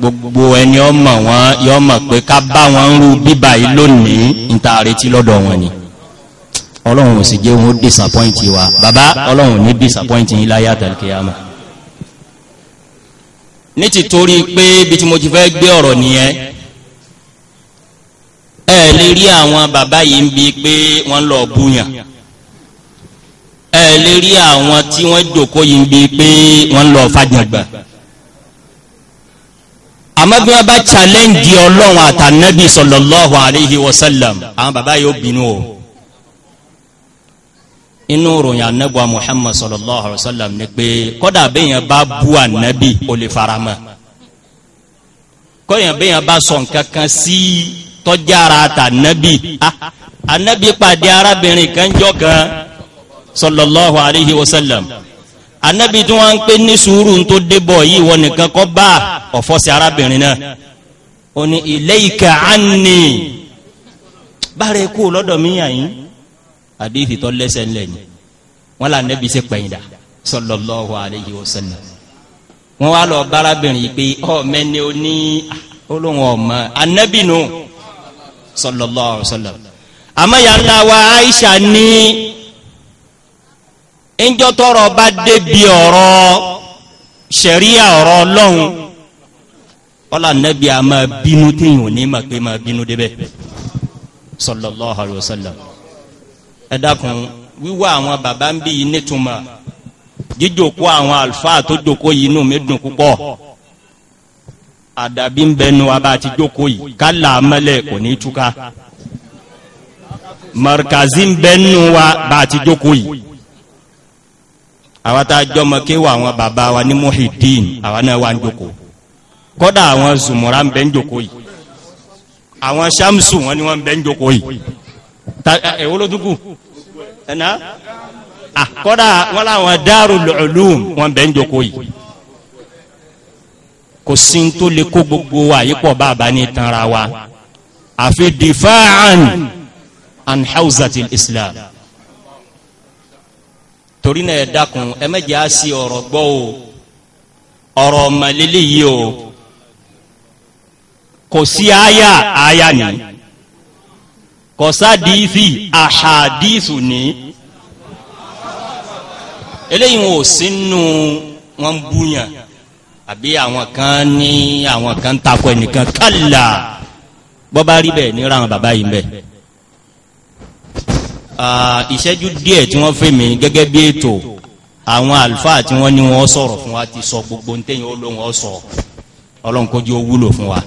gbogbo ẹni ọmọ wọn yọ mọ̀ pé ká bá wọn ń ru bíbà yìí lónìí níta àrètí lọ́dọ̀ wọn ni ọlọ́run ò sì jẹ́ wọn ó wa bàbá ọlọ́run ní disappoint yín láyé àtàlùkìyàmà ní ti torí pé bí tí mo ti fẹ́ gbé ọ̀rọ̀ nìyẹn ẹ lè rí àwọn bàbá yìí ń bi pé wọ́n lọ búyàn ẹ lè rí àwọn tí wọ́n jókòó yìí ń bi pé wọ́n lọ fàjàgbà àmọ́ bí wọ́n bá challenge ọlọ́run àtànẹ́bí sallallahu alayhi wa sallam àwọn bàbá yóò bínú o inú ròyìn anẹ́gbà Muhammad sallallahu alaihi wa sallam ni pé kọ́dà bẹ́yàn bá bú ànẹ́bí o lè faramọ́ kọ́yàn bẹ́yàn bá sọ nǹkan kan sí tọ́jára tànábì anábì ah, pàdé arábìnrin kan jọ kan sallallahu alayhi wa sallam anábì tí wọ́n ń pè ní sùúrù tó débọ̀ yìí wọ́n nìkan kọ́ bá ọ̀fọ́ sí arábìnrin náà ó ní ilayka anni bára kú lọ́dọ̀ mi yàn yín àdéhìí tó lẹ́sẹ̀ ńlẹ̀ ni wọ́n là nẹ́bi sí pẹ̀yìndà sallallahu alayhi wa sallam wọ́n wá lọ bárábìnrin pé ọ̀ mẹ́ni ah, ó ní olóhùn ọ̀mọ́ anábìnú. No sallallahu alaihi àmọ́ ya ńlá wa Aisha ní ńjọ́ tọrọ bá débi ọ̀rọ̀ ṣẹ̀ríà ọ̀rọ̀ Ọlọ́run ọlá nẹ́bí a máa bínú téèyàn ní mà pé máa bínú débẹ̀ sallallahu alaihi wasallam ẹ dákun wíwá àwọn bàbá ń bí yìí nítumọ̀ jíjòkó àwọn àlùfáà tó jòkó yìí inú mi dùn púpọ̀ àdàbí ń bẹnu abá ti jókòó yìí kálá amẹ́lẹ̀ kò ní túká markazi ń bẹnu wa bá ti jókòó yìí àwa tá a jọ mọ kéwà bàbá wa ní muhiddin àwa náà wà ń jókòó kọ́dà àwọn zumura ń bẹ ń jókòó yìí àwọn shamsu wọn ni wọn ń bẹ ń jókòó yìí ta ẹ wolodugu ẹ na ah, kọ́dà wọn làwọn darul ulum wọn bẹ ń jókòó yìí kò sí ní tó lè kó gbogbo wa yìí pọ̀ bàbá ní tanra wa àfi difa'an an hawzatil islam torí náà ẹ dákun ẹ mẹ́jẹ̀ á sí ọ̀rọ̀ gbọ́ o ọ̀rọ̀ màlélẹ́ yìí o kò sí àyà àyà ni kò sádìífì àhàdìífù ni eléyìí wọn sínú wọn búyàn àbí àwọn kan ní àwọn kan takọ ẹnìkan kálà bọ́bá rí bẹ́ẹ̀ ní ráwọn bàbá yìí bẹ́ẹ̀ ìṣẹ́jú díẹ̀ tí wọ́n fẹ́ mi gẹ́gẹ́ bí ètò àwọn àlùfáà tí wọ́n ní wọ́n sọ̀rọ̀ fún wa ti sọ gbogbo ntẹ́yìn olóhùn ọ̀sọ̀ ọlọ́run kó jẹ́ wúlò fún wa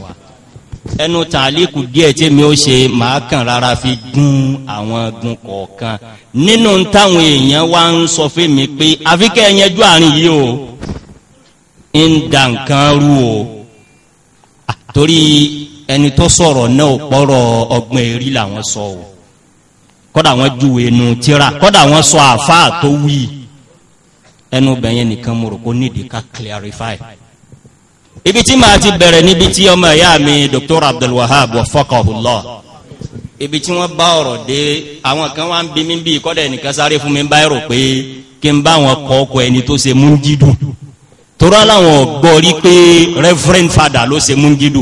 ẹnu tàlíkù díẹ̀ tí mi ó ṣe màá kàn rárá fi gún àwọn gun kọ̀ọ̀kan nínú táwọn èèyàn wá ń sọ fún mi pé àfikẹ́ ẹ̀yẹn jú àárín yìí o ń da nǹkan rú o torí ẹni tó sọ̀rọ̀ náà ò pọ̀rọ̀ ọgbọ́n èrí làwọn sọ o kọ́dà wọn júwe nu tíra kọ́dà wọn sọ àáfàá tó wí ẹnu bẹ̀yẹn nìkan mo rò kó nídìí ká clarify ibi tí màá ti bẹ̀rẹ̀ níbi tí ọmọ ìyá mi Dr. Abdulwahab wafakahullah ibi tí wọ́n bá ọ̀rọ̀ dé àwọn kan wá ń bí mi bí kọ́dà ẹnìkan sáré fún mi báyìí rò pé kí n bá wọn kọ́ ọkọ ẹni tó ṣe mú dídùn torọ́ làwọn gbọ́ rí pé reverend father ló ṣe múngídù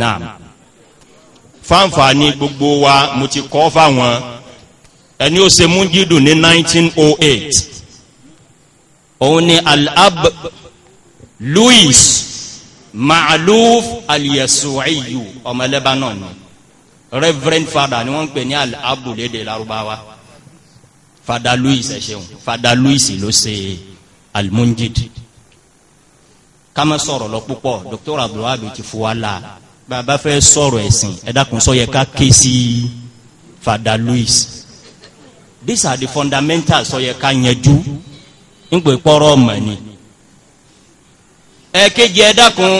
naam fáǹfààní gbogbo wa mo ti kọ́ fáwọn ẹni ó ṣe múngídù ní 1908 òun ni al louis ma'aluf al-yasu'iyu ọmọ lebanon ni reverend father ni wọ́n ń pè ní al lédè larubawa father louis ẹ̀ ṣeun father louis ló ṣe é almunjid kama sọ̀rọ̀ lọ púpọ̀ Dr. abdulwabi ti fún wa la bàbá fẹ́ sọ̀rọ̀ ẹ̀sìn ẹ dákun sọ yẹ fada louis these are the fundamental sọ yẹ ká yẹjú nígbè kpọ́rọ̀ mọ̀ni ẹ kéje ẹ dákun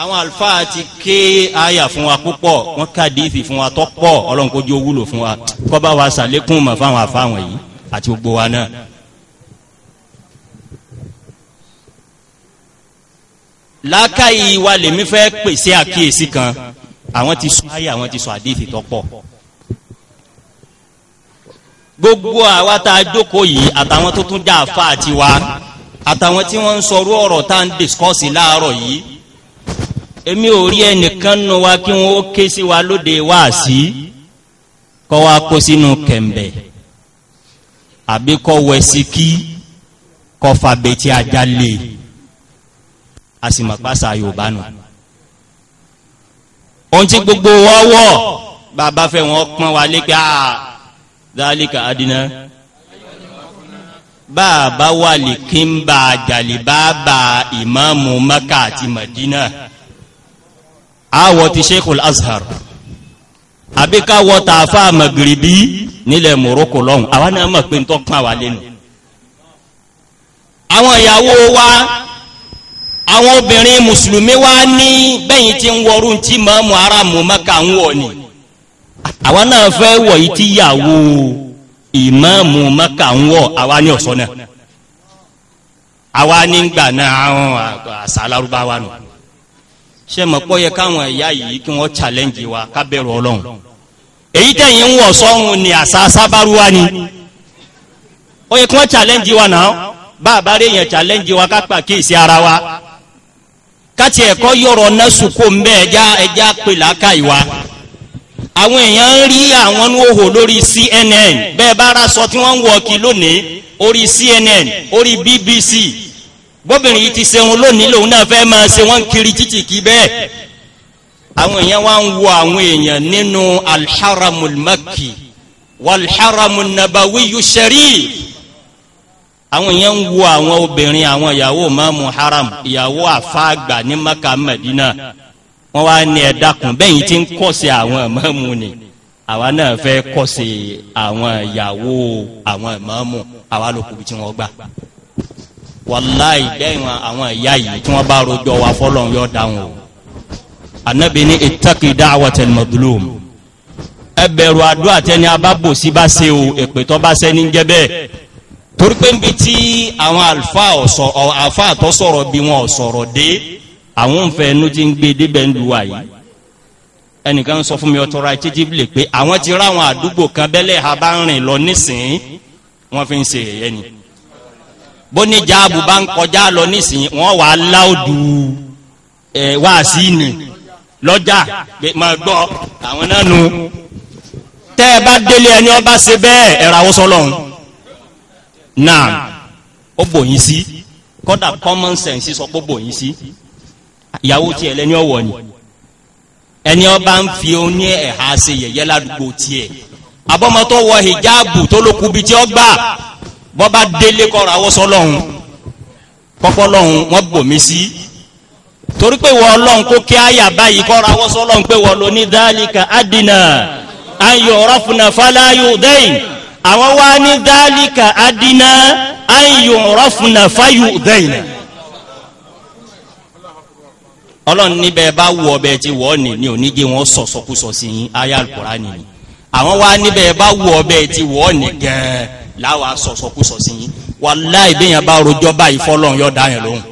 àwọn àlùfáà ti ké àyà fún wa púpọ̀ wọ́n kàdífì fún wa tọ́pọ̀ ọlọ́nkójú wúlò fún wa kọ́ bá wa sàlékún mọ̀ fáwọn àfáwọn yìí àti gbogbo wa náà. lákàyè wa lèmi fẹ́ pèsè àkíyèsí kan àwọn ti sọ ayé àwọn ti sọ àdéhìí tó pọ̀ gbogbo àwa tá a jókòó yìí àtàwọn tó tún já àfa àti wa àtàwọn tí wọ́n ń sọrú ọ̀rọ̀ tá à ń dìskọ́sì láàárọ̀ yìí èmi ò rí ẹnìkan nu wa kí wọ́n ó ké sí wa lóde wáàsí kọ́ wa kó sínú kẹ̀m̀bẹ̀ àbí kọ́ wẹ̀sí kí kọ́ fàbẹ̀tì ajá lè àsìmọ̀pásá yorùbá nù. ohun tí gbogbo wọ́n wọ̀ bàbá fẹ́ wọn pọ́n wa lékè á ah, dálíkà adínà bàbá wà lè kí n bá jàlíbàbà ìmáàmù maka àti madina àwọ̀ ti sheikhul azhar àbí ká wọ tààfà magribi nílẹ̀ morocco lọ́hùn àwa náà mọ̀ pé ń tọ́ pọ́n wa lẹ́nu àwọn ìyàwó wa. àwọn obìnrin mùsùlùmí wá ní bẹ́yìn tí ń wọrú tí ara aramu maka ń wọ̀ ni àwọn náà fẹ́ wọ̀ yìí tí yàwó ìmọ́mù mẹ́ka ń wọ̀ àwa ní ọ̀sán náà àwa ní gbà náà àwọn àṣàlárúbáwá nù ṣe mọ̀ pọ́ yẹ káwọn ẹ̀yà yìí kí wọ́n challenge wa ká ọlọ́run èyí tẹ̀yìn ń wọ̀ ni àṣà ni ó yẹ wa náà bá wa ká pàkíyèsí ara káti ẹ̀kọ́ yọ̀rọ̀ náà sùkò ń bẹ́ ẹja ẹja pè láka ìwà àwọn èèyàn ń rí àwọn ní lórí CNN bẹ́ẹ̀ bá ra sọ tí wọ́n ń wọ kí lónìí orí CNN orí BBC bóbìnrin yìí ti ṣeun lónìí lòun náà fẹ́ máa ṣe wọ́n kiri títì kí bẹ́ẹ̀ àwọn èèyàn wá ń wo àwọn èèyàn nínú alḥaramul makki walḥaramul nabawiyu sharif àwọn èèyàn ń wo àwọn obìnrin àwọn ìyàwó mọ́mú haram ìyàwó àfáàgbà ní maka medina wọ́n wá ní ẹ̀dàkùn bẹ́yìn tí ń kọ́sẹ̀ àwọn mọ́mú ni àwa náà fẹ́ kọ́sẹ̀ àwọn ìyàwó àwọn mọ́mú àwa ló kù tí wọ́n gbà wàláì dẹ́yìn àwọn ìyá yìí tí wọ́n bá rojọ́ wa fọ́lọ́n yọ dáhùn o anabi ni ittaqi da'watal madlum ẹ bẹ̀rù àdúrà tẹni bá ṣe o èpè tó bá ṣe ní jẹ́ torí pé níbi tí àwọn alfa ọ̀sọ̀ alfa àtọ́ sọ̀rọ̀ bí wọn sọ̀rọ̀ dé àwọn òǹfẹ́ ẹnu ti ń gbé débẹ̀ ń lu àyè ẹnìkan sọ fún mi ọtọ ra títí lè pé àwọn ti rá àwọn àdúgbò kan bẹ́lẹ̀ ha bá ń rìn lọ nísìnyí wọ́n fi ń ṣe ẹ̀yẹ ni bó ní jáàbù bá ń kọjá lọ nísìnyí wọ́n wà á láòdù ẹ̀ wá sí ni pé máa gbọ́ àwọn náà nu tẹ́ ẹ bá délé ẹni ọba ṣe bẹ́ẹ̀ ẹ̀rọ àwòsàn lọ́hùn. naa ó bòyìn sí kọ́dà common sense sọ pé bòyìn sí ìyàwó tiẹ̀ lẹ́ni ọ̀wọ̀ ni ẹni ọba ń fi oní ẹ̀ha ṣe yẹ̀yẹ́ ládùúgbò tiẹ̀ abọ́mọtọ́ wọ hijabu tó ló kubi tí ó gbà bọ́ba délé kọ́ra torí pé wọ́n kó kí báyìí kọ́ra lọ́hùn pé wọ́n ní ayọ̀ dẹ́yìn. àwọn wá ní dálíkà adínà ayò rọ́fúnà fáyù dẹ́yìnà ọlọ́run níbẹ̀ bá wù ọbẹ̀ tí wọ́n ní ní oníjẹ wọn sọ̀sọ̀kúsọ sí yín ayé alukura nìyí àwọn wá níbẹ̀ bá wù ọbẹ̀ tí wọ́n ní gan láwa sọ̀sọ̀kúsọ sí yín wàláì bẹ́ẹ̀ bá rojọ́ báyìí fọlọ́run yọ̀ dá lóhùn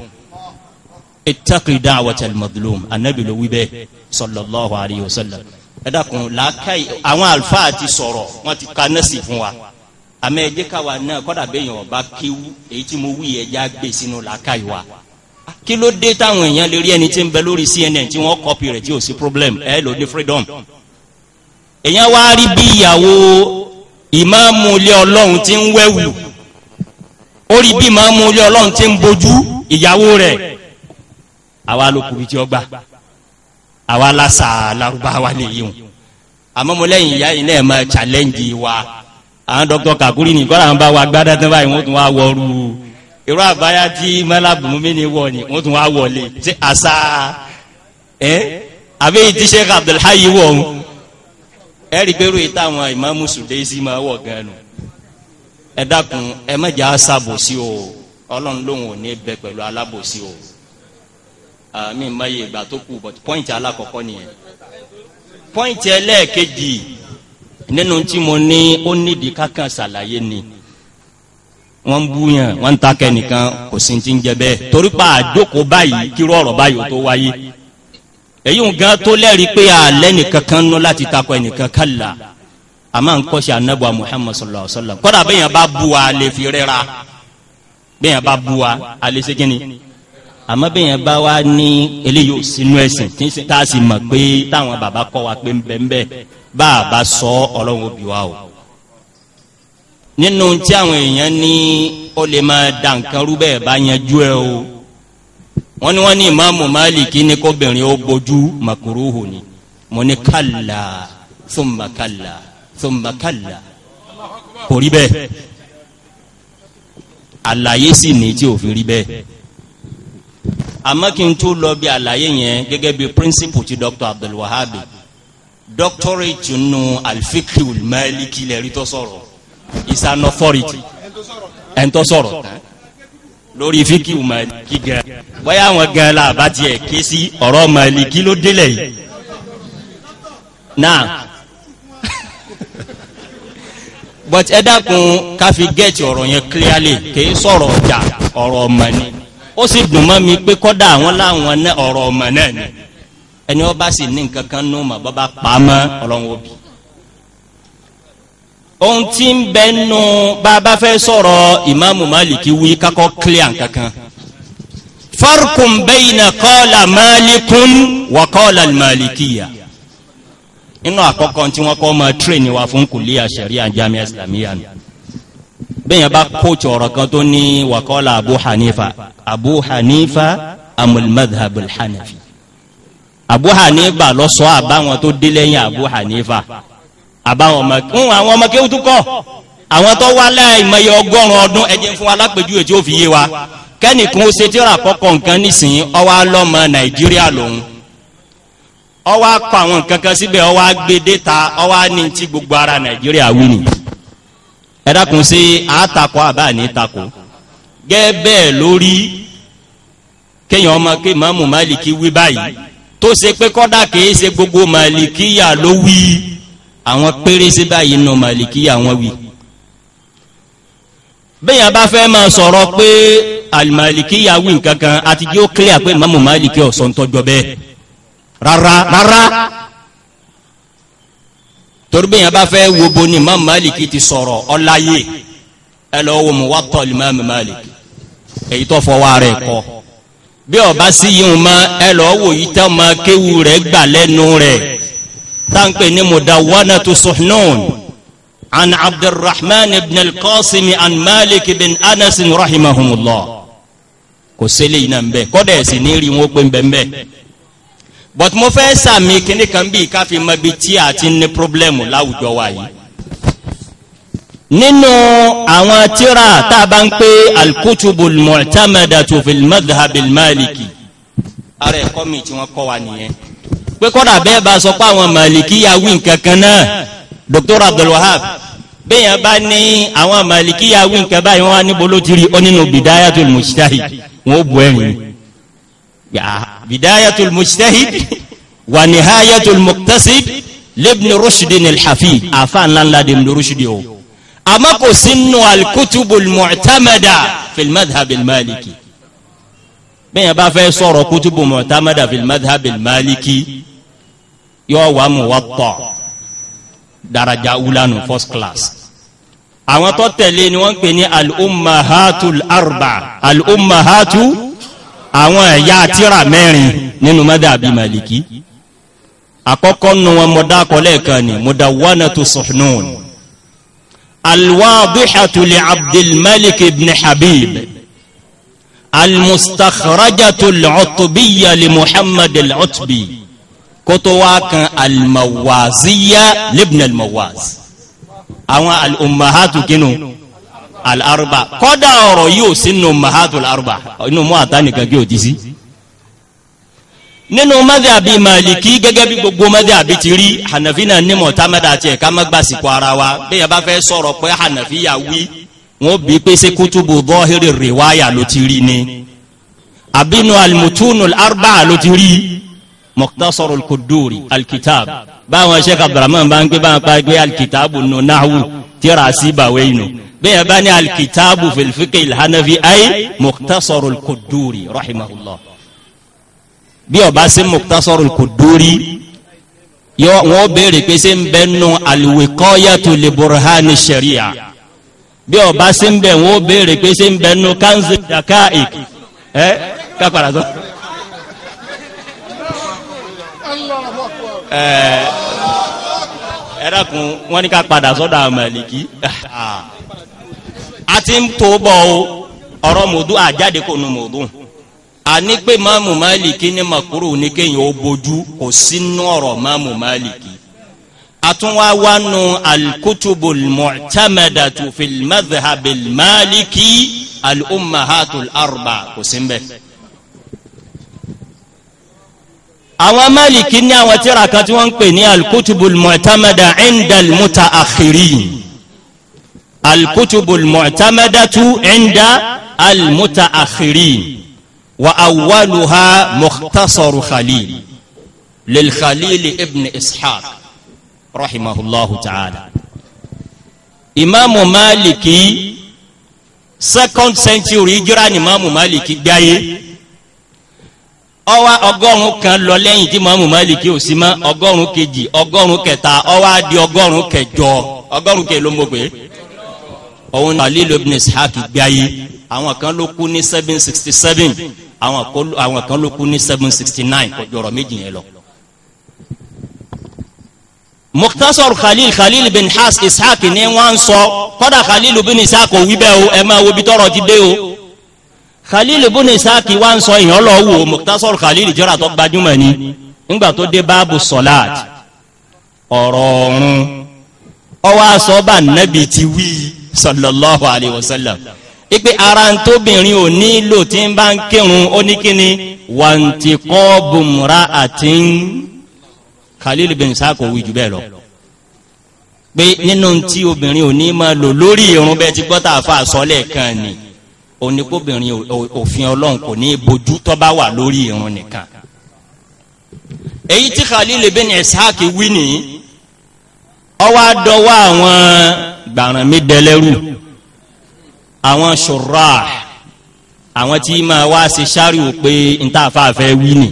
ittaqi da'watal mazlum anabi ló wí bẹ́ẹ̀ sallallahu alayhi ẹ dákun làákàyè àwọn àlùfáà ti sọ̀rọ̀ wọ́n ti ka nẹ́ẹ̀sì fún wa àmọ́ ẹjẹ́ káwa náà kọ́dà bẹ́yìn ọba kéwu èyí tí mo wí ẹja gbé sínú làákàyè wa kí ló dé táwọn èèyàn lè rí ẹni tí ń bẹ lórí CNN tí wọ́n kọ́pì rẹ̀ tí ò sí problem ẹ lò ní freedom èèyàn wá rí bí ìyàwó ìmáàmù ilé ọlọ́run ti ń wẹ̀wù ó rí bí ìmáàmù ilé ọlọ́run ti ń bojú ìyàwó rẹ̀ àwa ló tí ó gbà àwa lásà Lárúbáwá nìyí o àmọ́ mo lẹ́yìn ìyá yìí náà máa challenge wa àwọn dr kakuri nìkan làwọn bá wa gbádá tán báyìí wọ́n tún wá wọrú irú àbáyá tí mọ́lábùnmí ni wọ̀ ni wọ́n tún wá wọlé ṣé àṣà ẹ́ àbí ti Sheikh Abdulhayi wọ̀ ọ́n ẹ̀rí pé ròyìn táwọn ìmáàmù sùdẹ́sì máa wọ̀ gan nù ẹ dákun ẹ mẹ́jà sábòsí o ọlọ́run lòun ò ní bẹ pẹ̀lú alábòsí o. Ah, mi ma ye ìgbà tó kù but point alakọ̀kọ́ nìyẹn point ẹlẹ́ẹ̀kejì nínú tí mo ní ó nídìí kankan ṣàlàyé ni wọ́n ń búyàn wọ́n ń ta kẹ́nìkan kò sí ti ń jẹ bẹ́ẹ̀ torí pa àjókòó báyìí kíró ọ̀rọ̀ báyìí ó tó wáyé èyí ń gan tó lẹ́rìí pé alẹ́ nìkan kan nú láti takọ ẹnìkan kàlà àmọ́ ń kọ́ṣe anábọ̀ Muhammad sallallahu alaihi wasallam kọ́dà bẹ́ẹ̀ yẹn bá bu wa lè fi rẹ́ra bẹ́ẹ̀ yẹn bá bu wa alẹ́ ṣe kínni àmọ́ bẹ́ẹ̀ yẹn bá wá ní eléyìí ò sínú ẹ̀sìn tá a sì mọ̀ pé táwọn bàbá kọ́ wa pé ńbẹ́ńbẹ́ bá a bá sọ ọlọ́run òbí wa o. nínú tí àwọn èèyàn ní ó lè máa da nǹkan rú bẹ́ẹ̀ bá yanjú ẹ o wọ́n ní wọ́n ní ìmáàmù máàlìkì ní kóbìnrin ó bójú màkúrúhù ni mo ní kàlà thumma kàlà thumma kàlà kò rí bẹ́ẹ̀ àlàyé sì ní tí ò fi rí bẹ́ẹ̀ àmọ́ kí n tó lọ bí àlàyé yẹn gẹ́gẹ́ bí principle ti dr abdulwahab doctorate nù alfikri maliki lẹ́rìí tó sọ̀rọ̀ is an authority ẹ̀ ń tó sọ̀rọ̀ tán lórí fíkì maliki gan bóyá àwọn gan la bá tiẹ̀ ké sí ọ̀rọ̀ maliki ló délẹ̀ yìí náà but ẹ dákun káfi gẹ́ẹ̀tì ọ̀rọ̀ yẹn clearly kì í sọ̀rọ̀ ọjà ọ̀rọ̀ ọmọ ni ó sì dùn mọ́ mi pé kọ́dà àwọn láwọn náà ọ̀rọ̀ ọmọ náà ni ẹni ọba sì ní nǹkan kan nù mọ́ bọ́ bá pa mọ́ ọlọ́run òbí. ohun tí ń bẹ nù bá a bá fẹ́ sọ̀rọ̀ ìmáàmù Málìkì wí kakọ́ clear kankan. farkun bayna qala Malikun wa qala al-Malikiyya nínú àkọ́kọ́ tí wọ́n kọ́ máa tírè ní wa fún kùlé àṣẹ̀rí bẹ́ẹ̀ yẹn bá kóòtù ọ̀rọ̀ kan tó ní wàkọ́lá abu hanifa abu hanifa amul madhhab al-hanafi abu hanifa lọ sọ àbáwọn tó dé lẹ́yìn abu hanifa àbáwọn ọmọ kí àwọn ọmọ kéwù tó kọ́ àwọn tó wá láì mọye ọgọ́rùn-ún ọdún ẹ̀jẹ̀ fún wa lápèjúwe tí ó fi yé wa kẹ́nìkan ó ṣe tíra àkọ́kọ́ nǹkan nísìnyí ọwọ́ alọ́mọ nàìjíríà lòun ọwọ́ akọ àwọn nǹkan kan síbẹ̀ ọwọ́ agbedeta ọwọ́ aninti gbogbo ara nàìjíríà wí nìyí ẹ dákun sí àtakọ àbá ní takọ gẹ́gẹ́ bẹ́ẹ̀ lórí kéèyàn ọmọ kí mọ́mù máàlìkì wí báyìí tó ṣe pé kọ́dà kìí ṣe gbogbo máàlìkì yà ló wí àwọn péréṣe báyìí nù máàlìkì yà wọ́n wí. bẹ́ẹ̀ yẹn bá fẹ́ máa sọ̀rọ̀ pé àlìmáàlìkì yà wí nǹkan kan àti kí ó kílẹ̀ pé mọ́mù máàlìkì ọ̀sán tọ́jọ́ bẹ́ẹ̀ rárá rárá torí bí yẹn bá fẹ́ wo bo ni Imam Maliki ti sọ̀rọ̀ ọláyé ẹ lọ wo Muwatta Imam Maliki èyí tó fọwọ́ rẹ̀ kọ́ bí ọba sí yìí mọ ẹ lọ wo yìí tẹ́ ọmọ kéwu rẹ̀ gbà lẹ́nu rẹ̀ táǹpẹ̀ ní Mudawwanatu Suhnun an Abdurrahman ibn al-Qasim an Malik ibn Anas rahimahumullah kò ṣẹlẹ̀ yìí náà ń bẹ kọ́dẹ̀ sì ní rí wọn pé ń bẹ but mo fẹ́ sàmì kíní kan bíi ká fi mọ ibi tí a ti ní pírọ́blẹ́mù láwùjọ wa yìí. nínú àwọn tíra tá a bá ń pè alkutubul mu'tamadatu fil madhhabil maliki ara ẹ̀kọ́ mi tí wọ́n kọ́ wa nìyẹn pé kọ́dà bẹ́ẹ̀ bá sọ pé àwọn maliki ya wí nǹkan kan náà Dr. Abdulwahab bẹ́yàn bá ní àwọn maliki ya wí nǹkan báyìí wọ́n á níbo ló ti rí ọ nínú bidayatul mujtahid wọ́n ó bu ẹ̀rìn yà bidayatul mujtahid wa nihayatul muqtasib libni rushdin alhafid afa ńláńlá de ibn rushdi o àmọ́ kò sínú alkutubul mu'tamada fil madhhab almaliki bẹ́ẹ̀ yẹn bá fẹ́ sọ̀rọ̀ kutubul mu'tamada fil madhhab almaliki yóò wà Muwatta daraja wulanu first class àwọn tó tẹ̀lé ni wọ́n ń pè al-ummahatul arba al-ummahatu. àwọn ẹ̀yà tíra mẹ́rin nínú mọ́dàbí màlìkí àkọ́kọ́ nu wọn mọ̀dá kọlẹ̀ kan ni mudawwanatu Suhnun alwadihatu li Abdilmalik ibn Habib almustakhrajatu al-Utbiyya li Muhammad al-Utbi kótó wá kan al-Mawaziyya libn al-Mawaz àwọn al-ummahatu kinu. al-arba kọ́dà ọ̀rọ̀ yóò sínú mahatul arba inú mú àtánìkan kí o ti sí nínú madhabi maliki gẹ́gẹ́ bí gbogbo madhabi ti rí hanafi náà ní mọ̀támẹ́dà àti ẹ̀ka mẹ́gbàsíkò ara wa bí ẹ bá fẹ́ sọ̀rọ̀ pé hanafi yà wí wọ́n bí pé sí kútùbù zahiri rìwáyà ló ti rí ni àbínú almutunu arba ló ti rí mukhtasar al-Qudduri báwọn sheikh abdulrahman bá ń gbé bá pa gbé alkitabu nù náhù tíra síbàwé inú bẹ́ẹ̀ bá ní alkitabu filfiqi ilhanafi ay muktasaru kuduri rahimahullah bí ọba sí muktasaru kuduri wọ́n béèrè pé ṣé ń bẹ́ nù alwiqayatu li burhani sharia bí ọba sí ń bẹ̀ wọ́n béèrè pé ṣé ń bẹ́ nù kanzi dakaik ẹ kápára sọ ẹ̀dàkùn wọ́n ní ká padà sọ́dọ̀ àmàlìkí a ti ń tó bọ̀ o ọ̀rọ̀ mòdú àjáde kò nu mòdú a ní pé máàmù máàlìkí ní màkúrò ní kéyìn ó bojú kò sínú ọ̀rọ̀ máàmù máàlìkí àtúnwáwánu alkutubul mu'tamadatu fil madhhabil maliki al ummahatul arba kò sí mbẹ́. àwọn Málìkì ní àwọn tíra kan tí wọ́n ń pè ní alkutubul mu'tamada indal mutaakhirin alkutubul mu'tamadatu inda almutaakhirin wa awwaluha mukhtasaru khalil lil khalil ibn ishaq rahimahullahu ta'ala imaamu Málìkì second century jira ni imaamu Málìkì gbáyé ọwá ọgọ́rùn kan lọ lẹ́yìn tí mọ́mù Málíkì ò sí mọ́ ọgọ́rùn kejì ọgọ́rùn kẹta ọwá di ọgọ́rùn kẹjọ ọgọ́rùn kẹ ló mọ̀ pé òun náà lílo ibn Ishaq gbé ayé àwọn kan ló kú ní seven sixty seven àwọn kan ló kú ní seven sixty nine kò jọrọ méjì yẹn lọ. Mukhtasar Khalil Khalil bin Has Ishaq ni wọ́n sọ kọ́dà Khalil bin Ishaq ò o ẹ máa wo bí ti dé o khalil ibn saki wa ń sọ èèyàn lọ wò muktasar khalil jọra tó gbajúmọ̀ ni ńgbà tó dé báàbù sọláàt ọ̀rọ̀ ọ̀run ọwọ́ asọ́ba ti wí sallallahu alayhi wa sallam ipe ara ń tóbìnrin ò nílò tí ń bá ń kírun ó ní kíni wàǹtíkọ́ bùmùrà àti ń khalil ibn isaaki wí jù bẹ́ẹ̀ lọ pé nínú tí obìnrin ò ní máa lò lórí irun bẹ́ẹ̀ ti gbọ́ta àfa àsọlẹ̀ kan ni oníkóbìnrin òfin ọlọ́run kò ní bojú tó bá wà lórí irun nìkan èyí tí Khalil bin Ishaq wí ní ọwọ́ àdọ́wọ́ àwọn gbàràn mi dẹlẹ́rù àwọn ṣùrà àwọn tí máa wá ṣe ṣáríwò pé ntàfàfẹ́ wí ní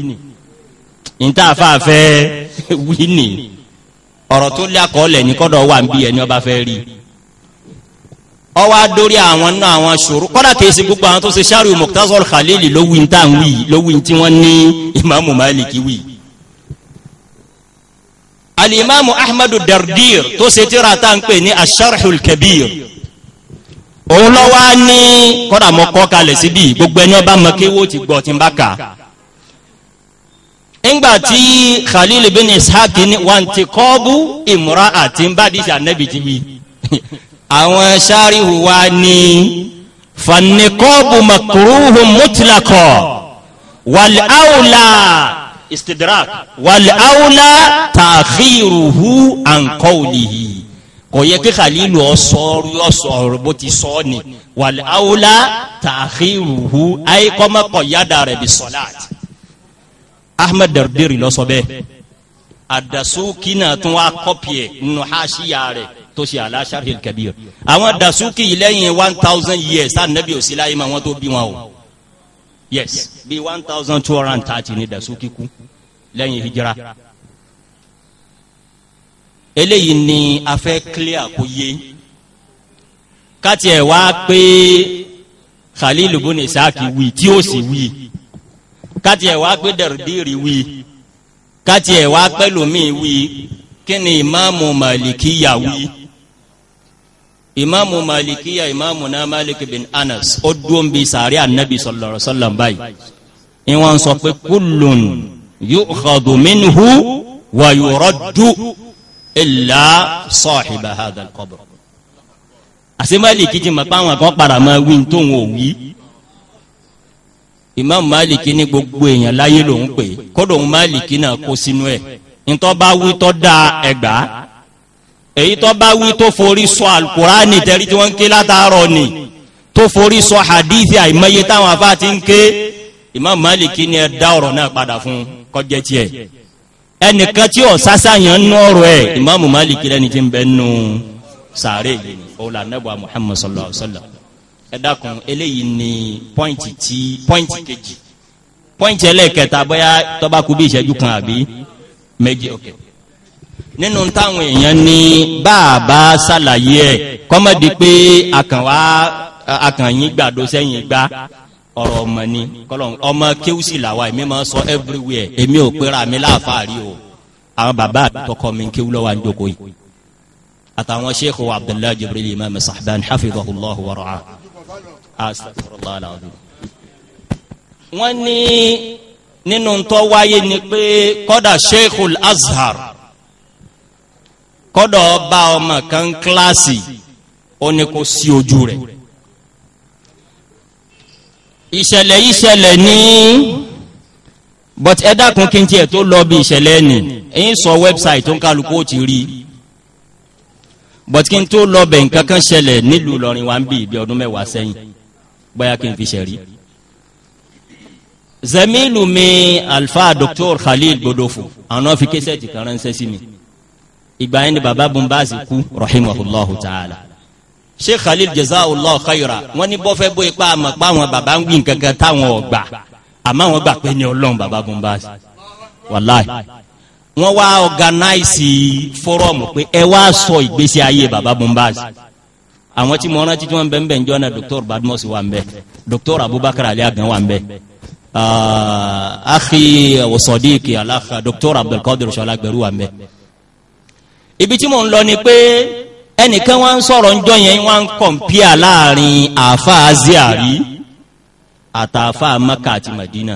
ntàfàfẹ́ wí ní ọ̀rọ̀ tó lé àkọọ́lẹ̀ ní kọ́dọ̀ wà ń bí ẹni ọba fẹ́ rí i ọwọ́ adórí àwọn náà àwọn ṣòro kọ́dà kìí sí gbogbo àwọn tó ṣe ṣáàrù Muqtazal Khalili lówí tá ń wí lówí tí wọ́n ní ìmáàmù Maliki wí. alimami Ahmadu Dardir tó ṣe tíra tá ń pè ní asharhul kabir òun lọ wá ní kọ́dà mọ́ kọ́ kalẹ̀ síbi gbogbo ẹni ọba mọ́ kéwò ti gbọ́ ti ń bá kà nígbà tí Khalil bin Ishaq ní wa ti kọ́ bú imra'atin bá dìṣà nẹ́bìtì wí àwọn sáríhù wa ní fannikọ́bù makuruhu mutlakọ̀ wàl'áwùlá istidrak wàl'áwùlá tààkìrùhù àǹkọ́wùlìhì kò yẹ kí khalilu ọsọrú ọsọrú bó ti sọ ni wàl'áwùlá tààkìrùhù àìkọ́mọ́kọ̀ yádà rẹ̀ bí sọ́láàtì ahmed dardiri lọ́sọ àdàsókínà tún wá kọ́pì nù háṣíyà rẹ̀ tó ṣe aláṣàrí kabir àwọn dasuki lẹ́yìn one thousand years anabi ò sí láyé ma wọ́n tó bí wọn o yes bí one thousand two hundred and thirty ni dasuki kú lẹ́yìn hijira eléyìí ni a fẹ́ clear kó yé káti wá pé Khalil bun Isaac wí tí ó sì wí káti ẹ̀ wá pé dẹ̀rẹ̀dẹ̀rẹ̀ wí káti ẹ̀ wá pẹ́ lómi wí kí ni ìmáàmù Màlìkí yà wí ìmáàmù malikiya ìmáàmù náà malik bin anas ó dúró ń bi sàárì anabi sallallahu alaihi wasallam báyìí ìwọ̀n sọ pé kullun yu'khadhu minhu wa yuraddu illa sahiba hadha al-qabr àti málìkì ti mọ̀ pé àwọn kan padà máa wí tó wọn ò wí imam málìkì ní gbogbo èèyàn láyé lòún pè kódò òun málìkì náà kó sínú ẹ̀ ntọ́ bá wí tọ́ da ẹgbàá èyí tó bá wí tó forí sọ alukurani tẹ̀rí tí wọ́n ń ké látàárọ̀ ni tó forí sọ hadithi àìmọye táwọn afá ti ń ké Imam Maliki ni ẹ dá ọ̀rọ̀ náà padà fún kọjẹ́ tiẹ̀ ẹnìkan tí ọ̀ sásàyàn ń nọ̀rọ̀ ẹ̀ Imam Maliki lẹ́ni tí ń bẹ́ nù sàárè yìí ọ̀la nẹ́bọ̀ Muhammad sallallahu alaihi wasallam ẹ dákun eléyìí ni pọ́ìntì tí pọ́ìntì kejì pọ́ìntì ẹlẹ́kẹta bóyá tó bá kù bí ìṣẹ́jú kan àbí méjì okay nínú táwọn èèyàn ní bàbá ṣàlàyé ẹ̀ kọ́mọ̀dé pé àkànwá àkànyìn gbàdo sẹ́yìn gbá ọ̀rọ̀ ọmọ ni ọmọ kéwùsì làwa èmi máa sọ everywhere èmi ò pera mi láàfáàrí o àwọn bàbá àtọkọ mi kéwù lọ́wọ́ àjòkó yìí àtàwọn sheikh wa abdullahi jibril imam sahban hafidhahullah wa ra'a astaghfirullah alazim wọ́n ní nínú tó wáyé ni pé kódà sheikh al-azhar kọ́dọ̀ ọba ọmọ kan kíláàsì ó ní kó sí ojú rẹ̀ ìṣẹ̀lẹ̀ yìí ní but ẹ dákun kí n tiẹ̀ tó lọ bí ìṣẹ̀lẹ̀ ni ẹ̀yin sọ website tó ń kálukú ó ti rí but kí n tó lọ bẹ̀ nǹkan kan ṣẹlẹ̀ nílùú Ìlọrin wa ń bí ọdún mẹ́wàá sẹ́yìn bóyá kí n fi ṣẹ̀rí. zamilu alfa Dr. Khalil Gbodofo àwọn fi késẹ́ẹ̀tì kan ránṣẹ́ sí mi ìgbà yẹn ni baba bumbaasi kú rahimahulahu ta'ala sheikh khalil jazakallahu khayra wọn ní bọ́fẹ́ bó ipa àmọ́ pa àwọn baba ń gbìn kankan táwọn ọgbà àmọ́ àwọn gbà pé ní ọlọ́run baba bumbaasi wàláì wọ́n wá ọ̀gánáìsì fọ́rọ̀mù pé ẹ wá sọ ìgbésí ayé baba bumbaasi àwọn tí mo rántí tí wọ́n bẹ́ẹ̀ bẹ́ẹ̀ ń jọ́nà dr badmus wà ń bẹ́ẹ̀ dr abubakar ali agan wà ń bẹ́ẹ̀ ah, akhi wa sadiqi dr abdulkadir sọlá gbẹrú wà ń bẹ́ẹ̀ ibi tí mò ń lọ ni pé ẹnìkan wá ń sọ̀rọ̀ ńjọ́ yẹn wá ń kọ̀m̀pìà láàrin àfa aziari àtàfà maka àti madina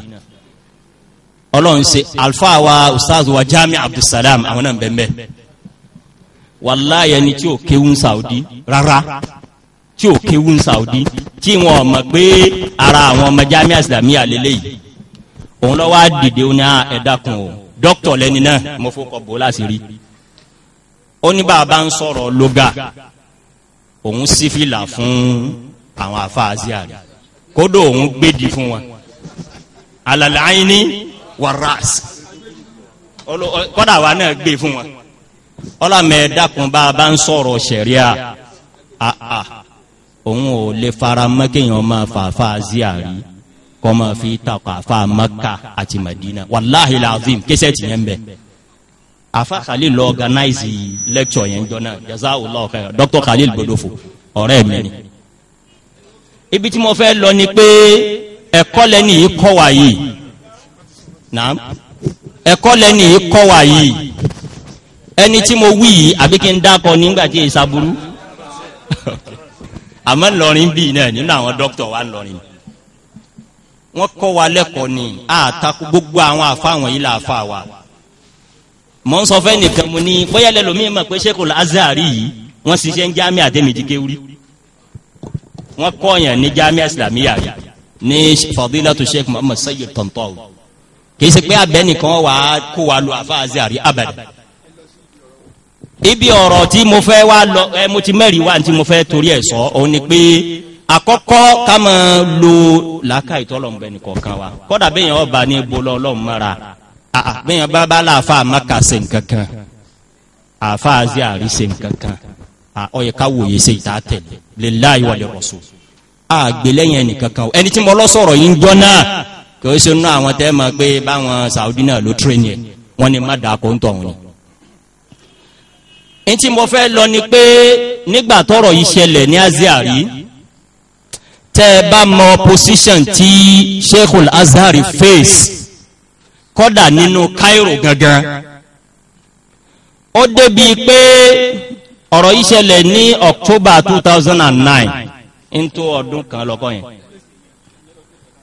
ọlọ́run ṣe alfa wa ustaz wa jami abdulsalam àwọn náà bẹ́ẹ̀ bẹ́ẹ̀ wàláyé ni tí ò kéwù saudi rárá tí ò kéwù saudi tí wọn mọ̀ pé ara àwọn ọmọ jami asilami àlélẹ́ yìí òun lọ́wọ́ á dìde ó ní ah, ẹ̀dá kan o dókítà lẹ́ni náà mo fọkọ̀ bó láti rí i ó ní bàbá ń sọ̀rọ̀ lóga òun sífìlà fún àwọn afáàsíà rẹ̀ kódò òun gbèdì fún wọn alàlẹ́ àyíní wàràs kọ́dà wa náà gbé fún wọn ọlọ́mẹ dákun a bá ń sọ̀rọ̀ sẹ̀ríà àà òun ò lè fara mọ́ kéèyàn máa fàáfà ziari kọ́ máa fi takọ̀ àfa Mẹ́kà àti Mẹ́dínà wàláhi làzim kẹsẹ̀ tìyẹn bẹ́ẹ̀ afa khalil lo organize lecture yẹn jọ náà jazakallahu khairan dr khalil gbodofo ọ̀rẹ́ mi ni. ibi tí mo fẹ́ lọ ni pé ẹ̀kọ́ lẹ́ni yìí kọ́ wa yìí naam ẹ̀kọ́ lẹ́ni yìí kọ́ wa yìí ẹni tí mo wí yìí àbí kí n dákọ nígbà tí èsà burú àmọ́ ńlọrin bíi náà nínú àwọn dókítà wa ńlọrin wọ́n kọ́ wa lẹ́kọ̀ọ́ ni àtakò gbogbo àwọn àfa yìí là àfa wa mọ̀ ń sọ fẹ́ nìkan mo ní bóyá lẹ́lòmíì mọ̀ pé sẹ́kù azari yìí wọ́n ṣiṣẹ́ ń jámẹ́ àdémìdíkéwúrí wọ́n kọ́ọ̀yàn ní jámẹ́ islamiyà ní fadilatu sheikh muhammad sayyid Tantawi kì í ṣe pé abẹ́ nìkan wà á kó wa lu àfa azari abada ibi ọ̀rọ̀ tí mo fẹ́ wá lọ ẹ mo ti mẹ́rin wá tí mo fẹ́ torí ẹ̀ sọ òun ni pé àkọ́kọ́ ká lo làákà ìtọ́lọ̀ kan wa kọ́dà bẹ́yẹn ọba ní ibo lọ́ọ́ Ah, ah. bẹ́yàn bá bá láàfà maka ṣe nkankan afa àzí àrí ṣe nkankan ọyẹ ah, ká wòye ṣe ìta tẹ̀lé lillahi wa lirrasul àgbélẹ́yìn ẹnìkankan ẹni tí mo lọ sọ̀rọ̀ yìí ń jọ náà kí ó ṣe ná àwọn tẹ́ mọ̀ pé báwọn Saudi náà ló tírẹ̀ yẹn wọ́n ní má dàá ń tọ̀ wọn. ẹni tí mo fẹ́ lọ ni pé nígbà tọ́rọ̀ yìí ṣẹlẹ̀ ní azia rí tẹ́ ẹ bá mọ position tí Sheikhul Azhar face kọ́dà nínú Cairo gangan ó débi pé ọ̀rọ̀ yìí ṣẹlẹ̀ ní October 2009 into ọdún kan lọ́kọ́ yẹn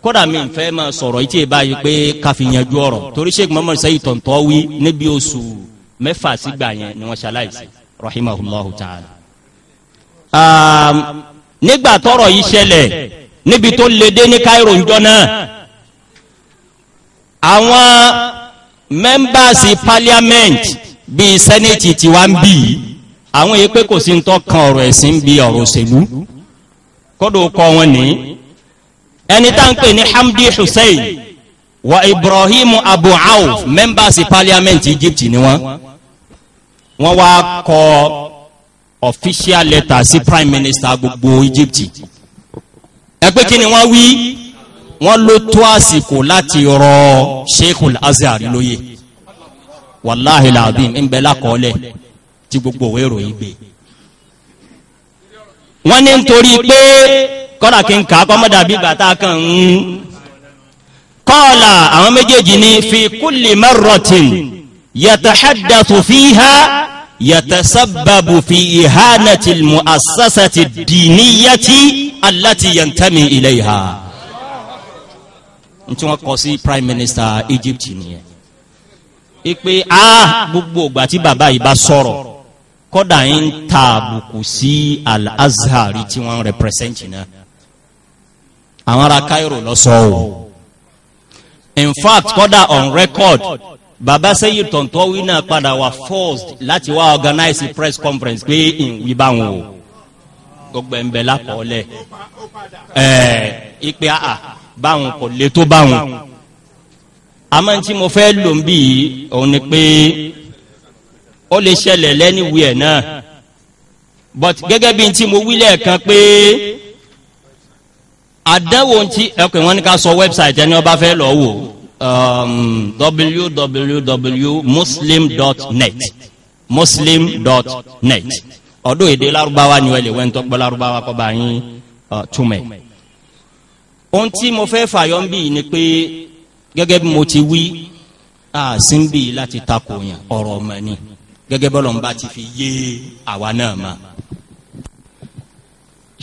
kódà mi fẹ́ máa sọ̀rọ̀ yìí tí ì báyìí pé káfíyanjú ọ̀rọ̀ torí Sheikh Muhammad Said tọ̀ntọ́ wí níbi oṣù mẹ́fà sígbà yẹn ni wọ́n ṣaláìsí rahimahullahu ta'ala. nígbà tọ́rọ̀ yìí ṣẹlẹ̀ níbi tó lédè ní Cairo ńjọ́ náà àwọn members parliament bíi senate ti wá ń bì í àwọn yìí pé kò sí ń tọ́kan ọ̀rọ̀ ẹ̀sìn bí ọ̀rọ̀ òṣèlú kódò kọ wọn ní ẹni tá ń pè ní Hamdi Hussein wa Ibrahim Abu Auf members parliament Egypt ni wọn wọn wá kọ official letter sí prime minister gbogbo Egypt ẹ pé kí ni wọ́n wí wọ́n ló tó àsìkò láti rọ Sheikhul Azhar lóye wàláhì làbín ń bẹ lákọọ́lẹ̀ tí gbogbo òwe ìròyìn gbé wọ́n ní nítorí pé kọ́là kí n kà á kọ́ mọ́dàbí bàtà kan ń kọ́ọ̀là àwọn méjèèjì ní fi kulli marratin yatahaddathu fiha yatasabbabu fi ihanati al-mu'assasati ad-diniyati allati yantami ntí wọ́n kọ sí prime minister Egypt nìyẹn ipe a gbogbo ìgbà tí bàbá yìí bá sọ̀rọ̀ kódà yín ta àbùkù sí Al-Azhar tí wọ́n represent náà àwọn ará Cairo lọ sọ o in fact kódà on record bàbá sẹ́yìn tọ̀ntọ́wí náà padà wà forced láti wá organize press conference pé ìwé bá wọn o gbogbo ẹ̀ ń bẹ lápọ̀ọ́lẹ̀ ẹ̀ ipe a báwọn kò lè tó báwọn àmọ́ tí mo fẹ́ lò ń bì yìí òun ni pé ó lè ṣẹlẹ̀ lẹ́niwì ẹ̀ náà but gẹ́gẹ́ bí tí mo wí lẹ́ẹ̀kan pé àdánwò tí ẹ̀kọ́ wọn ni ká sọ website ẹni ọba fẹ́ lọ wò um, www.muslim.net muslim.net ọdún èdè lárúbáwá ni wọ́n lè wẹ́ntọ́ gbọ́ lárúbáwá kọ́ bá yín uh, túmẹ̀ ohun tí mo fẹ́ fàyọ ń bì ni pé gẹ́gẹ́ bí mo ti wí àásì ń bì láti takò yàn ọ̀rọ̀ ọmọ ni gẹ́gẹ́ bọ́lọ̀ ń bá ti fi yé àwa náà ma.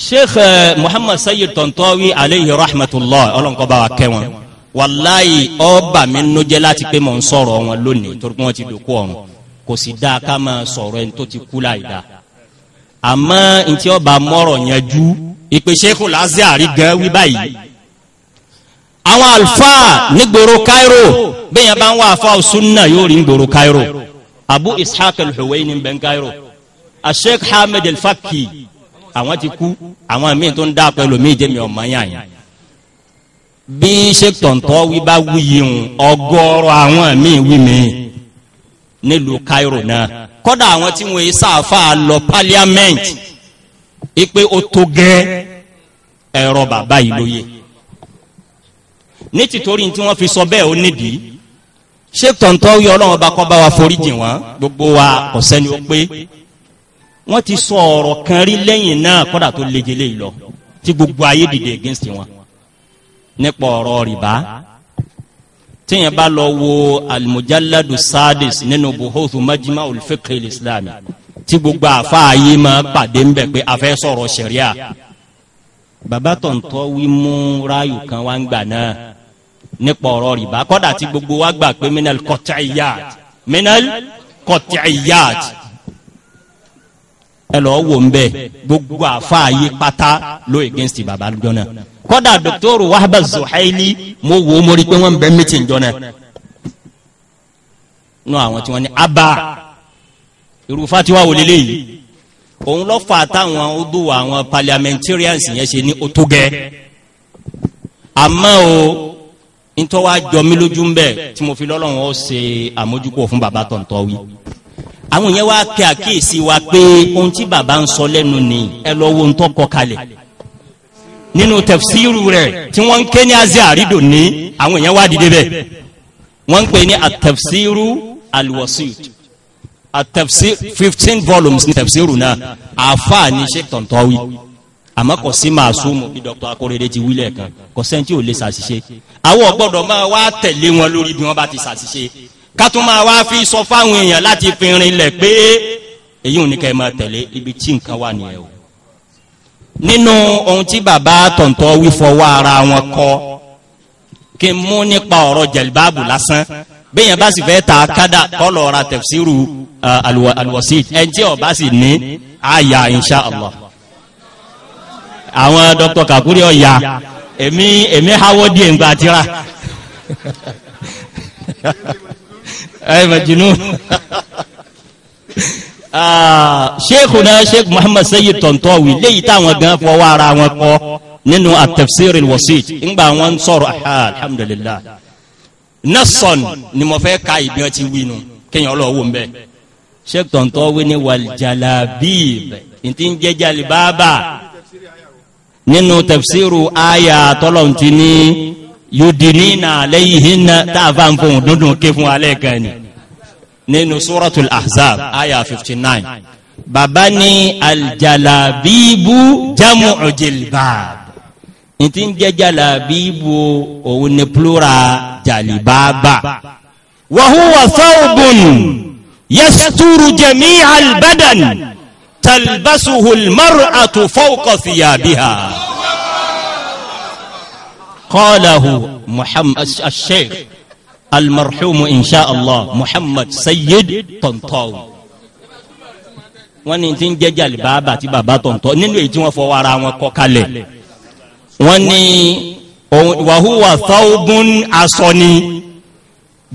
sheikh eh, muhammad sayyid tontowi aleyhi rahmatulah ọlọ́nkọ́ba wa kẹ́ wọn wàláyé ọba mi ń nojẹ́ láti pé mò ń sọ̀rọ̀ wọn lónìí torí pé wọ́n ti dòkú ọ̀run kò sì dáa ká máa sọ̀rọ̀ ẹni tó ti kú láì dáa àmọ́ ntí ọba mọ́rọ̀ yanjú ìpèsè kò lásìárì gan wí báyìí àwọn àlùfáà nígboro Cairo bẹ́ẹ̀ yẹn bá ń wá àfa sunna yóò rí nígboro Cairo Abu Ishaq al-Huwaini ní bẹ́ẹ̀ Cairo Sheikh Hamad al-Fakki àwọn ti kú àwọn míì tó ń dá pẹ̀lú míì jẹ́ mi ọ̀mọ́ yàn yàn bí Sheikh Tontowi wí bá wuyì ń ọgọ́rọ̀ àwọn míì wí mi nílùú Cairo náà kọ́dà àwọn tí wọ́n yé sáfà lọ parliament ipe ó tó gẹ́ ẹ̀rọ bàbá yìí lóye ní tìtorí tí wọ́n fi sọ bẹ́ẹ̀ ó nídìí ṣé tọ̀ntọ́ yọ ọlọ́run bá kọ́ bá wa forí jìn wọ́n gbogbo wa ọ̀sẹ́ ni ó pé wọ́n ti sọ ọ̀rọ̀ kan rí lẹ́yìn náà kọ́dà tó lejele lọ tí gbogbo ayé dìde against wọn nípa ọ̀rọ̀ rìbá tíyẹn bá lọ wo alimujalladu sadis nínú buhuthu majima olùfẹ́kẹ́ islami tí gbogbo àfa ayé máa pàdé ń bẹ̀ pé a sọ̀rọ̀ sẹ̀ríà bàbá tọ̀ntọ́ wí kan wá ń gbà náà nípa ọ̀rọ̀ rìbá kọ́dà tí gbogbo wa gbà pé minal qat'iyat minal qat'iyat ẹ lọ wò ń bẹ gbogbo àfa ayé pátá ló against baba jọna kọ́dà dọ́kítọ́rù wahba zuhaili mo wò ó mo rí i pé wọ́n bẹ mítìn jọna nù àwọn tí wọ́n ní abba irú fatiwa wò lélẹ́yìí òun lọ fà táwọn odò àwọn parliamentarians yẹn ṣe ní otógẹ àmọ́ o ntọ́ wa jọ mí lójú ń bẹ̀ tí mo fi lọ́lọ́run ó ṣe àmójúkò fún baba tọ̀ntọ̀ wí. àwọn yẹn wá pé àkíyèsí wa pé ohun tí baba ń sọ lẹ́nu ni ẹ lọ wo ntọ́ kọ nínú tẹfsiru rẹ̀ tí wọ́n ké ní azẹ́ àrídò ní àwọn yẹn wá dìde bẹ́ẹ̀ wọ́n pè ní atẹfsiru alwasit atẹfsir fifteen volumes ní tẹfsiru náà àfa ní ṣe tọ̀ntọ̀ àmọ́ kò sí máa súnmù bí dr akorede ti wílẹ̀ kan kò sẹ́ni tí ò lè ṣàṣìṣe àwọn gbọ́dọ̀ máa wá tẹ̀lé wọn lórí bí wọ́n bá ti ṣàṣìṣe ká tún máa wá fi sọ fáwọn èèyàn láti fi rinlẹ̀ pé èyí ò ní ká ẹ máa tẹ̀lé ibi tí nǹkan wà nìyẹn o. nínú ohun tí bàbá tọ̀ǹtọ̀ wí fọwọ́ ara wọn kọ kí n mú nípa ọ̀rọ̀ jẹ̀lbáàbù lásán bẹ́ẹ̀yàn bá sì fẹ́ ta kádà kọ́lọ̀ ra tafsiru uh, alwasid ẹ̀ ọ̀ bá sì ní àyà insha Allah àwọn dr kakuri ọ̀yà èmi èmi hawọ́ díẹ̀ ńgbà tíra ẹ mẹjìnnú ah, sheikhuna sheikh muhammad sayyid tontowi léyìí táwọn gan fọwọ́ ara wọn kọ́ nínú atafsir alwasit ńgbà wọn sọ̀rọ̀ alhamdulillah nasan ni mo fẹ́ ka ìbí ọtí winu kéèyàn ọlọ́wọ́ ń bẹ́ẹ̀ sheikh tontowi ni wàlìjàlábíb ntí ń jẹ́ jàlibábà nínú tafsiru aya tọ́lọ̀n ti ní yudinina alayhinna tààfà ń fòun dúndùn ké fún alẹ́ kan ni nínú suratul ahzab aya 59 bàbá ní aljalabibu jamu jilbab ní ti ń jẹ́ jalabibu òun ni plural jalibaba wa huwa thawbun yasturu jami'al badan. تلبسه المرأة فوق ثيابها قاله محمد الشيخ المرحوم إن شاء الله محمد سيد طنطاوي wọ́n ní ti ń jẹ́ jàlìbáàbà àti bàbá tọ̀ntọ̀ nínú èyí tí wọ́n fọwọ́ ara wọn kọ kalẹ̀ wọ́n ní wàhúwà sáóbùn asọ́ni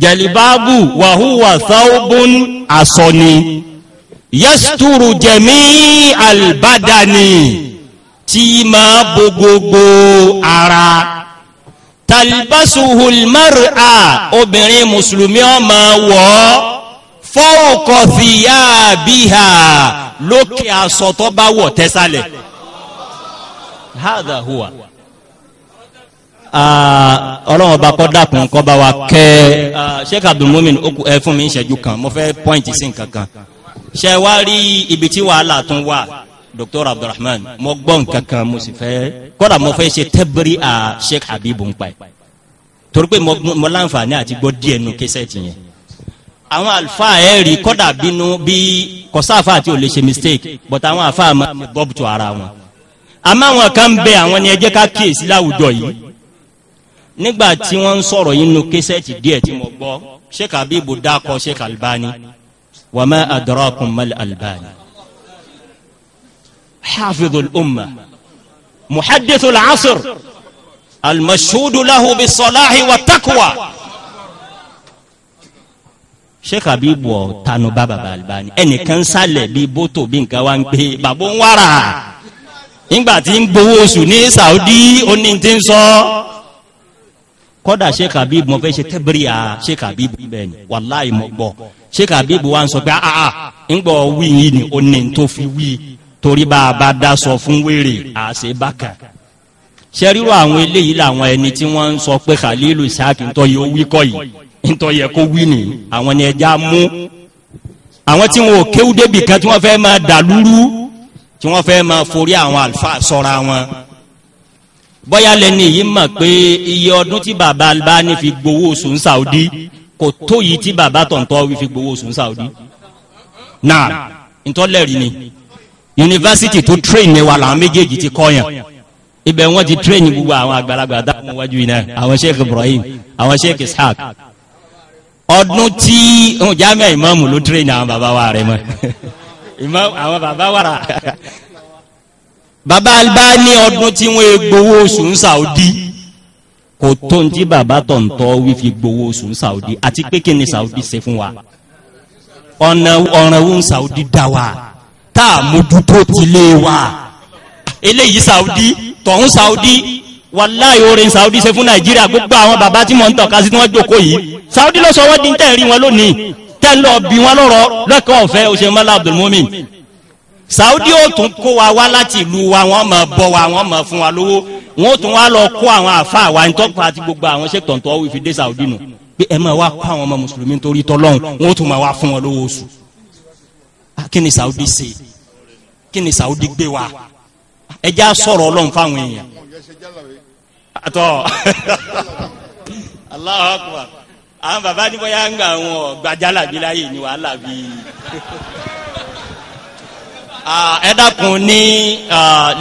jàlìbáàbù wàhúwà sáóbùn asọ́ni yẹ́sùtúrù jẹ̀mí albádani tí máa bo gbogbo ara talbasuhul mar'a obìnrin mùsùlùmí ọmọ wọ́ fọ́ọ̀kọ̀ fìyà bíhà lókè aṣọ tó bá wọ̀ tẹ́sálẹ̀ hadha huwa ah, ọlọ́run ọba kọ́ dákun kọ́ bá wa kẹ́ ah, sheikh abdulmumin ó fún mi ń ṣẹ́jú kan mo fẹ́ pọ́ìntì sí nǹkan kan ṣe wá rí ibi tí wàhálà tún wà Dr. Abdulrahman mo gbọ́ nǹkan kan mo sì fẹ́ kódà mo fẹ́ ṣe tẹ́bírí à Sheikh Habibu ń pa ẹ̀ torí pé mo láǹfààní àti gbọ́ díẹ̀ nu kẹsẹ̀ tì àwọn alfa ẹ̀ rí kódà bínú bí kọ́sáfà àti olè ṣe mistake but àwọn alfa àmọ́ bọ́ọ̀bù tó ara wọn àmọ́ àwọn kan ń bẹ àwọn ni ẹ jẹ́ ká kíyèsí láwùjọ yìí nígbà tí wọ́n ń sọ̀rọ̀ yìí nu kẹsẹ̀ tì díẹ̀ tí mo gbọ́ Sheikh Habibu dákọ̀ Sheikh Albani wa ma adrakum mal albani hafidhul umma muhaddithul asr almashhudu lahu bisalahi wa taqwa sheikh abibu ọ tanu baba balibani ẹnìkan sálẹ bíi bótó bíi nǹkan wa ń gbé bàbá ń wára nígbà tí ń gbowó oṣù ní saudi oní ti ń sọ kódà sheikh abibu mo fẹ́ ṣe tẹ́bíríà sheikh abibu bẹ́ẹ̀ ni wàláì mo gbọ́ sheikh abib wa ń sọ pé aa ah, ah, ń ah, gbọ́ wí yìí ni ó ní tó fi wí torí bá a bá dá sọ fún wèrè àṣẹ bákan sẹ́rírò àwọn eléyìí làwọn ẹni tí wọ́n ń sọ pé khalilu isaac ntọ́ yẹ wí kọ́ yìí ntọ́ yẹ kó wí ni àwọn ni ẹja mú àwọn tí wọn ò kéwú débi kan tí wọ́n fẹ́ máa dàlúrú tí wọ́n fẹ́ máa forí àwọn àlùfáà sọ̀ra wọn bọ́yá lẹ́ni yìí mọ̀ pé iye ọdún tí bàbá Albani fi gbowó oṣù ní Saudi kò tó yìí tí bàbá tọ̀ntọ́ wí fi gbowó sùn Saudi náà ntọ́lẹ̀rì ni yunifásitì tó train wa làwọn méjèèjì ti kọ́ yàn ibẹ̀ wọ́n ti train gbogbo àwọn àgbàlagbà dáhùn wájú yìí náà àwọn Sheikh Ibrahim àwọn Sheikh Ishaq ọdún tí jamiu imaamu ló train àwọn bàbá wa rẹ mọ imaamu àwọn bàbá wa rà bàbá Albani ọdún tí wọ́n gbowó sùn Saudi kò tó ń tí bàbá tọ̀ ń tọ́ wí gbowó oṣù Saudi àti pé kí ni Saudi ṣe fún wa ọ̀nà ọ̀ràn Saudi dá wa tá a mójútó ti lé wa eléyìí Saudi tọ̀hún Saudi wàláyé orin Saudi ṣe fún Nàìjíríà gbogbo àwọn bàbá tí mo ń tọ̀ka sí tí wọ́n jókòó yìí Saudi ló sọ wọ́n di ń tẹ̀ rí wọn lónìí tẹ́ bí wọn lọ́rọ̀ lẹ́kọ̀ọ́ ọ̀fẹ́ oṣèmọ́lá Abdulmumin Saudi ó tún kó wa wá láti ìlú wa wọ́n máa bọ́ wa wọ́n máa fún wa lówó wọn tún wá lọ kó àwọn àfa wa ní tọ́pọ̀ àti gbogbo àwọn sẹ́kítọ̀ tó wí fi dé Saudi nù pé ẹ máa wá kó àwọn ọmọ mùsùlùmí torí tọ́lọ́hún wọn tún máa wá fún wọn lówó oṣù. Ah, kí ni Saudi ṣe kí ni Saudi gbé wa ẹ já sọ̀rọ̀ ọlọ́run fáwọn èèyàn. àtọ̀ Allahu Akbar àwọn bàbá ní bóyá ń gbà wọn gbajálàbí láyè ni wàhálà bíi ẹ dákun ní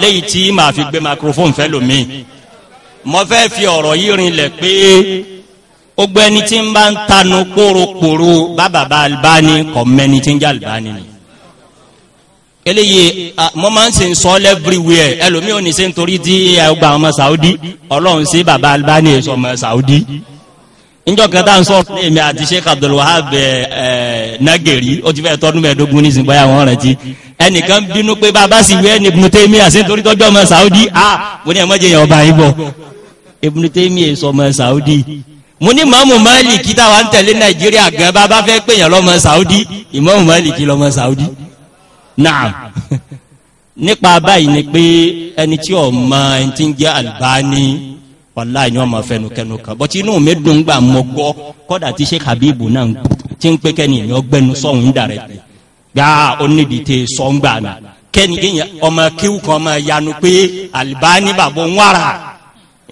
léyìí tí màá fi gbé microphone fẹ́ lómi mo fẹ́ fi ọ̀rọ̀ yìí rinlẹ̀ pé ó gbọ́ ẹni tí ń bá ń tanu kórókòró bàbá bá Albani kọ́ mẹ́ni tí ń jẹ́ Albani ni eléyìí mo máa ń sìn sọ everywhere ẹlòmíì ò ní sẹ́ nítorí tí ọgbà ọmọ Saudi ọlọ́run sí bàbá Albani sọmọ Saudi níjọ́ kan tá à ń sọ̀rọ̀ ní èmi àti Sheikh Abdul Wahab Nageri ó ti fẹ́ tọ́dún mẹ́ẹ̀ẹ́dógún ní ìsìnkú àwọn ọ̀rẹ́ ti ẹnìkan bínú pé bàbá sì wẹ́ ní Ibn Taymiyyah àti nítorí tọ́jú ọmọ Saudi a mo ní ẹ̀mọ́ jẹ́ yẹn ọba yìí bọ̀ Ibn Taymiyyah sọ ọmọ Saudi mo ní Mali kita táwa ń tẹ̀lé Nàìjíríà gan bàbá fẹ́ pè yàn lọ́mọ Saudi Imam Maliki lọ́mọ Saudi naam nípa báyìí ni pé ẹni tí ọ̀ wàlá ni wọn máa fẹnu kẹnu kan bọ́tí inú mi dùn gbà mọ́ gbọ́ kọ́dà tí sheikh habibu náà ti ń pé kẹ́ni ìyẹn ọgbẹ́nu sọ̀hún ń dàrẹ́ bi gbàá onídìíte sọ̀ngbà náà kẹ́ni kéèyàn ọmọ kíw kan máa yanu pé alibani bàbá ń wàrà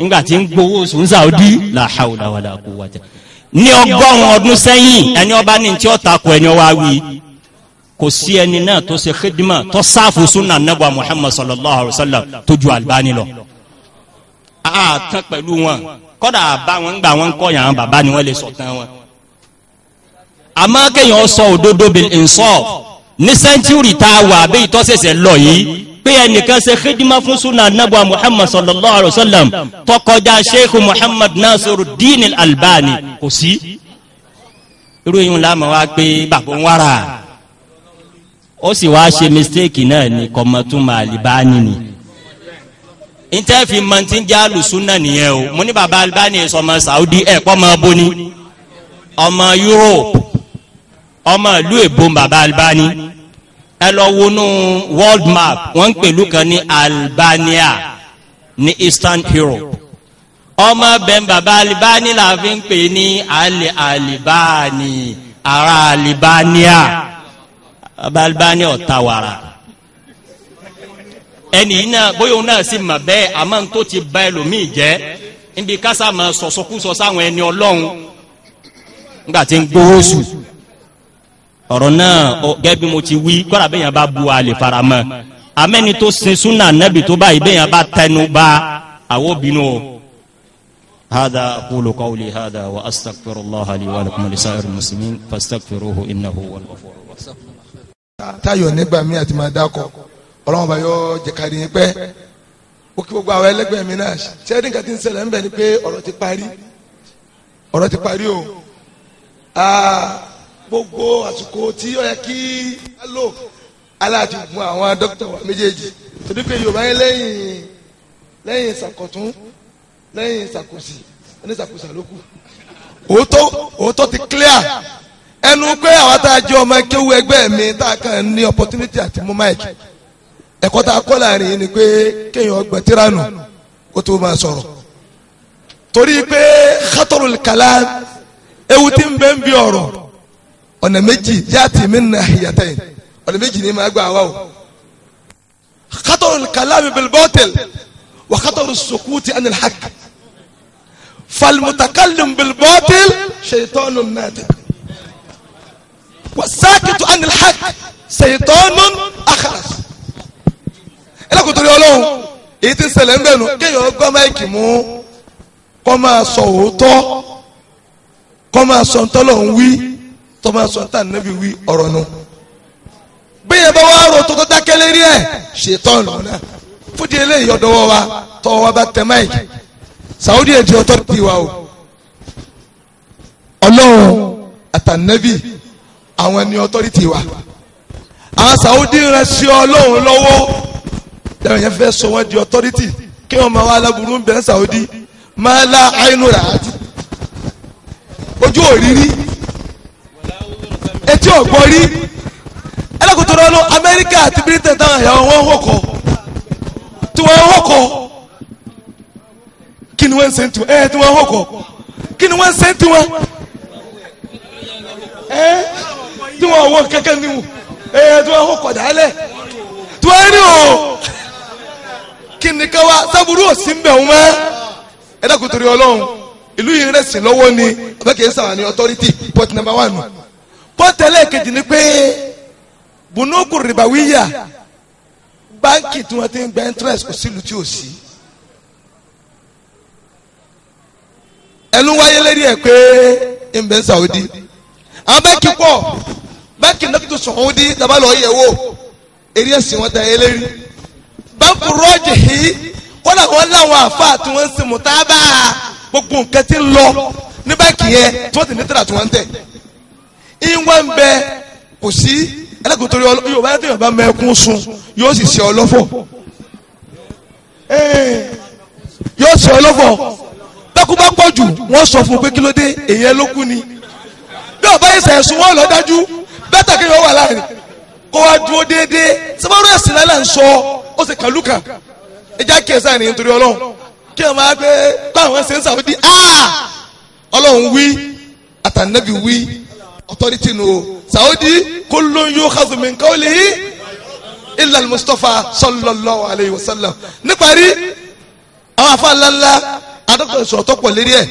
ńgbà tí ń gbowó sùn sàwọ́dí la hawla wala quwwata ní ọgọ́rùn-ún ọdún sẹ́yìn ẹni ọba ní tí ó takò ẹni ọwá wí kò sí ẹni náà tó ṣe khidma tó sáfù sunna nabawi muhammad sallallahu alayhi wa sallam tó ju alibani lọ àtàn pẹ̀lú wọn kọ́dà bá wọn gbà wọn kọ́yàn àwọn bàbá ni wọ́n lè sọ̀tàn wọn. àmọ́ kéèyàn sọ òdodo bil insaf ní sẹ́ńtúrì tá a wà bí ìtọ́sẹ̀sẹ̀ lọ yìí pé ẹnìkan ṣe xidima fún sunna anabuwa muhammad sallallahu alayhi wa sallam tọkọjá sheikh muhammad nasiruddin albani kò sí. irú yìí ń lámà wá pé bàbá ń wára ó sì wá ṣe mistake náà ní kọ́mọ́tún màálí bá ntẹ́ẹ̀fì mọ̀tí jẹ́ alùsúnà nìyẹn o mo ní baba Albani sọmọ Saudi ẹ̀ pọ́ mọ boni ọmọ Europe ọmọ ìlú èbó baba Albani ẹ lọ wọnú world map wọ́n ń pèlú kan ní Albania ní Eastern Europe ọmọ bẹ́ẹ̀ baba Albani la fi ń pè ní alẹ́ Albani ara Albania baba Albani ọ̀tá wàrà ẹni iná bóyá náà sì mà bẹ́ẹ̀ àmọ́ n tó ti ba ẹlòmíì jẹ́ níbi kásá mà sọ̀sọ́kúsọ sáwọn ẹni ọlọ́run nígbà tí ń gbowó sùn ọ̀rọ̀ náà gẹ́gẹ́ bí mo ti wí kọ́ra bẹ́ẹ̀ yẹn bá bu àlè faramọ́ amẹ́ni tó sin súnà nẹ́bi tó báyìí bẹ́ẹ̀ yẹn bá tẹnu ba àwọn obìnrin o. هذا أقول قولي هذا وأستغفر الله لي ولكم ولسائر المسلمين فاستغفروه إنه هو الغفور الرحيم ọlọ́wọ́n bá yọ jẹ̀kadì yẹn pẹ́ ó kí gbogbo àwọn ẹlẹgbẹ́ mi náà sẹ́ẹ̀dì nǹkan ti ń ṣẹlẹ̀ ń bẹ̀ ni pé ọ̀rọ̀ ti parí ọ̀rọ̀ ti parí o gbogbo àsìkò tí ó yẹ kí á lò aláàtì gun àwọn dókítà wa méjèèjì torí pé yorùbá yẹn lẹ́yìn lẹ́yìn ìsàkọ̀tún lẹ́yìn ìsàkòsì ẹni ìsàkòsà ló kù òótọ́ òótọ́ ti clear ẹnu pé àwọn tá a jẹ ọmọ kéwu ẹgbẹ́ mi tá a kàn ní opportunity àti mú máìkì ẹ̀kọ́ tá a kọ́ láàrin ni pé kéèyàn ọgbà tiranu kó tó máa sọ̀rọ̀ torí pé khatarul kalam ewu tí ń bẹ ń bí ọ̀rọ̀ ọ̀nà méjì yàtì mí nà hìyàtẹ̀ ọ̀nà méjì ni màá gbà wá o khatarul kalam bil batil wa khatarul sukuti anil haqq فالمتكلم بالباطل شيطان نادر والساكت عن الحق شيطان أخرس ẹlẹ́kùn torí ọlọ́run èyí ti ṣẹlẹ̀ ń bẹ̀nu kéèyàn gbọ́ máìkì mú kọ́ máa sọ òótọ́ kọ́ máa sọ ntọ́lọ̀ ń wí tọ́ máa sọ ntà níbi wí ọ̀rọ̀ nu bẹ́ẹ̀ bá wàá rò tó tó dákẹ́ lérí ẹ̀ ṣètọ́ lọ́nà fúdi eléyìí ọ̀dọ́wọ́ wa tọ́wọ́ wa bá tẹ máìkì Saudi èdè ọ̀tọ́ ti wa o ọlọ́run àtànẹ́bì àwọn ẹni ọ̀tọ́rìtì wa àwọn Saudi rẹ̀ sí ọlọ́run lọ́wọ́ táwọn yẹn fẹ́ sọ wọ́n di authority kí wọ́n máa wá aláburú ń bẹ̀ ń Saudi máa la àìnura ojú òrírí etí ọ̀gbọ́n rí ẹlẹ́kùtò rẹ lọ Amẹ́ríkà àti Britain táwọn ẹ̀yà wọn wọ̀kọ̀ tí wọ́n wọ̀kọ̀ kí ni wọ́n ń sẹ́ńtì wọn ẹ̀ tí wọ́n wọ̀kọ̀ kí ni wọ́n ń sẹ́ńtì wọn ẹ̀ tí wọ́n wọ̀ kẹ́kẹ́ níwò ẹ̀ tí wọ́n wọ̀kọ̀ dálẹ̀ tí rí o kí wa ká wá sábúrú òsì ń bẹ̀ wọ́n mọ́ ẹ dákun torí ọlọ́run ìlú yìí rẹ̀ lọ́wọ́ ni ọ̀bẹ kìí sàwọn ní authority port number one nù port ẹlẹ́ẹ̀kejì ni pé bunokun ribawiya báńkì tí wọ́n ti ń gba interest kò sílùú tí ò sí. ẹnu wáyé lérí ẹ pé ń bẹ Saudi àwọn báńkì pọ̀ báńkì náà tó sọ̀hún dín tabalọ̀ yẹ̀ wò eré ẹ̀sìn wọn ta ẹ lérí bákùrọ́jì yìí wọ́n làwọn láwọn àfa tí wọ́n ń sin mùtábà gbogbo nǹkan ti ń lọ ní báńkì yẹn tí wọ́n ti ní tẹ̀lé àti wọ́n ń tẹ̀. ìwọ́n ń bẹ kò sí ẹlẹ́kùn torí yorùbá yẹn tó yorùbá mẹ́kún sun yóò sì ṣe ọlọ́fọ̀ yóò ṣe ọlọ́fọ̀ bákú bá pọ̀ jù wọ́n sọ fún pé kí èèyàn ló ni bí ọba yìí sẹ̀ sùn wọ́n lọ bẹ́tà kí wọ́n wà láàrin kó wá dúró déédéé sábàrú ẹ̀sìn lálẹ́ ń sọ ó sì kàlù kan ẹjẹ́ kíyèsá ni nítorí ọlọ́run kí ẹ máa gbé báwọn ṣe ń sàwọ́dí ọlọ́run wí àtànẹ́bí wí authority nù o sàwọ́dí kó ló ń yó kazumin káwọlì ilal mustapha sallallahu alayhi wa sallam níparí àwọn afa ńláńlá adókòó sọ̀rọ̀ tó pọ̀ lérí ẹ̀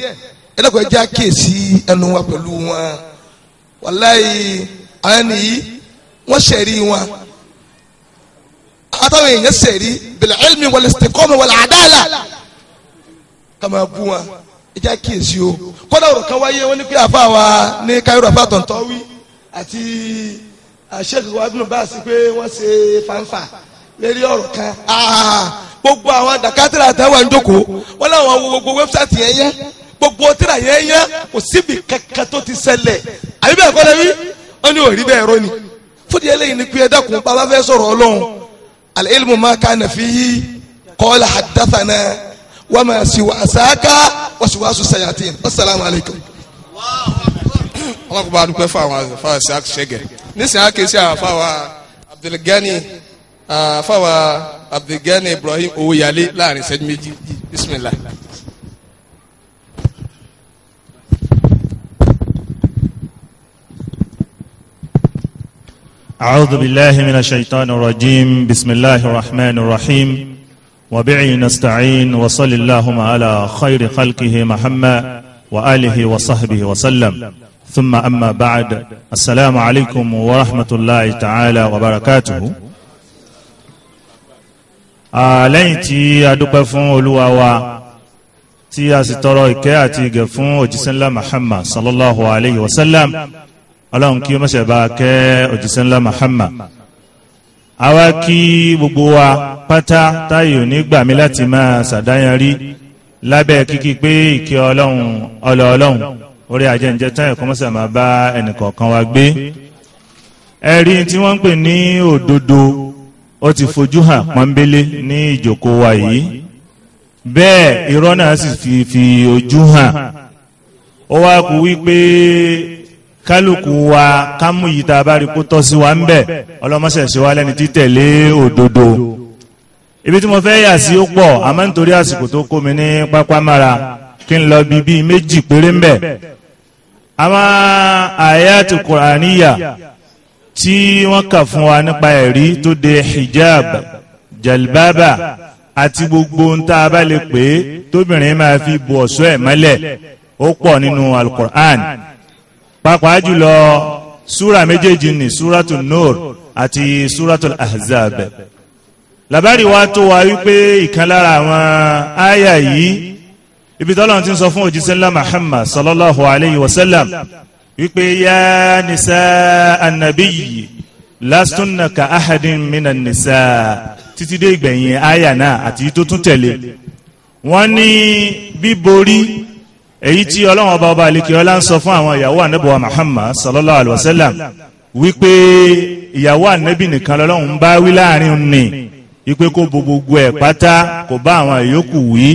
ẹ̀dọ́kọ̀ ẹjẹ́ kíyèsí ẹnu wa pẹ̀lú wọn wàláyé àwọn wọ́n ṣẹ̀rí wọn àtàwọn èèyàn ṣẹ̀rí bẹ̀lẹ̀ ẹ̀lmi wọlé sitikọ́mi wọlé àdáàlà kàmá bú wọn ìjà kíyèsí o kọ́dà ọ̀rọ̀ kan wáyé wọ́n ní pé àfa wa ní káyọ̀rọ̀ àfa tọ̀ntọ́ wí àti àṣẹ́kù wa dùn bá a sí pé wọ́n ṣe fanfa lérí ọ̀rọ̀ kan gbogbo àwọn dàkátìrà àtàwọn àjòkòó wọ́n láwọn wo gbogbo wẹ́bsáìtì yẹn yẹn gbogbo tíra yẹn yẹn kò síbi kankan tó ti ṣẹlẹ̀ àbí bẹ́ẹ̀ kọ́ lẹ́wí wọ́n ní òrí bẹ́ẹ̀ rọ́ ni fúdi eléyìí ni pé ẹ̀dàkùn bàbá fẹ́ sọ̀rọ̀ ọlọ́run al-ilmu ma kana fihi qala haddathana wa ma siwasaka wa siwasu sayatin assalamu alaikum. ọlọ́kùnrin bá dúpẹ́ fún àwọn àfáà sí àṣẹgẹ̀ nísìnyí àkẹ́sí àfáà Abdulgani àfáà Abdulgani Ibrahim owóyalé láàrin sẹ́dí méjì أعوذ بالله من الشيطان الرجيم بسم الله الرحمن الرحيم وبعي نستعين وصل اللهم على خير خلقه محمد وآله وصحبه وسلم ثم أما بعد السلام عليكم ورحمة الله تعالى وبركاته lẹ́yìn tí a dúpẹ́ fún olúwa wa tí a sì tọrọ ìkẹ́ àti ìgẹ̀ fún òjíṣẹ́ ńlá Muhammad sallallahu alayhi wa sallam ọlọ́run kí o mọ̀ṣẹ̀ bá kẹ́ òjíṣẹ́ ńlá Muhammad àwa kí gbogbo wa pátá táyò nígbà mi láti máa ṣàdáyanrí lábẹ́ kíkí pé ìkẹ́ ọlọ́run ọlọ ọlọ́run orí ajẹ́njẹ́ táyò kọ́ mọ̀ṣẹ̀ máa bá ẹnìkọ̀ọ̀kan wa gbé ẹ̀rí tí wọ́n ń pè ní òdodo ó ti fojú hàn pọ́nbélé ní ìjókòó wa yìí bẹ́ẹ̀ irọ́ náà sì fi fi ojú hàn ó wá kú wípé kálukú wa kámú yìí tá a bá rí kó tọ́ sí wa ń bẹ̀ ọlọ́mọṣẹ́ ṣe wá lẹ́ni títẹ̀lé òdodo ibi tí mo fẹ́ yà sí ó pọ̀ àmọ́ nítorí àsìkò tó kó mi ní pápámára kí n lọ bí méjì péré ń bẹ̀ àwọn àyàtù kùránìyà tí wọ́n kà fún wa nípa ẹ̀rí tó de hijab jalbaba àti gbogbo ohun tá a bá lè pè é tóbìnrin máa fi bu ọ̀ṣọ́ ẹ̀ mọ́lẹ̀ ó pọ̀ nínú alukur'an pàápàá jùlọ súra méjèèjì ni súratu nur àti súratu ahzab làbárì wa tó wa wípé ìkan lára àwọn àyà yìí ibi tọ́lọ́run ti ń sọ fún òjíṣẹ́ ńlá muhammad sallallahu alayhi wa sallam wípé yá nisa anabi lastunna ka ahadin mina nisa títí dé ìgbẹ̀yìn àyà náà àti tó tún tẹ̀lé wọ́n ní bíborí èyí tí ọlọ́wọ́n ọba ọba àlekè ọlá ń sọ fún àwọn ìyàwó ànábọ̀wá Muhammad sallallahu alayhi wa sallam wípé ìyàwó ànábì nìkan lọ́lọ́run bá wí láàrin ní wípé kó bo gbogbo ẹ̀ pátá kò bá àwọn ìyókù wí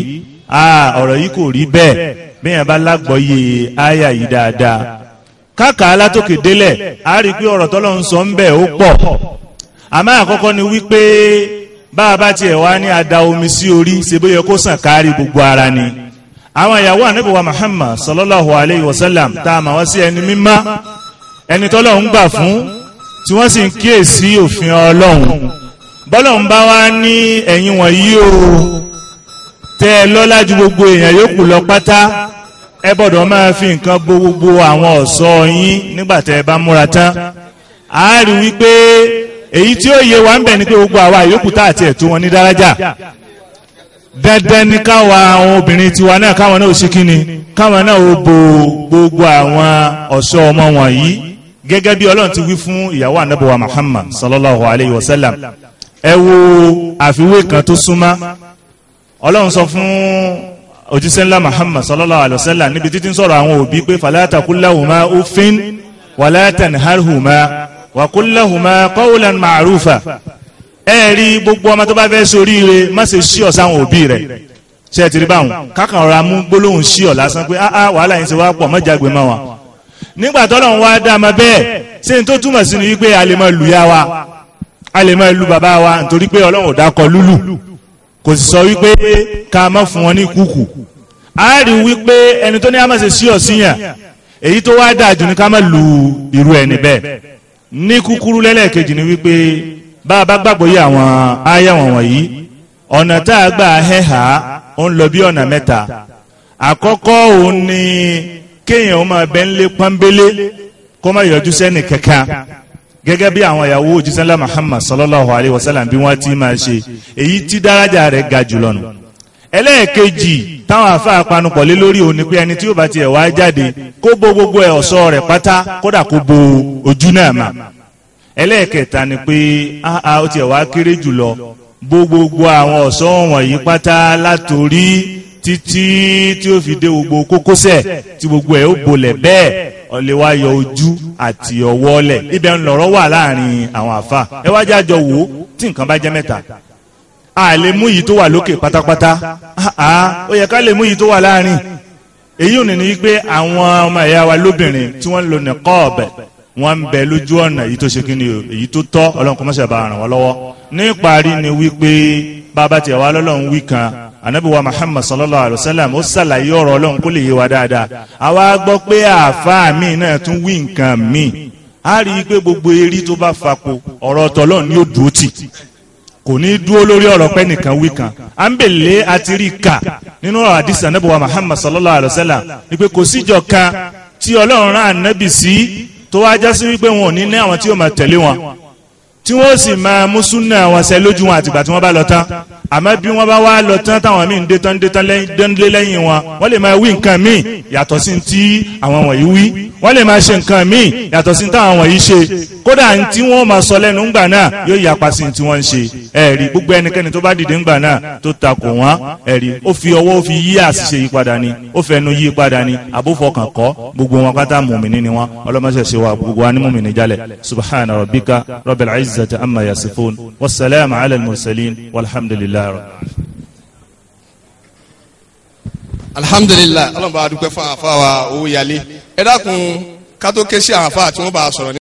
ọ̀rọ̀ yìí kò rí bẹ́ẹ̀ bẹ́ẹ̀ bá lágbọ́yé àyà yìí dáadáa káàkà alátòkè délẹ̀ a rí i pé ọ̀rọ̀ tọ́lọ́ ń sọ ń bẹ̀ ó pọ̀ àmọ́ àkọ́kọ́ ni wípé bá a bá tiẹ̀ wá ní ada omi sí orí ṣe bó yẹ kó sàn kárí gbogbo ara ni. àwọn ìyàwó ànábì wa Muhammad sallallahu alayhi wa sallam tá a mà wá sí ẹni mímá ẹni tọ́lọ̀ ń gbà fún tí wọ́n sì ń kíyèsí òfin ọlọ́run bọ́lọ̀ bá wá ní ẹ̀yìn wọ̀nyí o tẹ́ ẹ lọ́lá ju gbogbo èèyàn lọ pátá ẹ bọ̀dọ̀ fi nǹkan gbogbo àwọn ọ̀ṣọ́ yín nígbà tẹ́ ẹ a rí wípé èyí tí ó wa ń bẹ̀ gbogbo àwa tá àti wọn ní dandan ní káwa àwọn obìnrin tiwa náà káwọn náà ò ṣe kíni káwọn náà ò bo gbogbo àwọn ọ̀ṣọ́ ọmọ wọ̀nyí gẹ́gẹ́ bí ọlọ́run ti wí fún ìyàwó anábọ̀wá Muhammad sallallahu alayhi wa sallam ẹ wo àfiwé kan tó súnmọ́ ọlọ́run sọ fún òjíṣẹ́ ńlá Muhammad sallallahu alayhi wa sallam níbi títí ń sọ̀rọ̀ àwọn òbí pé falaatakulahuma ufin walatanharhuma wakulahuma qawlan ma'rufa ẹ rí gbogbo ọmọ tó bá fẹ́ sórí ire má ṣe ṣí ọ̀ sáwọn òbí rẹ̀ ṣe é ti rí báwọn kákan ọ̀rọ̀ amú gbólóhùn ṣí ọ̀ lásán pé áá ah, ah, wàhálà yín ti wá pọ̀ mọ́jàgbé mọ́ wọn. nígbà tọ́lọ́run wá dá ọmọ bẹ́ẹ̀ ṣé n tó túmọ̀ sí ni wípé a lè máa lu ya wa a lè máa lu bàbá wa nítorí pé ọlọ́run dákọ lúlù kò sì sọ wípé ká má fún wọn ní kúkù a rí wípé ẹni tó ní a má ṣe ṣí síyàn èyí tó wá dáa jù ní ká má lu irú ẹni bẹ́ẹ̀ ní kúkúrú lẹ́lẹ́kejì ni wípé bá a bá gbàgbọ́ yé àwọn àyà wọn wọ̀nyí ọ̀nà tá a gbà hẹ́hà ó ń lọ bí ọ̀nà mẹ́ta àkọ́kọ́ òun ni kéèyàn ó máa bẹ́ ń lé pọ́nbélé kó má yọjú sẹ́ni kankan gẹ́gẹ́ bí àwọn ìyàwó òjísẹ́lá Muhammad sallallahu alayhi wa sallam bí wọ́n ti máa ṣe èyí tí dáràjà rẹ̀ ga jùlọ nù ẹlẹ́ẹ̀kejì táwọn àfa àpanupọ̀ lé lórí òun ni pé ẹni tí yóò bá tiẹ̀ wá jáde kó bo gbogbo ẹ̀ ọ̀ṣọ́ rẹ̀ pátá kódà kó bo ojú náà mà ẹlẹ́ẹ̀kẹta ni pé áá ó tiẹ̀ wá kéré jùlọ gbogbogbò àwọn ọ̀sán wọ̀nyí pátá látòrí títí tí ó fi dé gbogbo kókósẹ̀ tí gbogbo ẹ̀ ó bolẹ̀ bẹ́ẹ̀ ọ̀lẹ́ wa yọ ojú àti ọwọ́ lẹ̀ ibẹ̀ ń lọ̀rọ̀ wà láàrin àwọn àfa ẹ wá jájọ wò ó tí nǹkan bá jẹ́ mẹ́ta a lè mú yìí tó wà lókè pátápátá ó yẹ ká lè mú yìí tó wà láàrin èyí ò ní ní pé àwọn ọmọ ẹ̀yà wa lóbìnrin tí wọ́n ń lo nìkọ́ọ̀bẹ̀ wọ́n ń bẹ lójú ọ̀nà èyí tó ṣe kí ni o èyí tó tọ́ ọlọ́run kọ́ mọ́sẹ̀ bá ràn wọ́n lọ́wọ́ ní ìparí ni wípé bàbá tiẹ̀ wá lọ́lọ́run wí kan anabi wa muhammad sallallahu alayhi wa sallam ó ṣàlàyé ọ̀rọ̀ ọlọ́run kó lè yé wa dáadáa àwa gbọ́ pé àáfàá mi náà tún wí nǹkan mi a rí i pé gbogbo eré tó bá fapò ọ̀rọ̀ tọ́lọ́run yóò dúró tì kò ní dúró lórí ọ̀rọ̀ pẹ́ nìkan wí kan à ń bèlè àti rí ka nínú ọ̀rọ̀ àdìsí muhammad sallallahu alayhi wa sallam ni pé kò síjọ kan tí tó wá jásí wípé wọn ò ní ní àwọn tí yóò máa tẹ̀lé wọn tí wọ́n sì máa mú súnà wọn ṣe lójú wọn àtìgbà tí wọ́n bá lọ tán àmọ́ bí wọ́n bá wá lọ tán táwọn míì ń dé tán dé tán dé lẹ́yìn wọn wọ́n lè máa wí nǹkan míì yàtọ̀ sí ti àwọn wọ̀nyí wí wọ́n lè máa ṣe nǹkan míì yàtọ̀ sí táwọn wọ̀nyí ṣe kódà tí wọ́n máa sọ lẹ́nu ńgbà náà yóò yapa sí tí wọ́n ń ṣe ẹ̀rí gbogbo ẹnikẹ́ni tó bá dìde ńgbà náà tó takò wọ́n ẹ̀rí ó fi ọwọ́ ó fi yí àṣìṣe yí padà ni ó fẹnu yí padà ni àbúfọkàn kọ́ gbogbo wọn pátá mùmìnì ni wọn ọlọ́mọṣẹ́ wa gbogbo wa ní mùmìnì jalè subhana rabbika rabbil izz العزة عما يصفون والسلام على المرسلين والحمد لله رب الحمد لله ọlọ́run bá a dúpẹ́ fún àfa wa owó yalé ẹ dákun ká tó